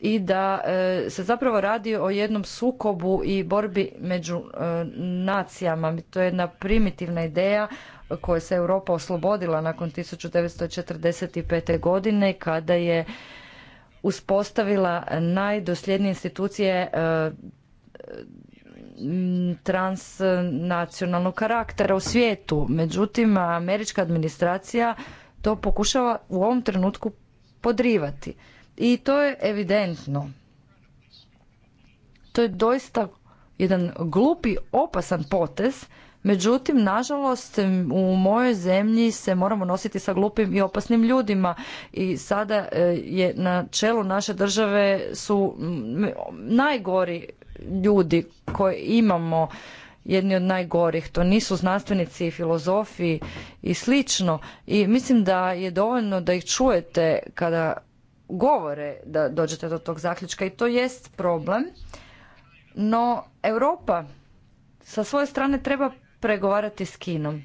i da e, se zapravo radi o jednom sukobu i borbi među e, nacijama. To je jedna primitivna ideja koje se Europa oslobodila nakon 1945. godine kada je uspostavila najdosljednije institucije e, transnacionalnog karaktera u svijetu. Međutim, američka administracija to pokušava u ovom trenutku podrivati. I to je evidentno. To je doista jedan glupi, opasan potez Međutim, nažalost, u mojoj zemlji se moramo nositi sa glupim i opasnim ljudima i sada e, je na čelu naše države su najgori ljudi koje imamo jedni od najgorih. To nisu znanstvenici, i filozofi i slično. I mislim da je dovoljno da ih čujete kada govore da dođete do tog zaključka i to jest problem. No, Europa sa svoje strane treba pregovarati s Kinom.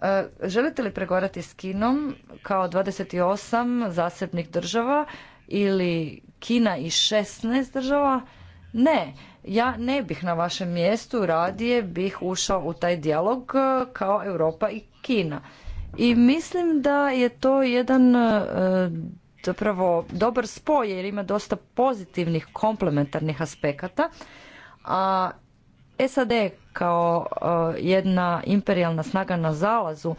E, želite li pregovarati s Kinom kao 28 zasebnih država ili Kina i 16 država? Ne, ja ne bih na vašem mjestu, radije bih ušao u taj dijalog e, kao Europa i Kina. I mislim da je to jedan e, zapravo dobar spoj jer ima dosta pozitivnih komplementarnih aspekata. A SAD kao e, jedna imperijalna snaga na zalazu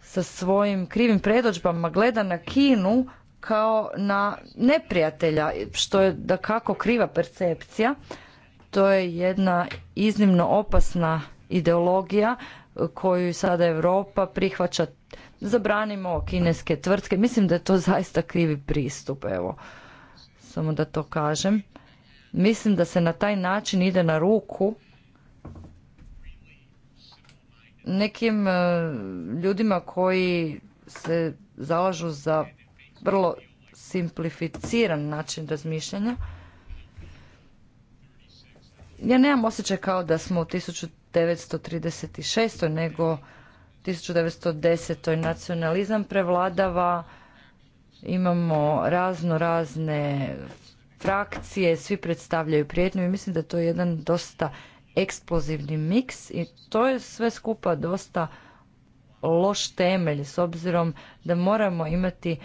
sa svojim krivim predođbama gleda na Kinu kao na neprijatelja, što je da kako kriva percepcija. To je jedna iznimno opasna ideologija e, koju sada Europa prihvaća. Zabranimo kineske tvrtke. Mislim da je to zaista krivi pristup, evo. Samo da to kažem. Mislim da se na taj način ide na ruku nekim e, ljudima koji se zalažu za vrlo simplificiran način razmišljanja. Ja nemam osjećaj kao da smo u 1936. nego 1910. nacionalizam prevladava, imamo razno razne frakcije, svi predstavljaju prijetnju i mislim da to je jedan dosta eksplozivni miks i to je sve skupa dosta loš temelj s obzirom da moramo imati e,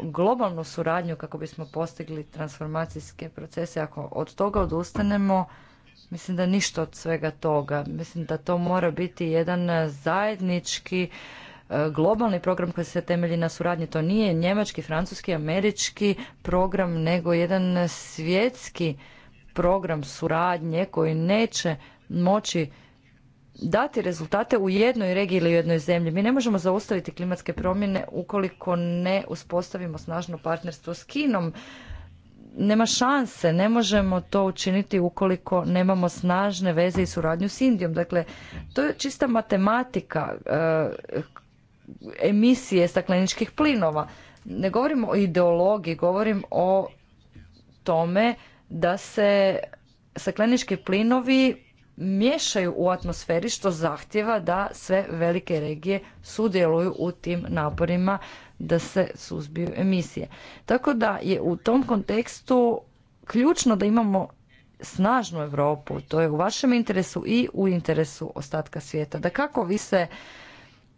globalnu suradnju kako bismo postigli transformacijske procese. Ako od toga odustanemo, mislim da ništa od svega toga. Mislim da to mora biti jedan zajednički e, globalni program koji se temelji na suradnji. To nije njemački, francuski, američki program, nego jedan svjetski program suradnje koji neće moći dati rezultate u jednoj regiji ili u jednoj zemlji. Mi ne možemo zaustaviti klimatske promjene ukoliko ne uspostavimo snažno partnerstvo s Kinom. Nema šanse, ne možemo to učiniti ukoliko nemamo snažne veze i suradnju s Indijom. Dakle, to je čista matematika eh, emisije stakleničkih plinova. Ne govorimo o ideologiji, govorim o tome da se saklenički plinovi miješaju u atmosferi što zahtjeva da sve velike regije sudjeluju u tim naporima da se suzbiju emisije. Tako da je u tom kontekstu ključno da imamo snažnu Europu. To je u vašem interesu i u interesu ostatka svijeta. Da kako vi se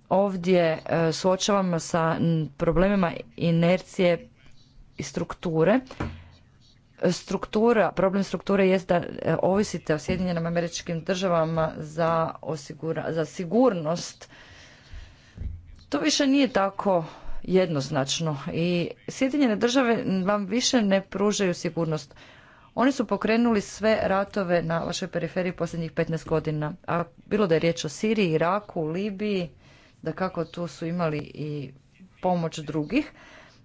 ovdje e, suočavamo sa problemima inercije i strukture, struktura, problem strukture jest da e, ovisite o Sjedinjenim američkim državama za, za sigurnost. To više nije tako jednoznačno i Sjedinjene države vam više ne pružaju sigurnost. Oni su pokrenuli sve ratove na vašoj periferiji posljednjih 15 godina. A bilo da je riječ o Siriji, Iraku, Libiji, da kako tu su imali i pomoć drugih.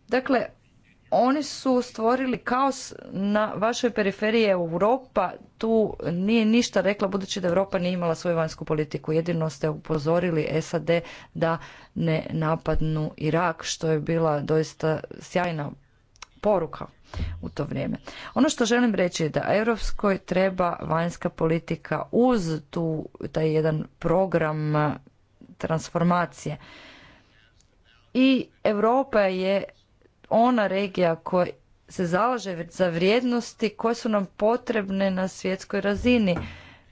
Dakle, oni su stvorili kaos na vašoj periferiji Europa tu nije ništa rekla budući da Europa nije imala svoju vanjsku politiku jedino ste upozorili SAD da ne napadnu Irak što je bila doista sjajna poruka u to vrijeme. Ono što želim reći je da Europskoj treba vanjska politika uz tu taj jedan program transformacije. I Europa je ona regija koja se zalaže za vrijednosti koje su nam potrebne na svjetskoj razini.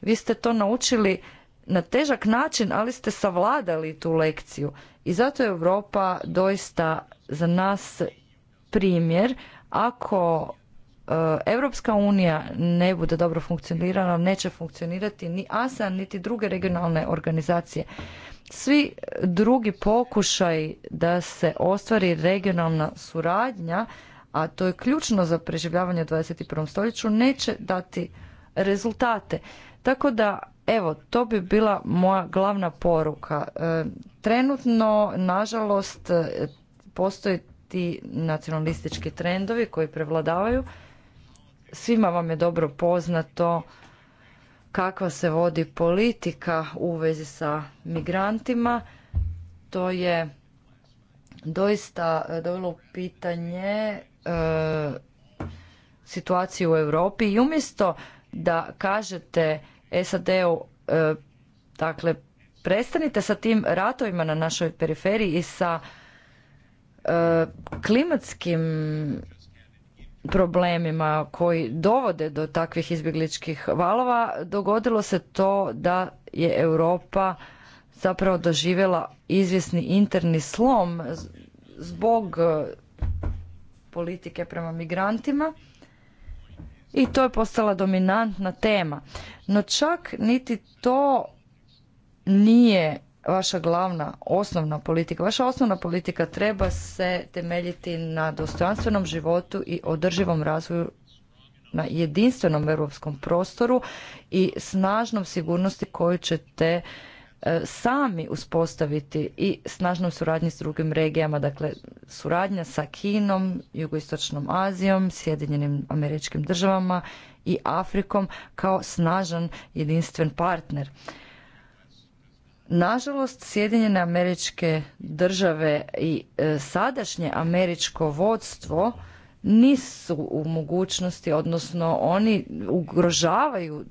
Vi ste to naučili na težak način, ali ste savladali tu lekciju. I zato je Europa doista za nas primjer. Ako Europska unija ne bude dobro funkcionirala, neće funkcionirati ni ASEAN, niti druge regionalne organizacije. Svi drugi pokušaj da se ostvari regionalna suradnja, a to je ključno za preživljavanje u 21. stoljeću, neće dati rezultate. Tako da, evo, to bi bila moja glavna poruka. E, trenutno, nažalost, e, postoje ti nacionalistički trendovi koji prevladavaju. Svima vam je dobro poznato kakva se vodi politika u vezi sa migrantima. To je doista eh, dovoljno pitanje e, situaciju u Europi i umjesto da kažete SAD-u eh, dakle prestanite sa tim ratovima na našoj periferiji i sa klimatskim problemima koji dovode do takvih izbjegličkih valova, dogodilo se to da je Europa zapravo doživjela izvjesni interni slom zbog e, politike prema migrantima i to je postala dominantna tema. No čak niti to nije vaša glavna osnovna politika. Vaša osnovna politika treba se temeljiti na dostojanstvenom životu i održivom razvoju na jedinstvenom europskom prostoru i snažnom sigurnosti koju ćete e, sami uspostaviti i snažnom suradnji s drugim regijama, dakle suradnja sa Kinom, Jugoistočnom Azijom, Sjedinjenim američkim državama i Afrikom kao snažan jedinstven partner. Nažalost, Sjedinjene američke države i e, sadašnje američko vodstvo nisu u mogućnosti, odnosno oni ugrožavaju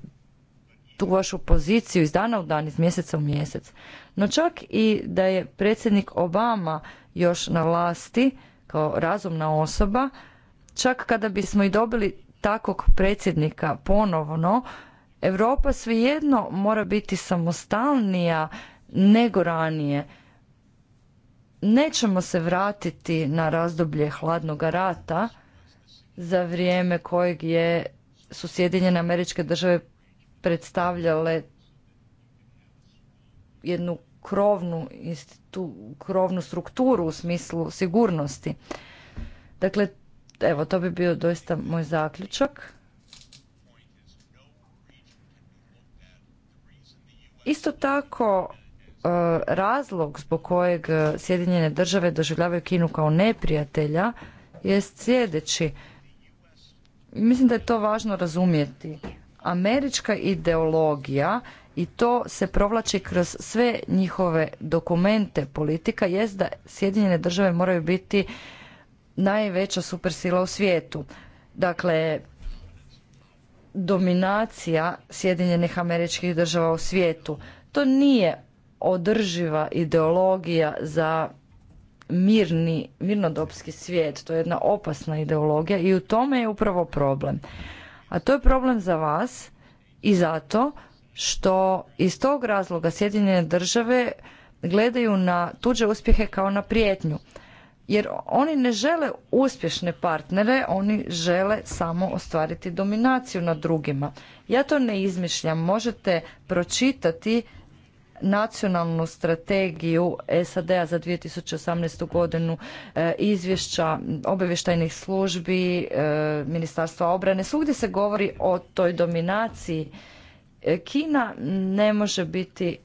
tu vašu poziciju iz dana u dan, iz mjeseca u mjesec. No čak i da je predsjednik Obama još na vlasti kao razumna osoba, čak kada bismo i dobili takvog predsjednika ponovno, Europa svejedno mora biti samostalnija nego ranije. Nećemo se vratiti na razdoblje hladnog rata za vrijeme kojeg je su Sjedinjene američke države predstavljale jednu krovnu, institu, krovnu strukturu u smislu sigurnosti. Dakle, evo, to bi bio doista moj zaključak. Isto tako, E, razlog zbog kojeg e, Sjedinjene države doživljavaju Kinu kao neprijatelja jest sljedeći. Mislim da je to važno razumjeti. Američka ideologija i to se provlači kroz sve njihove dokumente politika jest da Sjedinjene države moraju biti najveća supersila u svijetu. Dakle, dominacija Sjedinjenih američkih država u svijetu. To nije održiva ideologija za mirni, mirnodopski svijet. To je jedna opasna ideologija i u tome je upravo problem. A to je problem za vas i zato što iz tog razloga Sjedinjene države gledaju na tuđe uspjehe kao na prijetnju. Jer oni ne žele uspješne partnere, oni žele samo ostvariti dominaciju nad drugima. Ja to ne izmišljam, možete pročitati nacionalnu strategiju SAD-a za 2018. godinu e, izvješća obavještajnih službi e, Ministarstva obrane. Svugdje se govori o toj dominaciji. E, Kina ne može biti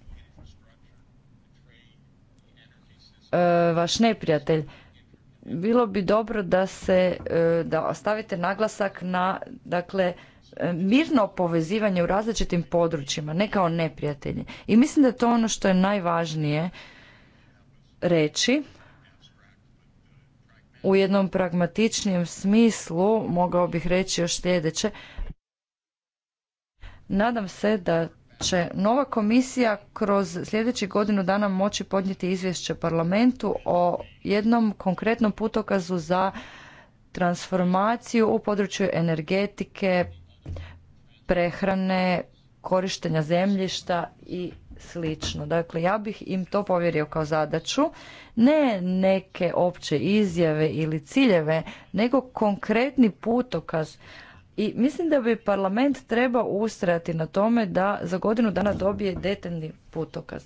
vaš neprijatelj. Bilo bi dobro da se da ostavite naglasak na dakle E, mirno povezivanje u različitim područjima, ne kao neprijatelji. I mislim da je to ono što je najvažnije reći. U jednom pragmatičnijem smislu mogao bih reći još sljedeće. Nadam se da će nova komisija kroz sljedeći godinu dana moći podnijeti izvješće parlamentu o jednom konkretnom putokazu za transformaciju u području energetike, prehrane, korištenja zemljišta i slično. Dakle, ja bih im to povjerio kao zadaću, ne neke opće izjave ili ciljeve, nego konkretni putokaz. I mislim da bi parlament trebao ustrajati na tome da za godinu dana dobije detaljni putokaz.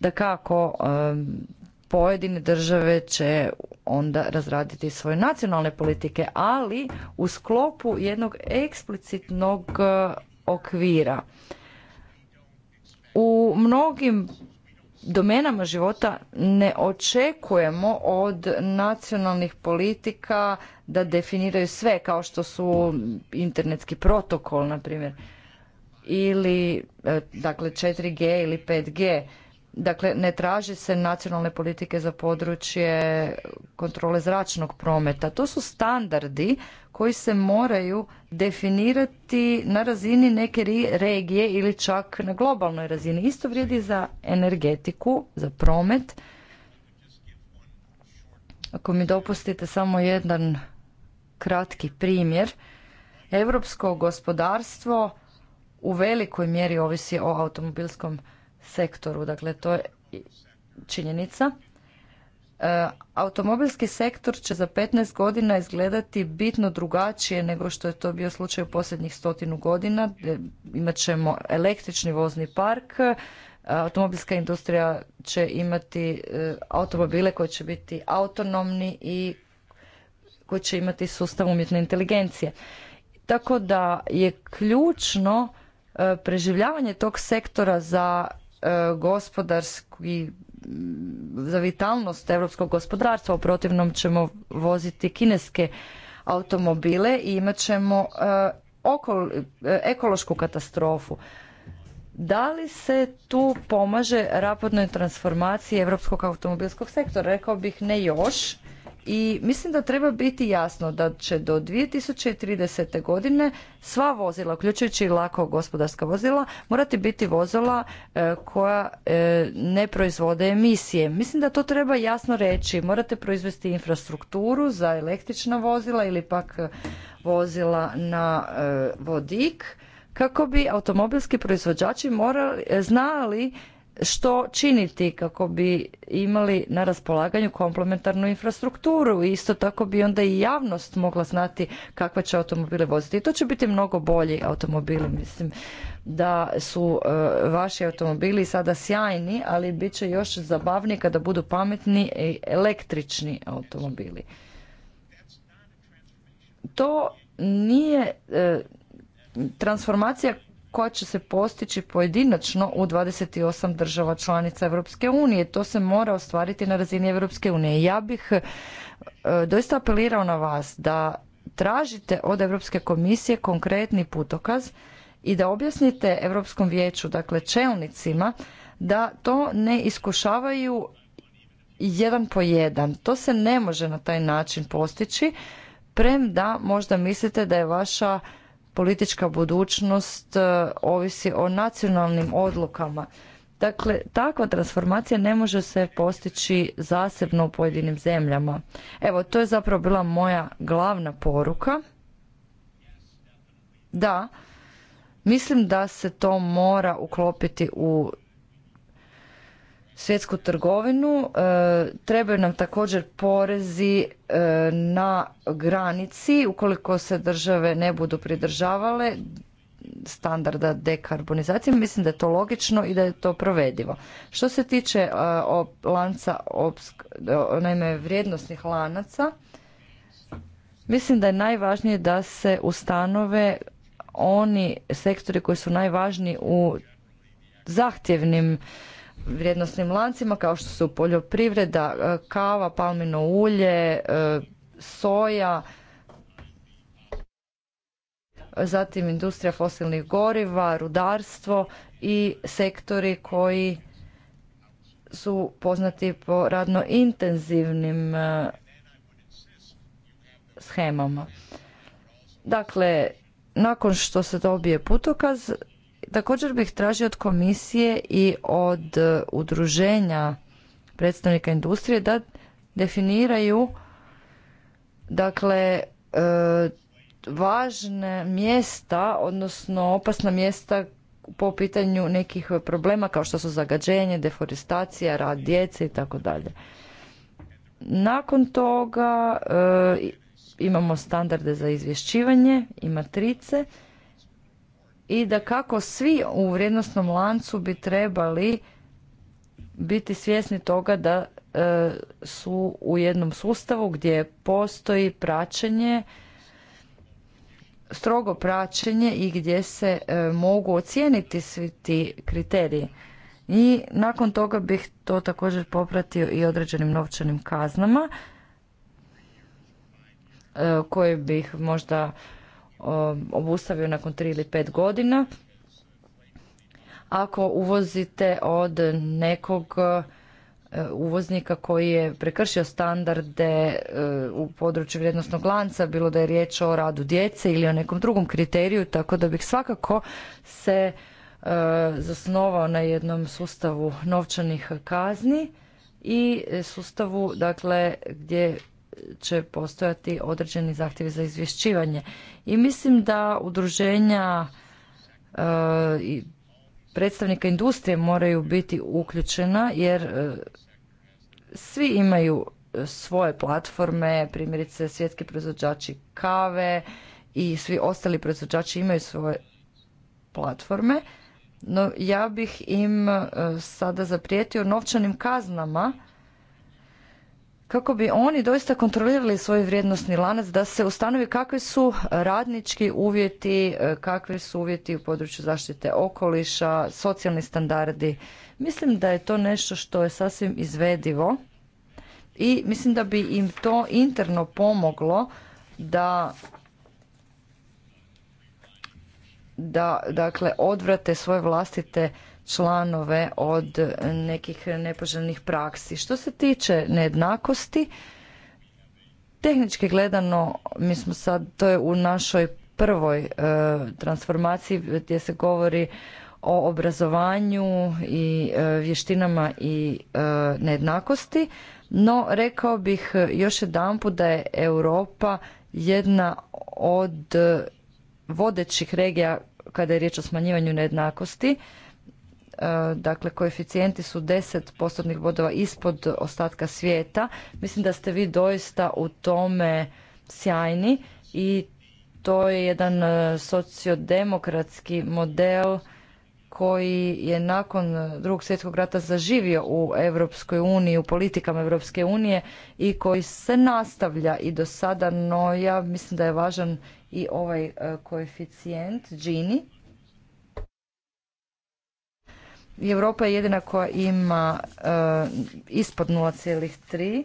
Da kako, pojedine države će onda razraditi svoje nacionalne politike, ali u sklopu jednog eksplicitnog e, okvira. U mnogim domenama života ne očekujemo od nacionalnih politika da definiraju sve, kao što su internetski protokol, na primjer, ili e, dakle 4G ili 5G Dakle, ne traži se nacionalne politike za područje kontrole zračnog prometa. To su standardi koji se moraju definirati na razini neke regije ili čak na globalnoj razini. Isto vrijedi za energetiku, za promet. Ako mi dopustite samo jedan kratki primjer. Europsko gospodarstvo u velikoj mjeri ovisi o automobilskom sektoru. Dakle, to je činjenica. E, automobilski sektor će za 15 godina izgledati bitno drugačije nego što je to bio slučaj u posljednjih stotinu godina. E, imat ćemo električni vozni park, e, automobilska industrija će imati automobile koji će biti autonomni i koji će imati sustav umjetne inteligencije. Tako da je ključno preživljavanje tog sektora za E, gospodarski za vitalnost europskog gospodarstva. U protivnom ćemo voziti kineske automobile i imat ćemo e, e, ekološku katastrofu. Da li se tu pomaže rapodnoj transformaciji europskog automobilskog sektora? Rekao bih ne još, i mislim da treba biti jasno da će do 2030. godine sva vozila, uključujući i lako gospodarska vozila, morati biti vozila e, koja e, ne proizvode emisije. Mislim da to treba jasno reći. Morate proizvesti infrastrukturu za električna vozila ili pak vozila na e, vodik kako bi automobilski proizvođači morali, znali što činiti kako bi imali na raspolaganju komplementarnu infrastrukturu. i Isto tako bi onda i javnost mogla znati kakve će automobile voziti. I to će biti mnogo bolji automobili. Mislim da su e, vaši automobili sada sjajni, ali bit će još zabavniji kada budu pametni električni automobili. To nije e, transformacija koja će se postići pojedinačno u 28 država članica Europske unije. To se mora ostvariti na razini Europske unije. Ja bih e, doista apelirao na vas da tražite od Europske komisije konkretni putokaz i da objasnite Europskom vijeću, dakle čelnicima, da to ne iskušavaju jedan po jedan. To se ne može na taj način postići, premda možda mislite da je vaša politička budućnost e, ovisi o nacionalnim odlukama. Dakle, takva transformacija ne može se postići zasebno u pojedinim zemljama. Evo, to je zapravo bila moja glavna poruka. Da, mislim da se to mora uklopiti u svjetsku trgovinu. E, trebaju nam također porezi e, na granici ukoliko se države ne budu pridržavale standarda dekarbonizacije. Mislim da je to logično i da je to provedivo. Što se tiče e, lanca, naime vrijednostnih lanaca, mislim da je najvažnije da se ustanove oni sektori koji su najvažniji u zahtjevnim vrijednostnim lancima kao što su poljoprivreda, e, kava, palmino ulje, e, soja, zatim industrija fosilnih goriva, rudarstvo i sektori koji su poznati po radno intenzivnim e, schemama. Dakle, nakon što se dobije putokaz, Također bih tražio od komisije i od e, udruženja predstavnika industrije da definiraju dakle e, važne mjesta, odnosno opasna mjesta po pitanju nekih problema kao što su zagađenje, deforestacija, rad djece i tako dalje. Nakon toga e, imamo standarde za izvješćivanje i matrice i da kako svi u vrijednostnom lancu bi trebali biti svjesni toga da e, su u jednom sustavu gdje postoji praćenje strogo praćenje i gdje se e, mogu ocijeniti svi ti kriteriji i nakon toga bih to također popratio i određenim novčanim kaznama e, koje bih možda Um, obustavio nakon 3 ili 5 godina. Ako uvozite od nekog uh, uvoznika koji je prekršio standarde uh, u području vrijednostnog lanca, bilo da je riječ o radu djece ili o nekom drugom kriteriju, tako da bih svakako se uh, zasnovao na jednom sustavu novčanih kazni i sustavu dakle gdje će postojati određeni zahtjevi za izvješćivanje. I mislim da udruženja e, i predstavnika industrije moraju biti uključena jer e, svi imaju svoje platforme, primjerice svjetski proizvođači kave i svi ostali proizvođači imaju svoje platforme. No ja bih im e, sada zaprijetio novčanim kaznama kako bi oni doista kontrolirali svoj vrijednosni lanac da se ustanovi kakvi su radnički uvjeti, e, kakvi su uvjeti u području zaštite okoliša, socijalni standardi. Mislim da je to nešto što je sasvim izvedivo i mislim da bi im to interno pomoglo da da dakle odvrate svoje vlastite članove od nekih nepoželjnih praksi. Što se tiče nejednakosti, tehnički gledano, mi smo sad, to je u našoj prvoj e, transformaciji gdje se govori o obrazovanju i e, vještinama i e, nejednakosti, no rekao bih još jedanput da je Europa jedna od vodećih regija kada je riječ o smanjivanju nejednakosti E, dakle koeficijenti su 10 postotnih bodova ispod ostatka svijeta. Mislim da ste vi doista u tome sjajni i to je jedan e, sociodemokratski model koji je nakon drugog svjetskog rata zaživio u Europskoj uniji, u politikama Europske unije i koji se nastavlja i do sada, no ja mislim da je važan i ovaj e, koeficijent Gini Europa je jedina koja ima eh, ispod 0,3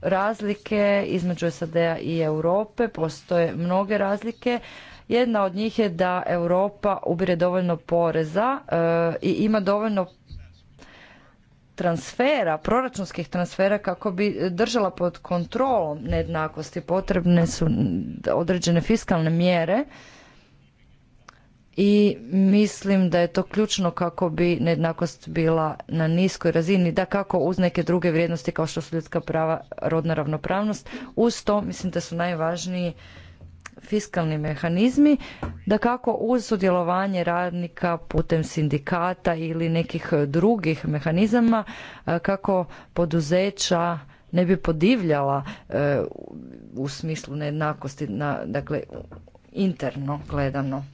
razlike između SAD-a i Europe, postoje mnoge razlike. Jedna od njih je da Europa ubire dovoljno poreza eh, i ima dovoljno transfera, proračunskih transfera kako bi držala pod kontrolom nejednakosti. Potrebne su određene fiskalne mjere i mislim da je to ključno kako bi nejednakost bila na niskoj razini, da kako uz neke druge vrijednosti kao što su ljudska prava, rodna ravnopravnost. Uz to mislim da su najvažniji fiskalni mehanizmi, da kako uz sudjelovanje radnika putem sindikata ili nekih drugih mehanizama, e, kako poduzeća ne bi podivljala e, u smislu nejednakosti, na, dakle interno gledano.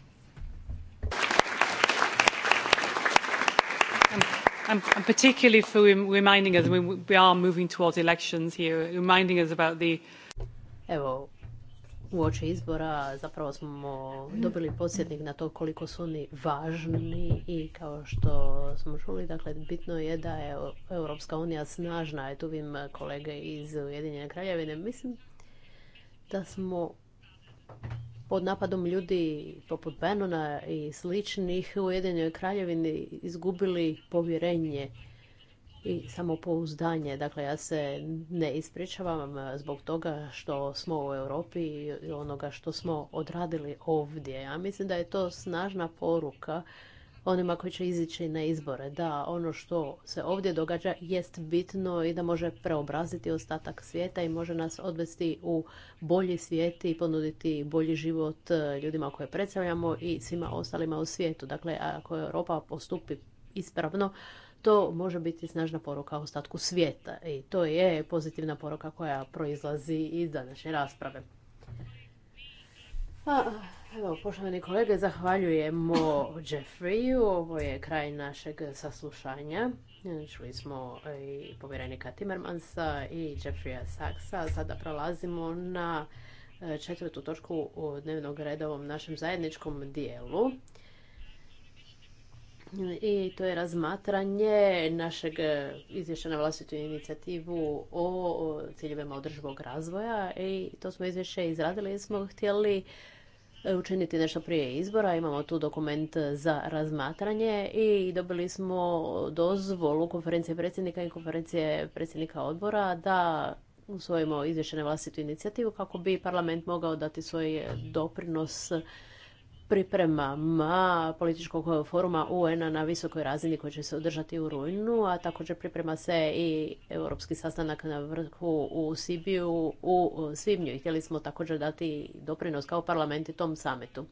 I'm, I'm particularly for reminding us, we are moving towards elections here, reminding us about the... Evo, u oči izbora zapravo smo dobili podsjetnik na to koliko su oni važni i kao što smo čuli, dakle, bitno je da je Europska unija snažna, tu vim kolege iz Ujedinjene kraljevine, mislim da smo pod napadom ljudi poput Benona i sličnih u Ujedinjenoj kraljevini izgubili povjerenje i samopouzdanje. Dakle, ja se ne ispričavam zbog toga što smo u Europi i onoga što smo odradili ovdje. Ja mislim da je to snažna poruka onima koji će izići na izbore. Da, ono što se ovdje događa jest bitno i da može preobraziti ostatak svijeta i može nas odvesti u bolji svijet i ponuditi bolji život e, ljudima koje predstavljamo i svima ostalima u svijetu. Dakle, ako Europa postupi ispravno, to može biti snažna poruka ostatku svijeta i to je pozitivna poruka koja proizlazi iz današnje rasprave. Pa, Evo, poštovani kolege, zahvaljujemo Jeffreyu. Ovo je kraj našeg saslušanja. Čuli smo i povjerenika Timmermansa i Jeffreya Saxa. Sada prolazimo na e, četvrtu točku dnevnog reda ovom našem zajedničkom dijelu. I to je razmatranje našeg e, izvješća na vlastitu inicijativu o ciljevima održivog razvoja. I to smo izvješće izradili jer smo htjeli E, učiniti nešto prije izbora. Imamo tu dokument za razmatranje i dobili smo dozvolu konferencije predsjednika i konferencije predsjednika odbora da usvojimo izvješće na vlastitu inicijativu kako bi parlament mogao dati svoj doprinos pripremama političkog foruma UN-a na visokoj razini koji će se održati u rujnu, a također priprema se i europski sastanak na vrhu u Sibiju u svibnju i htjeli smo također dati doprinos kao parlament i tom sametu.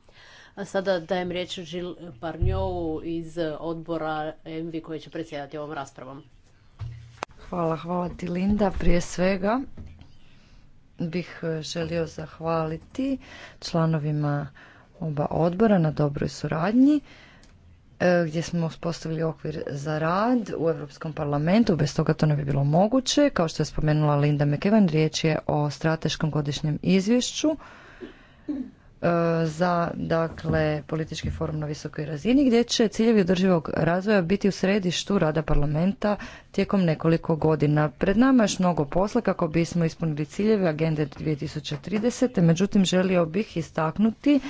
A sada dajem riječ Žil Parnjovu iz odbora ENVI koji će predsjedati ovom raspravom. Hvala, hvala ti Linda. Prije svega bih želio zahvaliti članovima oba odbora na dobroj suradnji e, gdje smo uspostavili okvir za rad u Europskom parlamentu, bez toga to ne bi bilo moguće. Kao što je spomenula Linda McEvan, riječ je o strateškom godišnjem izvješću e, za dakle politički forum na visokoj razini gdje će ciljevi održivog razvoja biti u središtu rada parlamenta tijekom nekoliko godina. Pred nama je još mnogo posla kako bismo ispunili ciljeve agende 2030. Međutim, želio bih istaknuti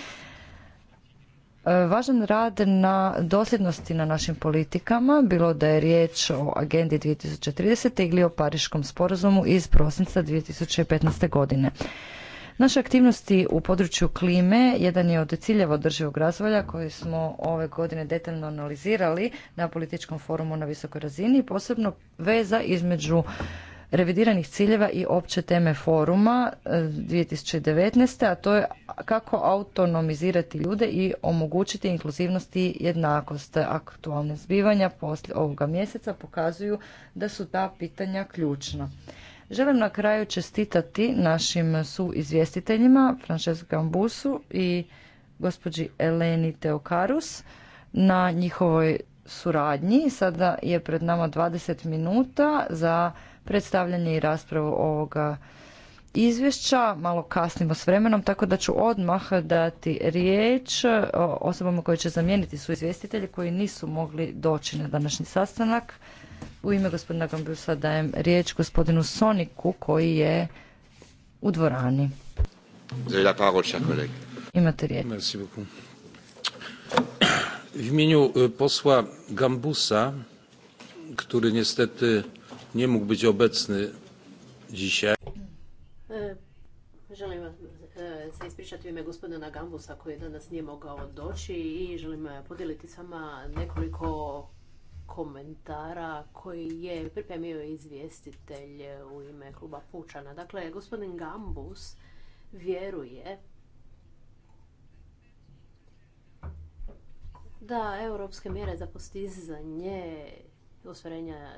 E, važan rad na dosljednosti na našim politikama, bilo da je riječ o agendi 2030. ili o Pariškom sporazumu iz prosinca 2015. godine. Naše aktivnosti u području klime jedan je od ciljeva održivog razvoja koji smo ove godine detaljno analizirali na političkom forumu na visokoj razini, posebno veza između revidiranih ciljeva i opće teme foruma 2019. E, a to je kako autonomizirati ljude i omogućiti inkluzivnost i jednakost. Aktualne zbivanja poslije ovoga mjeseca pokazuju da su ta pitanja ključna. Želim na kraju čestitati našim suizvjestiteljima, Francesco Gambusu i gospođi Eleni Teokarus, na njihovoj suradnji. Sada je pred nama 20 minuta za predstavljanje i raspravu ovoga izvješća. Malo kasnimo s vremenom, tako da ću odmah dati riječ e, osobama koje će zamijeniti su izvjestitelji koji nisu mogli doći na današnji sastanak. U ime gospodina Gambusa dajem riječ gospodinu Soniku koji je u dvorani. Imate riječ. E, posla Gambusa, który niestety nie mógł być obecny dzisiaj. E, želim e, se ispričati u ime gospodina Gambusa koji danas nije mogao doći i želim e, podijeliti s vama nekoliko komentara koji je pripremio izvjestitelj u ime kluba Pučana. Dakle, gospodin Gambus vjeruje da europske mjere za postizanje ostvarenja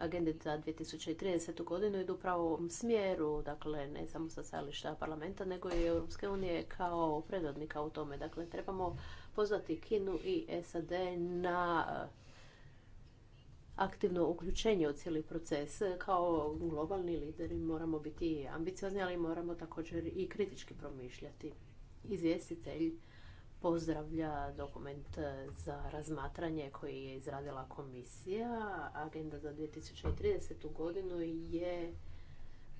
agende za 2030. godinu idu u pravom smjeru, dakle ne samo sa stajališta parlamenta, nego i Europske unije kao predvodnika u tome. Dakle, trebamo pozvati Kinu i SAD na eh, aktivno uključenje u cijeli proces. Kao globalni lideri moramo biti ambiciozni, ali moramo također i kritički promišljati. Izvjestitelj pozdravlja dokument e, za razmatranje koji je izradila komisija. Agenda za 2030. godinu je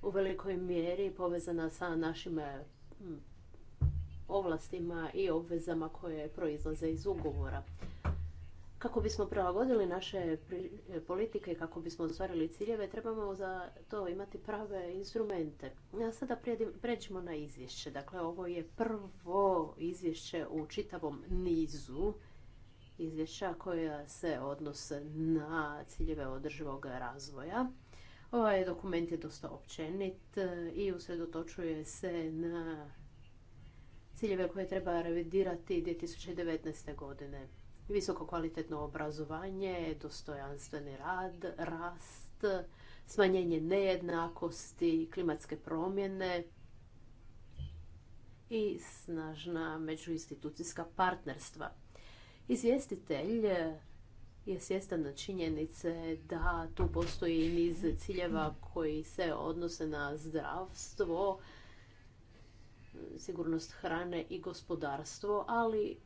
u velikoj mjeri povezana sa našim e, ovlastima i obvezama koje proizlaze iz ugovora. Kako bismo prilagodili naše e, politike, kako bismo ostvarili ciljeve, trebamo za to imati prave instrumente. A sada pređemo na izvješće. Dakle, ovo je prvo izvješće u čitavom nizu izvješća koja se odnose na ciljeve održivog razvoja. Ovaj dokument je dosta općenit e, i usredotočuje se na ciljeve koje treba revidirati 2019. godine visoko kvalitetno obrazovanje, dostojanstveni rad, rast, smanjenje nejednakosti, klimatske promjene i snažna međuinstitucijska partnerstva. Izvjestitelj je svjestan na činjenice da tu postoji niz ciljeva koji se odnose na zdravstvo, sigurnost hrane i gospodarstvo, ali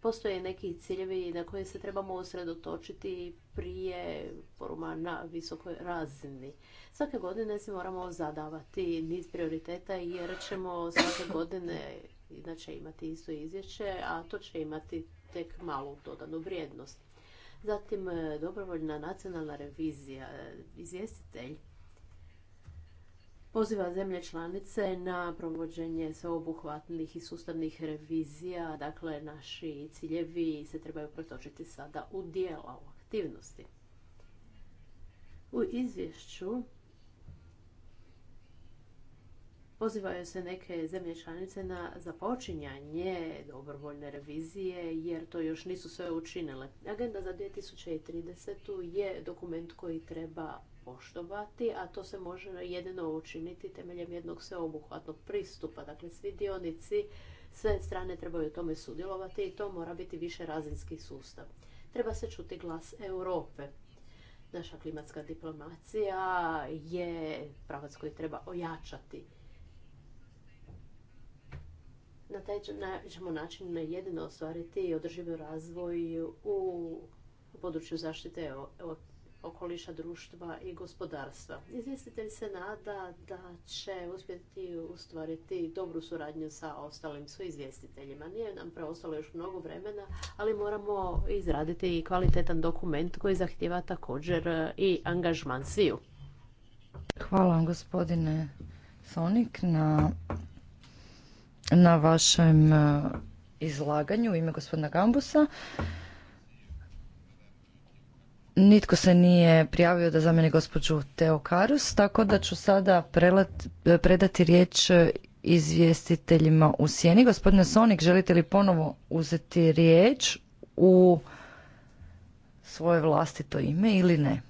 postoje neki ciljevi na koje se trebamo usredotočiti prije foruma na visokoj razini. Svake godine se moramo zadavati niz prioriteta jer ćemo svake godine inače imati isto izvješće, a to će imati tek malu dodanu vrijednost. Zatim e, dobrovoljna nacionalna revizija. E, izvjestitelj poziva zemlje članice na provođenje sveobuhvatnih i sustavnih revizija. Dakle, naši ciljevi se trebaju pretočiti sada u dijela, u aktivnosti. U izvješću pozivaju se neke zemlje članice na započinjanje dobrovoljne revizije jer to još nisu sve učinile. Agenda za 2030. je dokument koji treba poštovati, a to se može jedino učiniti temeljem jednog sveobuhvatnog pristupa. Dakle, svi dionici, sve strane trebaju u tome sudjelovati i to mora biti više razinski sustav. Treba se čuti glas Europe. Naša klimatska diplomacija je pravac koji treba ojačati. Na taj ćemo način jedino ostvariti održivi razvoj u području zaštite okoliša društva i gospodarstva. Izvjestitelj se nada da će uspjeti ustvariti dobru suradnju sa ostalim izvjestiteljima. Nije nam preostalo još mnogo vremena, ali moramo izraditi i kvalitetan dokument koji zahtjeva također i angažman sviju. Hvala vam gospodine Sonik na, na vašem eh, izlaganju u ime gospodina Gambusa. Nitko se nije prijavio da zameni gospođu Teokarus, tako da ću sada predati riječ izvjestiteljima u sjeni. Gospodine Sonik, želite li ponovo uzeti riječ u svoje vlastito ime ili ne?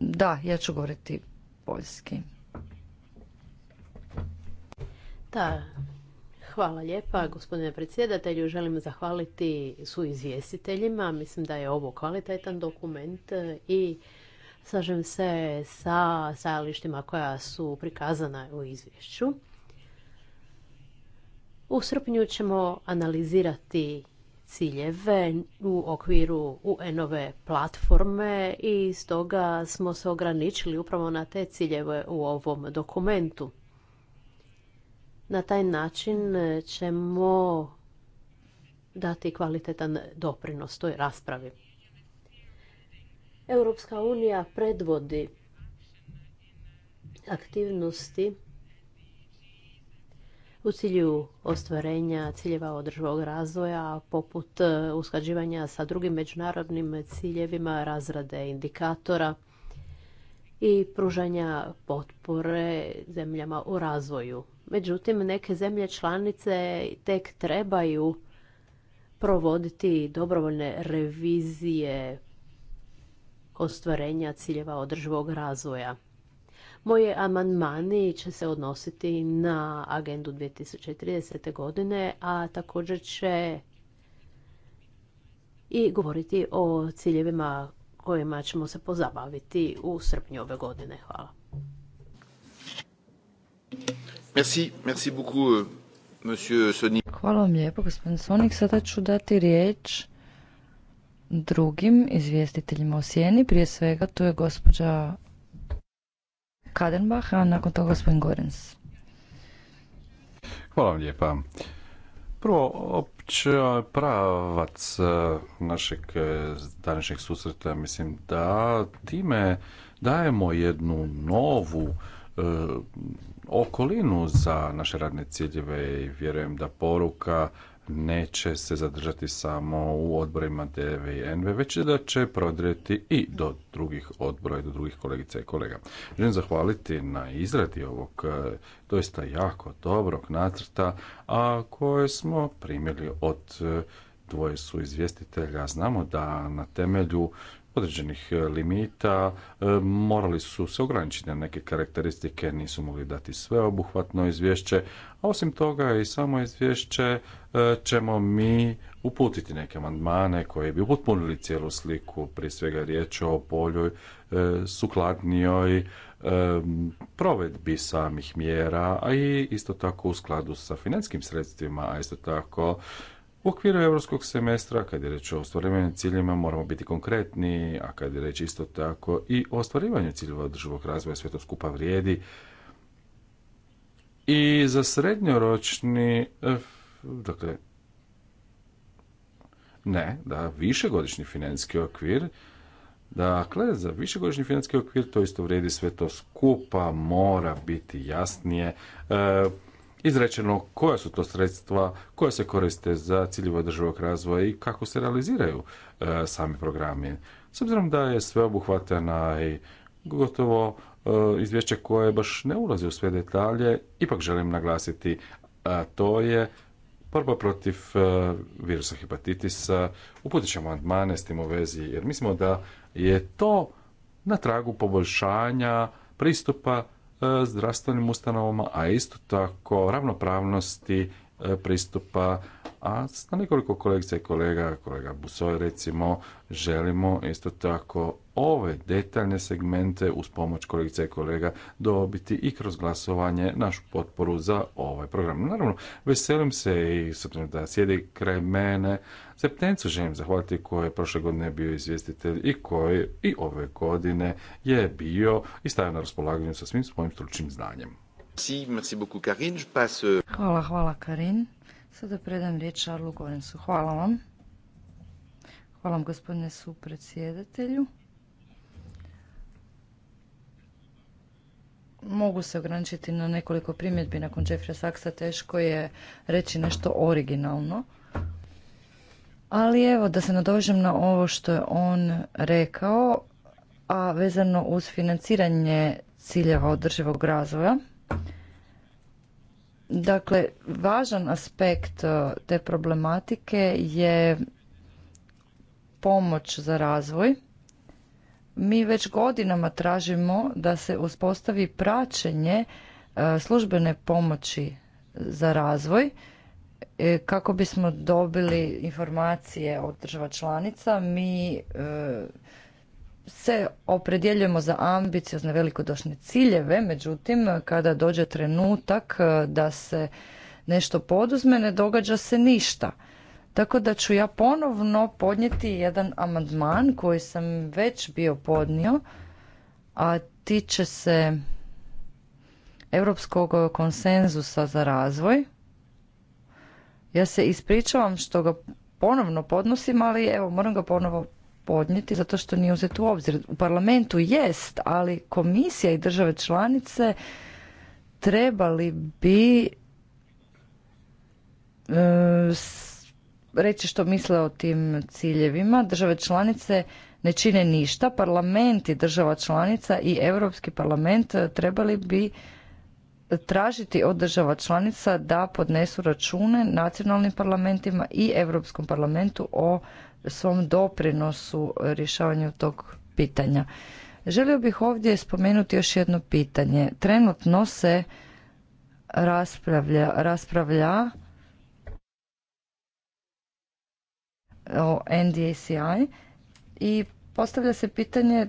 Da, ja ću govoriti poljski. Da, Hvala lijepa, gospodine predsjedatelju. Želim zahvaliti su izvjestiteljima. Mislim da je ovo kvalitetan dokument e, i slažem se sa stajalištima koja su prikazana u izvješću. U srpnju ćemo analizirati ciljeve u okviru UN-ove platforme i stoga smo se ograničili upravo na te ciljeve u ovom dokumentu. Na taj način e, ćemo dati kvalitetan doprinos toj raspravi. Europska unija predvodi aktivnosti u cilju ostvarenja ciljeva održivog razvoja, poput e, usklađivanja sa drugim međunarodnim ciljevima, razrade indikatora i pružanja potpore zemljama u razvoju. Međutim, neke zemlje članice tek trebaju provoditi dobrovoljne revizije ostvarenja ciljeva održivog razvoja. Moje amandmani će se odnositi na agendu 2030. godine, a također će i govoriti o ciljevima kojima ćemo se pozabaviti u srpnju ove godine. Hvala. Merci, merci beaucoup, euh, monsieur Hvala vam lijepo, gospodin Sonik. Sada ću dati riječ drugim izvjestiteljima o sjeni. Prije svega tu je gospođa Kadenbach, a nakon toga gospodin Gorens. Hvala vam lijepa. Prvo, opće, pravac e, našeg e, današnjeg susreta, mislim da time dajemo jednu novu e, okolinu za naše radne ciljeve i vjerujem da poruka neće se zadržati samo u odborima DV i NV, već da će prodreti i do drugih odbora i do drugih kolegica i kolega. Želim zahvaliti na izradi ovog e, doista jako dobrog nacrta, a koje smo primjeli od e, dvoje su izvjestitelja. Znamo da na temelju određenih e, limita e, morali su se ograničiti na neke karakteristike, nisu mogli dati sve obuhvatno izvješće, a osim toga i samo izvješće e, ćemo mi uputiti neke amandmane koje bi upotpunili cijelu sliku, prije svega riječ o polju sukladnijoj provedbi samih mjera, a i isto tako u skladu sa financijskim sredstvima, a isto tako u okviru europskog semestra, kad je reč o ostvarivanju ciljima, moramo biti konkretni, a kad je reč isto tako i o ostvarivanju ciljeva održivog razvoja, sve to skupa vrijedi. I za srednjoročni, eh, dakle, ne, da višegodišnji financijski okvir, Dakle, za višegodišnji financijski okvir to isto vrijedi sve to skupa, mora biti jasnije. Eh, izrečeno koja su to sredstva koja se koriste za ciljivo održivog razvoja i kako se realiziraju e, sami programi. S obzirom da je sve obuhvatena i gotovo e, izvješće koje baš ne ulazi u sve detalje, ipak želim naglasiti, a to je borba protiv e, virusa hepatitisa, uputit ćemo amandmane s tim u vezi, jer mislimo da je to na tragu poboljšanja pristupa E, zdravstvenim ustanovama, a isto tako ravnopravnosti e, pristupa a sa nekoliko kolegica i kolega, kolega Busoj recimo, želimo isto tako ove detaljne segmente uz pomoć kolegica i kolega dobiti i kroz glasovanje našu potporu za ovaj program. Naravno, veselim se i da sjedi kraj mene Septencu želim zahvaliti koji je prošle godine bio izvjestitelj i koji i ove godine je bio i stavio na raspolaganju sa svim svojim stručnim znanjem. Euh, hvala, hvala Karin. Sada predam riječ Arlu Gorensu. Hvala vam. Hvala gospodine supredsjedatelju. Mogu se ograničiti na nekoliko primjedbi nakon Jeffrey Saksa. Teško je reći nešto originalno. Ali evo da se nadovežem na ovo što je on rekao, a vezano uz financiranje ciljeva održivog razvoja. Dakle, važan aspekt e, te problematike je pomoć za razvoj. Mi već godinama tražimo da se uspostavi praćenje e, službene pomoći za razvoj E, kako bismo dobili informacije od država članica, mi e, se opredjeljujemo za ambiciozne velikodošne ciljeve, međutim kada dođe trenutak e, da se nešto poduzme, ne događa se ništa. Tako da ću ja ponovno podnijeti jedan amandman koji sam već bio podnio, a tiče se europskog konsenzusa za razvoj. Ja se ispričavam što ga ponovno podnosim, ali evo moram ga ponovo podnijeti zato što nije uzet u obzir. U parlamentu jest, ali komisija i države članice trebali bi e, reći što misle o tim ciljevima. Države članice ne čine ništa. Parlamenti država članica i Europski parlament trebali bi tražiti od država članica da podnesu račune nacionalnim parlamentima i Europskom parlamentu o svom doprinosu rješavanju tog pitanja. Želio bih ovdje spomenuti još jedno pitanje. Trenutno se raspravlja, raspravlja o NDACI i postavlja se pitanje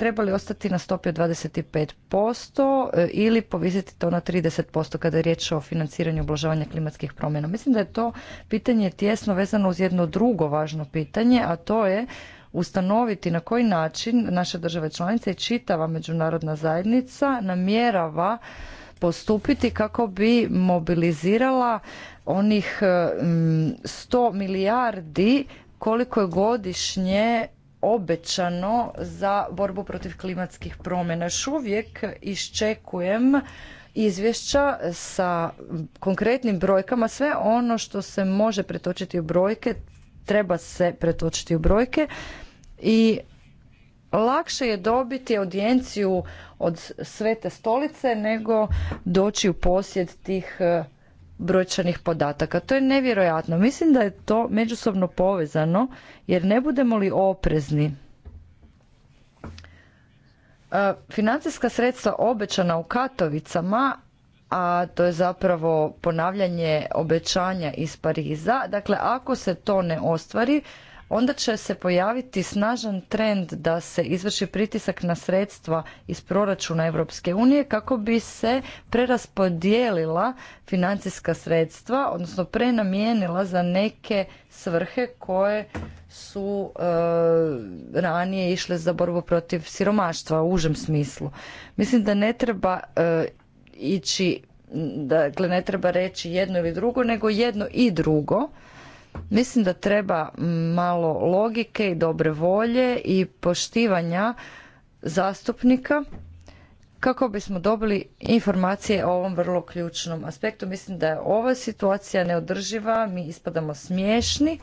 trebali ostati na stopi od 25% e, ili povisiti to na 30% kada je riječ o financiranju ublažavanja klimatskih promjena. Mislim da je to pitanje tjesno vezano uz jedno drugo važno pitanje, a to je ustanoviti na koji način naše države članice i čitava međunarodna zajednica namjerava postupiti kako bi mobilizirala onih 100 mm, milijardi koliko je godišnje obećano za borbu protiv klimatskih promjena. Još uvijek iščekujem izvješća sa konkretnim brojkama. Sve ono što se može pretočiti u brojke, treba se pretočiti u brojke i lakše je dobiti audijenciju od svete stolice nego doći u posjed tih brojčanih podataka. To je nevjerojatno. Mislim da je to međusobno povezano jer ne budemo li oprezni e, financijska sredstva obećana u Katovicama a to je zapravo ponavljanje obećanja iz Pariza. Dakle, ako se to ne ostvari, onda će se pojaviti snažan trend da se izvrši pritisak na sredstva iz proračuna Europske unije kako bi se preraspodijelila financijska sredstva, odnosno prenamijenila za neke svrhe koje su e, ranije išle za borbu protiv siromaštva u užem smislu. Mislim da ne treba e, ići, dakle ne treba reći jedno ili drugo, nego jedno i drugo Mislim da treba malo logike i dobre volje i poštivanja zastupnika kako bismo dobili informacije o ovom vrlo ključnom aspektu. Mislim da je ova situacija neodrživa, mi ispadamo smiješni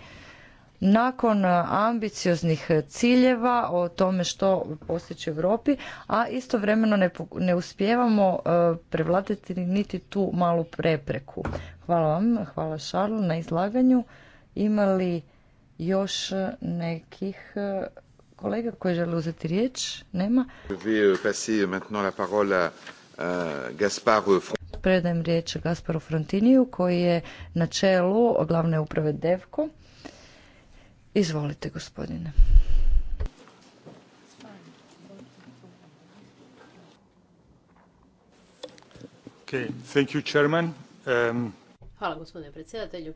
nakon ambicioznih ciljeva o tome što postići u Europi, a istovremeno ne, ne uspijevamo e, prevladati niti tu malu prepreku. Hvala vam, hvala Šarlu na izlaganju. Ima li još nekih e, kolega koji žele uzeti riječ? Nema. Euh, Predajem riječ Gasparu Frontiniju koji je na čelu glavne uprave DEVKO. Izvolite gospodine. Um, Hvala gospodine predsjedatelju.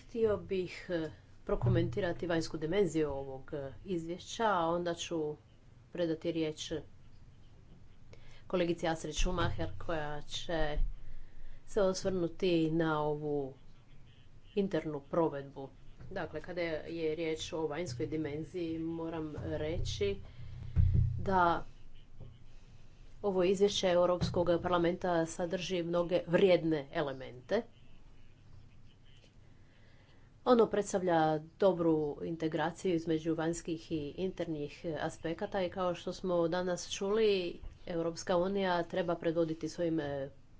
Htio bih e, prokomentirati vanjsku dimenziju ovog e, izvješća, a onda ću predati riječ kolegici Asri Šumacher koja će se osvrnuti na ovu internu provedbu. Dakle, kada je riječ o vanjskoj dimenziji, moram reći da ovo izvješće Europskog parlamenta sadrži mnoge vrijedne elemente. Ono predstavlja dobru integraciju između vanjskih i internih aspekata i kao što smo danas čuli, Europska unija treba predvoditi svojim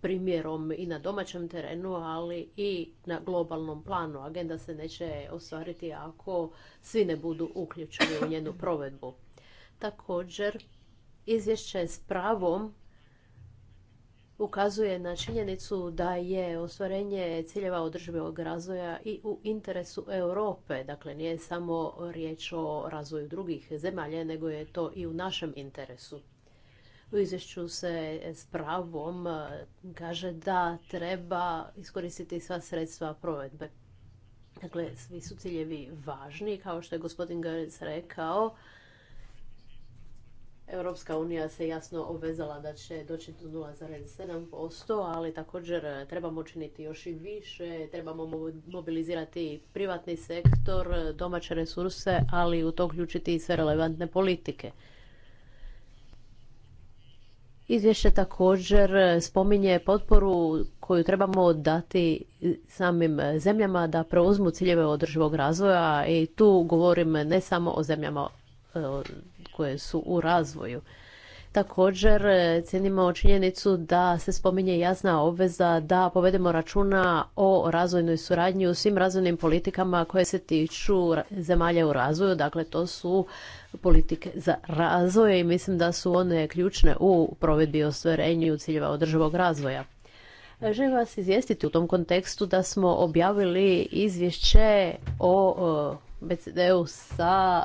primjerom i na domaćem terenu, ali i na globalnom planu. Agenda se neće ostvariti ako svi ne budu uključeni u njenu provedbu. Također, izvješće s pravom ukazuje na činjenicu da je ostvarenje ciljeva održivog razvoja i u interesu Europe. Dakle, nije samo riječ o razvoju drugih zemalja, nego je to i u našem interesu. U izvješću se s pravom e, kaže da treba iskoristiti sva sredstva provedbe. Dakle, svi su ciljevi važni, kao što je gospodin Gerec rekao Europska unija se jasno obvezala da će doći do 0,7%, ali također e, trebamo činiti još i više, trebamo mobilizirati privatni sektor, e, domaće resurse, ali u to uključiti i sve relevantne politike. Izvješće također e, spominje potporu koju trebamo dati samim zemljama da preuzmu ciljeve održivog razvoja i tu govorim ne samo o zemljama koje su u razvoju. Također e, cijenimo činjenicu da se spominje jasna obveza da povedemo računa o razvojnoj suradnji u svim razvojnim politikama koje se tiču zemalja u razvoju. Dakle, to su politike za razvoj i mislim da su one ključne u provedbi i ostvarenju ciljeva održivog razvoja. E, želim vas izvijestiti u tom kontekstu da smo objavili izvješće o e, BCD-u sa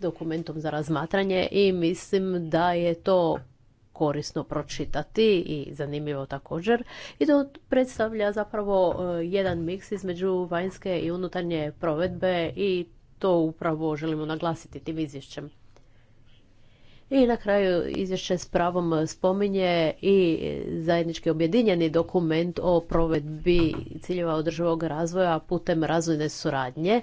dokumentom za razmatranje i mislim da je to korisno pročitati i zanimljivo također. I to predstavlja zapravo e, jedan miks između vanjske i unutarnje provedbe i to upravo želimo naglasiti tim izvješćem. I na kraju izvješće s pravom spominje i zajednički objedinjeni dokument o provedbi ciljeva održivog razvoja putem razvojne suradnje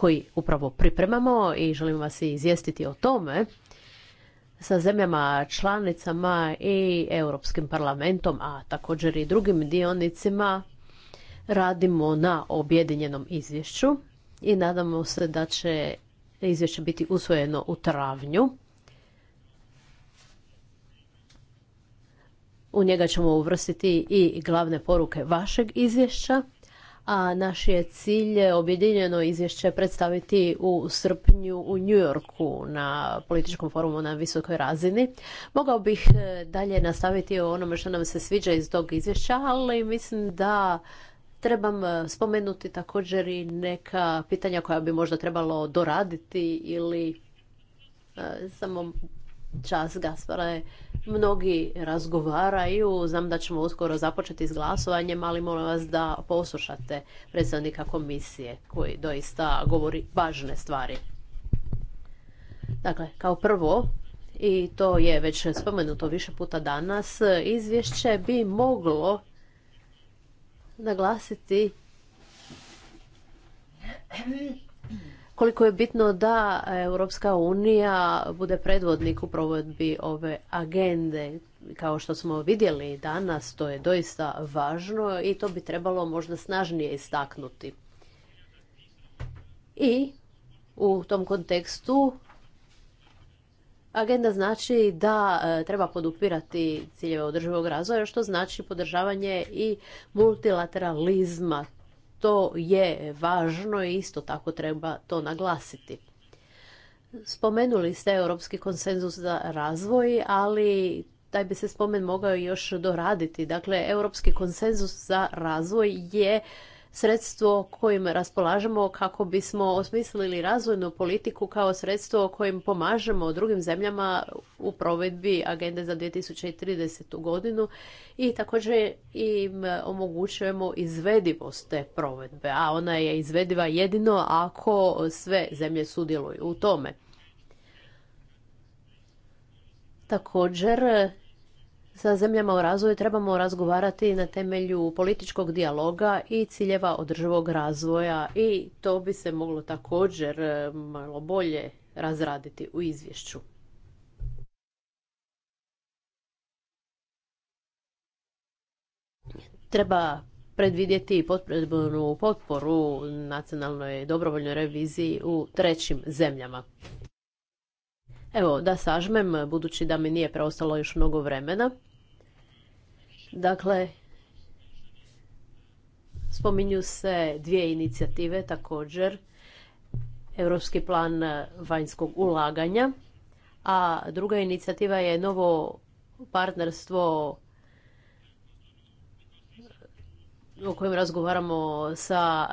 koji upravo pripremamo i želim vas izvijestiti o tome sa zemljama članicama i Europskim parlamentom, a također i drugim dionicima radimo na objedinjenom izvješću i nadamo se da će izvješće biti usvojeno u travnju. U njega ćemo uvrstiti i glavne poruke vašeg izvješća a naš je cilj objedinjeno izvješće predstaviti u srpnju u New Yorku na političkom forumu na visokoj razini. Mogao bih e, dalje nastaviti o onome što nam se sviđa iz tog izvješća, ali mislim da trebam e, spomenuti također i neka pitanja koja bi možda trebalo doraditi ili e, samo čas je Mnogi razgovaraju, znam da ćemo uskoro započeti s glasovanjem, ali molim vas da poslušate predstavnika komisije koji doista govori važne stvari. Dakle, kao prvo, i to je već spomenuto više puta danas, izvješće bi moglo naglasiti koliko je bitno da Europska unija bude predvodnik u provedbi ove agende. Kao što smo vidjeli danas, to je doista važno i to bi trebalo možda snažnije istaknuti. I u tom kontekstu Agenda znači da e, treba podupirati ciljeve održivog razvoja, što znači podržavanje i multilateralizma to je važno i isto tako treba to naglasiti. Spomenuli ste europski konsenzus za razvoj, ali taj bi se spomen mogao još doraditi. Dakle, europski konsenzus za razvoj je sredstvo kojim raspolažemo kako bismo osmislili razvojnu politiku kao sredstvo kojim pomažemo drugim zemljama u provedbi agende za 2030. godinu i također im omogućujemo izvedivost te provedbe, a ona je izvediva jedino ako sve zemlje sudjeluju u tome. Također sa zemljama u razvoju trebamo razgovarati na temelju političkog dijaloga i ciljeva održivog razvoja i to bi se moglo također e, malo bolje razraditi u izvješću. Treba predvidjeti potrebnu potporu nacionalnoj dobrovoljnoj reviziji u trećim zemljama. Evo, da sažmem, budući da mi nije preostalo još mnogo vremena. Dakle, spominju se dvije inicijative također. Europski plan vanjskog ulaganja, a druga inicijativa je novo partnerstvo o kojem razgovaramo sa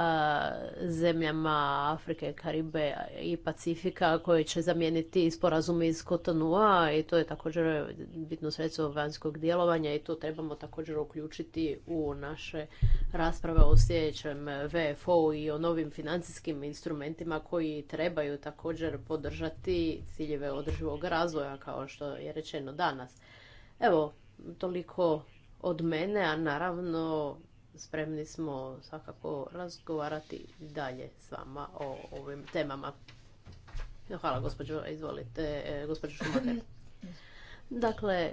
zemljama Afrike, Karibe i Pacifika koje će zamijeniti sporazum iz Kotonua i to je također bitno sredstvo vanjskog djelovanja i to trebamo također uključiti u naše rasprave o sljedećem VFO i o novim financijskim instrumentima koji trebaju također podržati ciljeve održivog razvoja kao što je rečeno danas. Evo, toliko od mene, a naravno spremni smo svakako razgovarati dalje s vama o ovim temama. Hvala gospođo, izvolite, e, gospođo Šumaker. Dakle,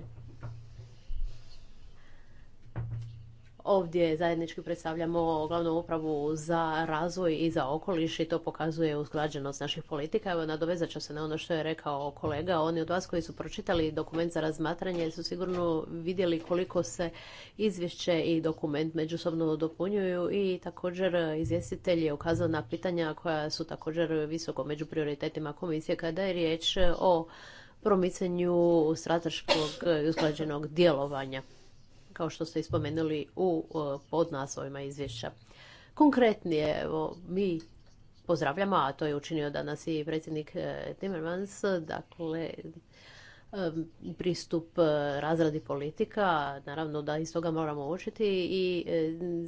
Ovdje zajednički predstavljamo glavnu upravu za razvoj i za okoliš i to pokazuje usklađenost naših politika. Evo, nadovezat ću se na ono što je rekao kolega. Oni od vas koji su pročitali dokument za razmatranje su sigurno vidjeli koliko se izvješće i dokument međusobno dopunjuju i također izvjestitelj je ukazao na pitanja koja su također visoko među prioritetima komisije kada je riječ o promicanju strateškog i usklađenog djelovanja kao što ste spomenuli u podnaslovima izvješća. Konkretnije, evo, mi pozdravljamo, a to je učinio danas i predsjednik e, Timmermans, dakle, e, pristup e, razradi politika. Naravno da iz toga moramo učiti i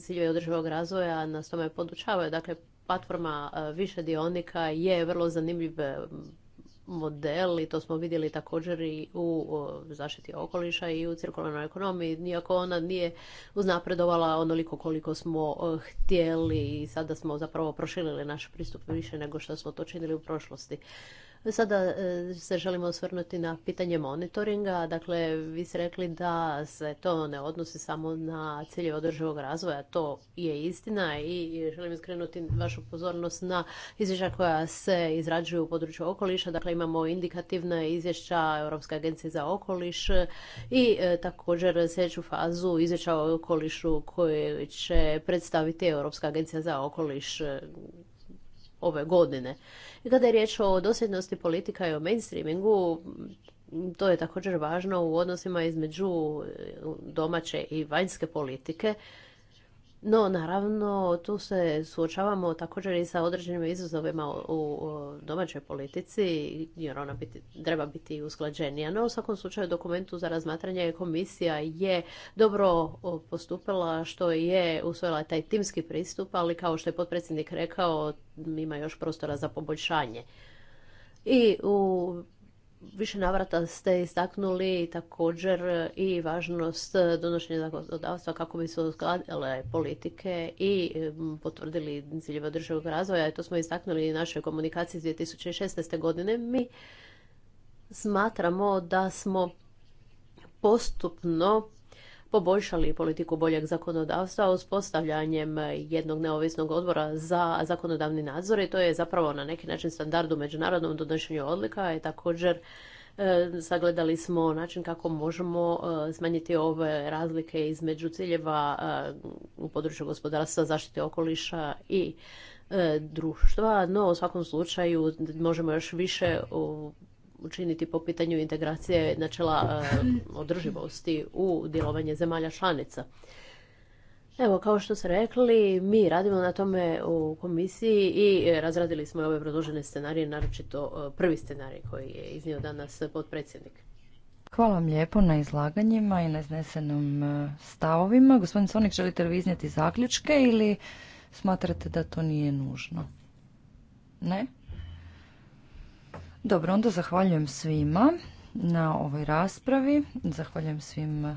ciljeve održivog razvoja nas tome podučavaju. Dakle, platforma više dionika je vrlo zanimljiv model i to smo vidjeli također i u zaštiti okoliša i u cirkularnoj ekonomiji. Iako ona nije uznapredovala onoliko koliko smo htjeli i sada smo zapravo proširili naš pristup više nego što smo to činili u prošlosti. Sada e, se želimo osvrnuti na pitanje monitoringa. Dakle, vi ste rekli da se to ne odnosi samo na cilje održivog razvoja. To je istina i želim skrenuti vašu pozornost na izvješća koja se izrađuju u području okoliša. Dakle, imamo indikativna izvješća Europske agencije za okoliš i e, također sljedeću fazu izvješća o okolišu koje će predstaviti Europska agencija za okoliš ove godine. I kada je riječ o dosljednosti politika i o mainstreamingu, to je također važno u odnosima između domaće i vanjske politike. No, naravno, tu se suočavamo također i sa određenim izazovima u domaćoj politici, jer ona biti, treba biti usklađenija. No, u svakom slučaju, dokumentu za razmatranje komisija je dobro postupila, što je usvojila taj timski pristup, ali kao što je potpredsjednik rekao, ima još prostora za poboljšanje. I u više navrata ste istaknuli također i važnost donošenja zakonodavstva kako bi se uskladile politike i potvrdili ciljeva održivog razvoja. I to smo istaknuli i našoj komunikaciji iz 2016. godine. Mi smatramo da smo postupno poboljšali politiku boljeg zakonodavstva uspostavljanjem jednog neovisnog odbora za zakonodavni nadzor i to je zapravo na neki način standard u međunarodnom donošenju odlika i također e, sagledali smo način kako možemo e, smanjiti ove razlike između ciljeva e, u području gospodarstva, zaštite okoliša i društva, no u svakom slučaju možemo još više učiniti po pitanju integracije načela e, održivosti u djelovanje zemalja članica. Evo, kao što ste rekli, mi radimo na tome u komisiji i e, razradili smo ove produžene scenarije, naročito e, prvi scenarij koji je iznio danas potpredsjednik. Hvala vam lijepo na izlaganjima i na iznesenom stavovima. Gospodin Sonik, želite li vi iznijeti zaključke ili smatrate da to nije nužno? Ne? Dobro, onda zahvaljujem svima na ovoj raspravi. Zahvaljujem svim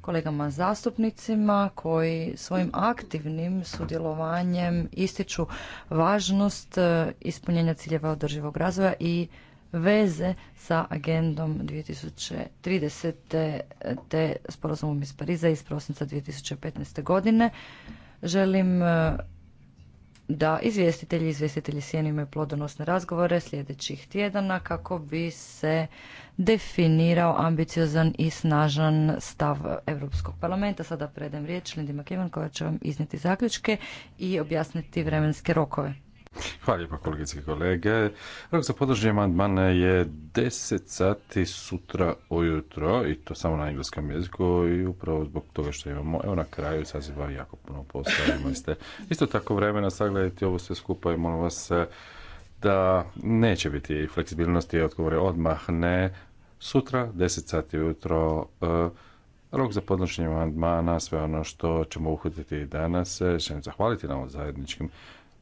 kolegama zastupnicima koji svojim aktivnim sudjelovanjem ističu važnost e, ispunjenja ciljeva održivog razvoja i veze sa agendom 2030. te sporazumom iz Pariza iz prosinca 2015. godine. Želim e, da izvjestitelji i izvjestitelji sjeni imaju plodonosne razgovore sljedećih tjedana kako bi se definirao ambiciozan i snažan stav Europskog parlamenta. Sada predajem riječ Lindy Makivan koja će vam iznijeti zaključke i objasniti vremenske rokove. Hvala lijepa kolegice i kolege. Rok za podnošenje amandmana je 10 sati sutra ujutro i to samo na engleskom jeziku i upravo zbog toga što imamo evo na kraju saziva jako puno posla imali ste isto tako vremena sagledati ovo sve skupa i molim vas eh, da neće biti fleksibilnosti i odgovore odmah ne sutra 10 sati ujutro eh, Rok za podnošenje mandmana, sve ono što ćemo uhvatiti danas, eh, želim zahvaliti na ovom zajedničkim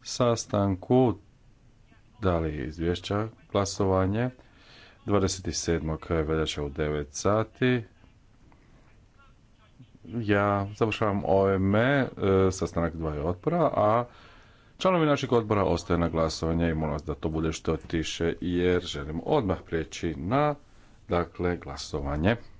sastanku dali izvješća glasovanje 27. veljače u 9 sati. Ja završavam OME, e, sastanak dva odbora, a Članovi našeg odbora ostaje na glasovanje i molim vas da to bude što tiše jer želim odmah prijeći na dakle glasovanje.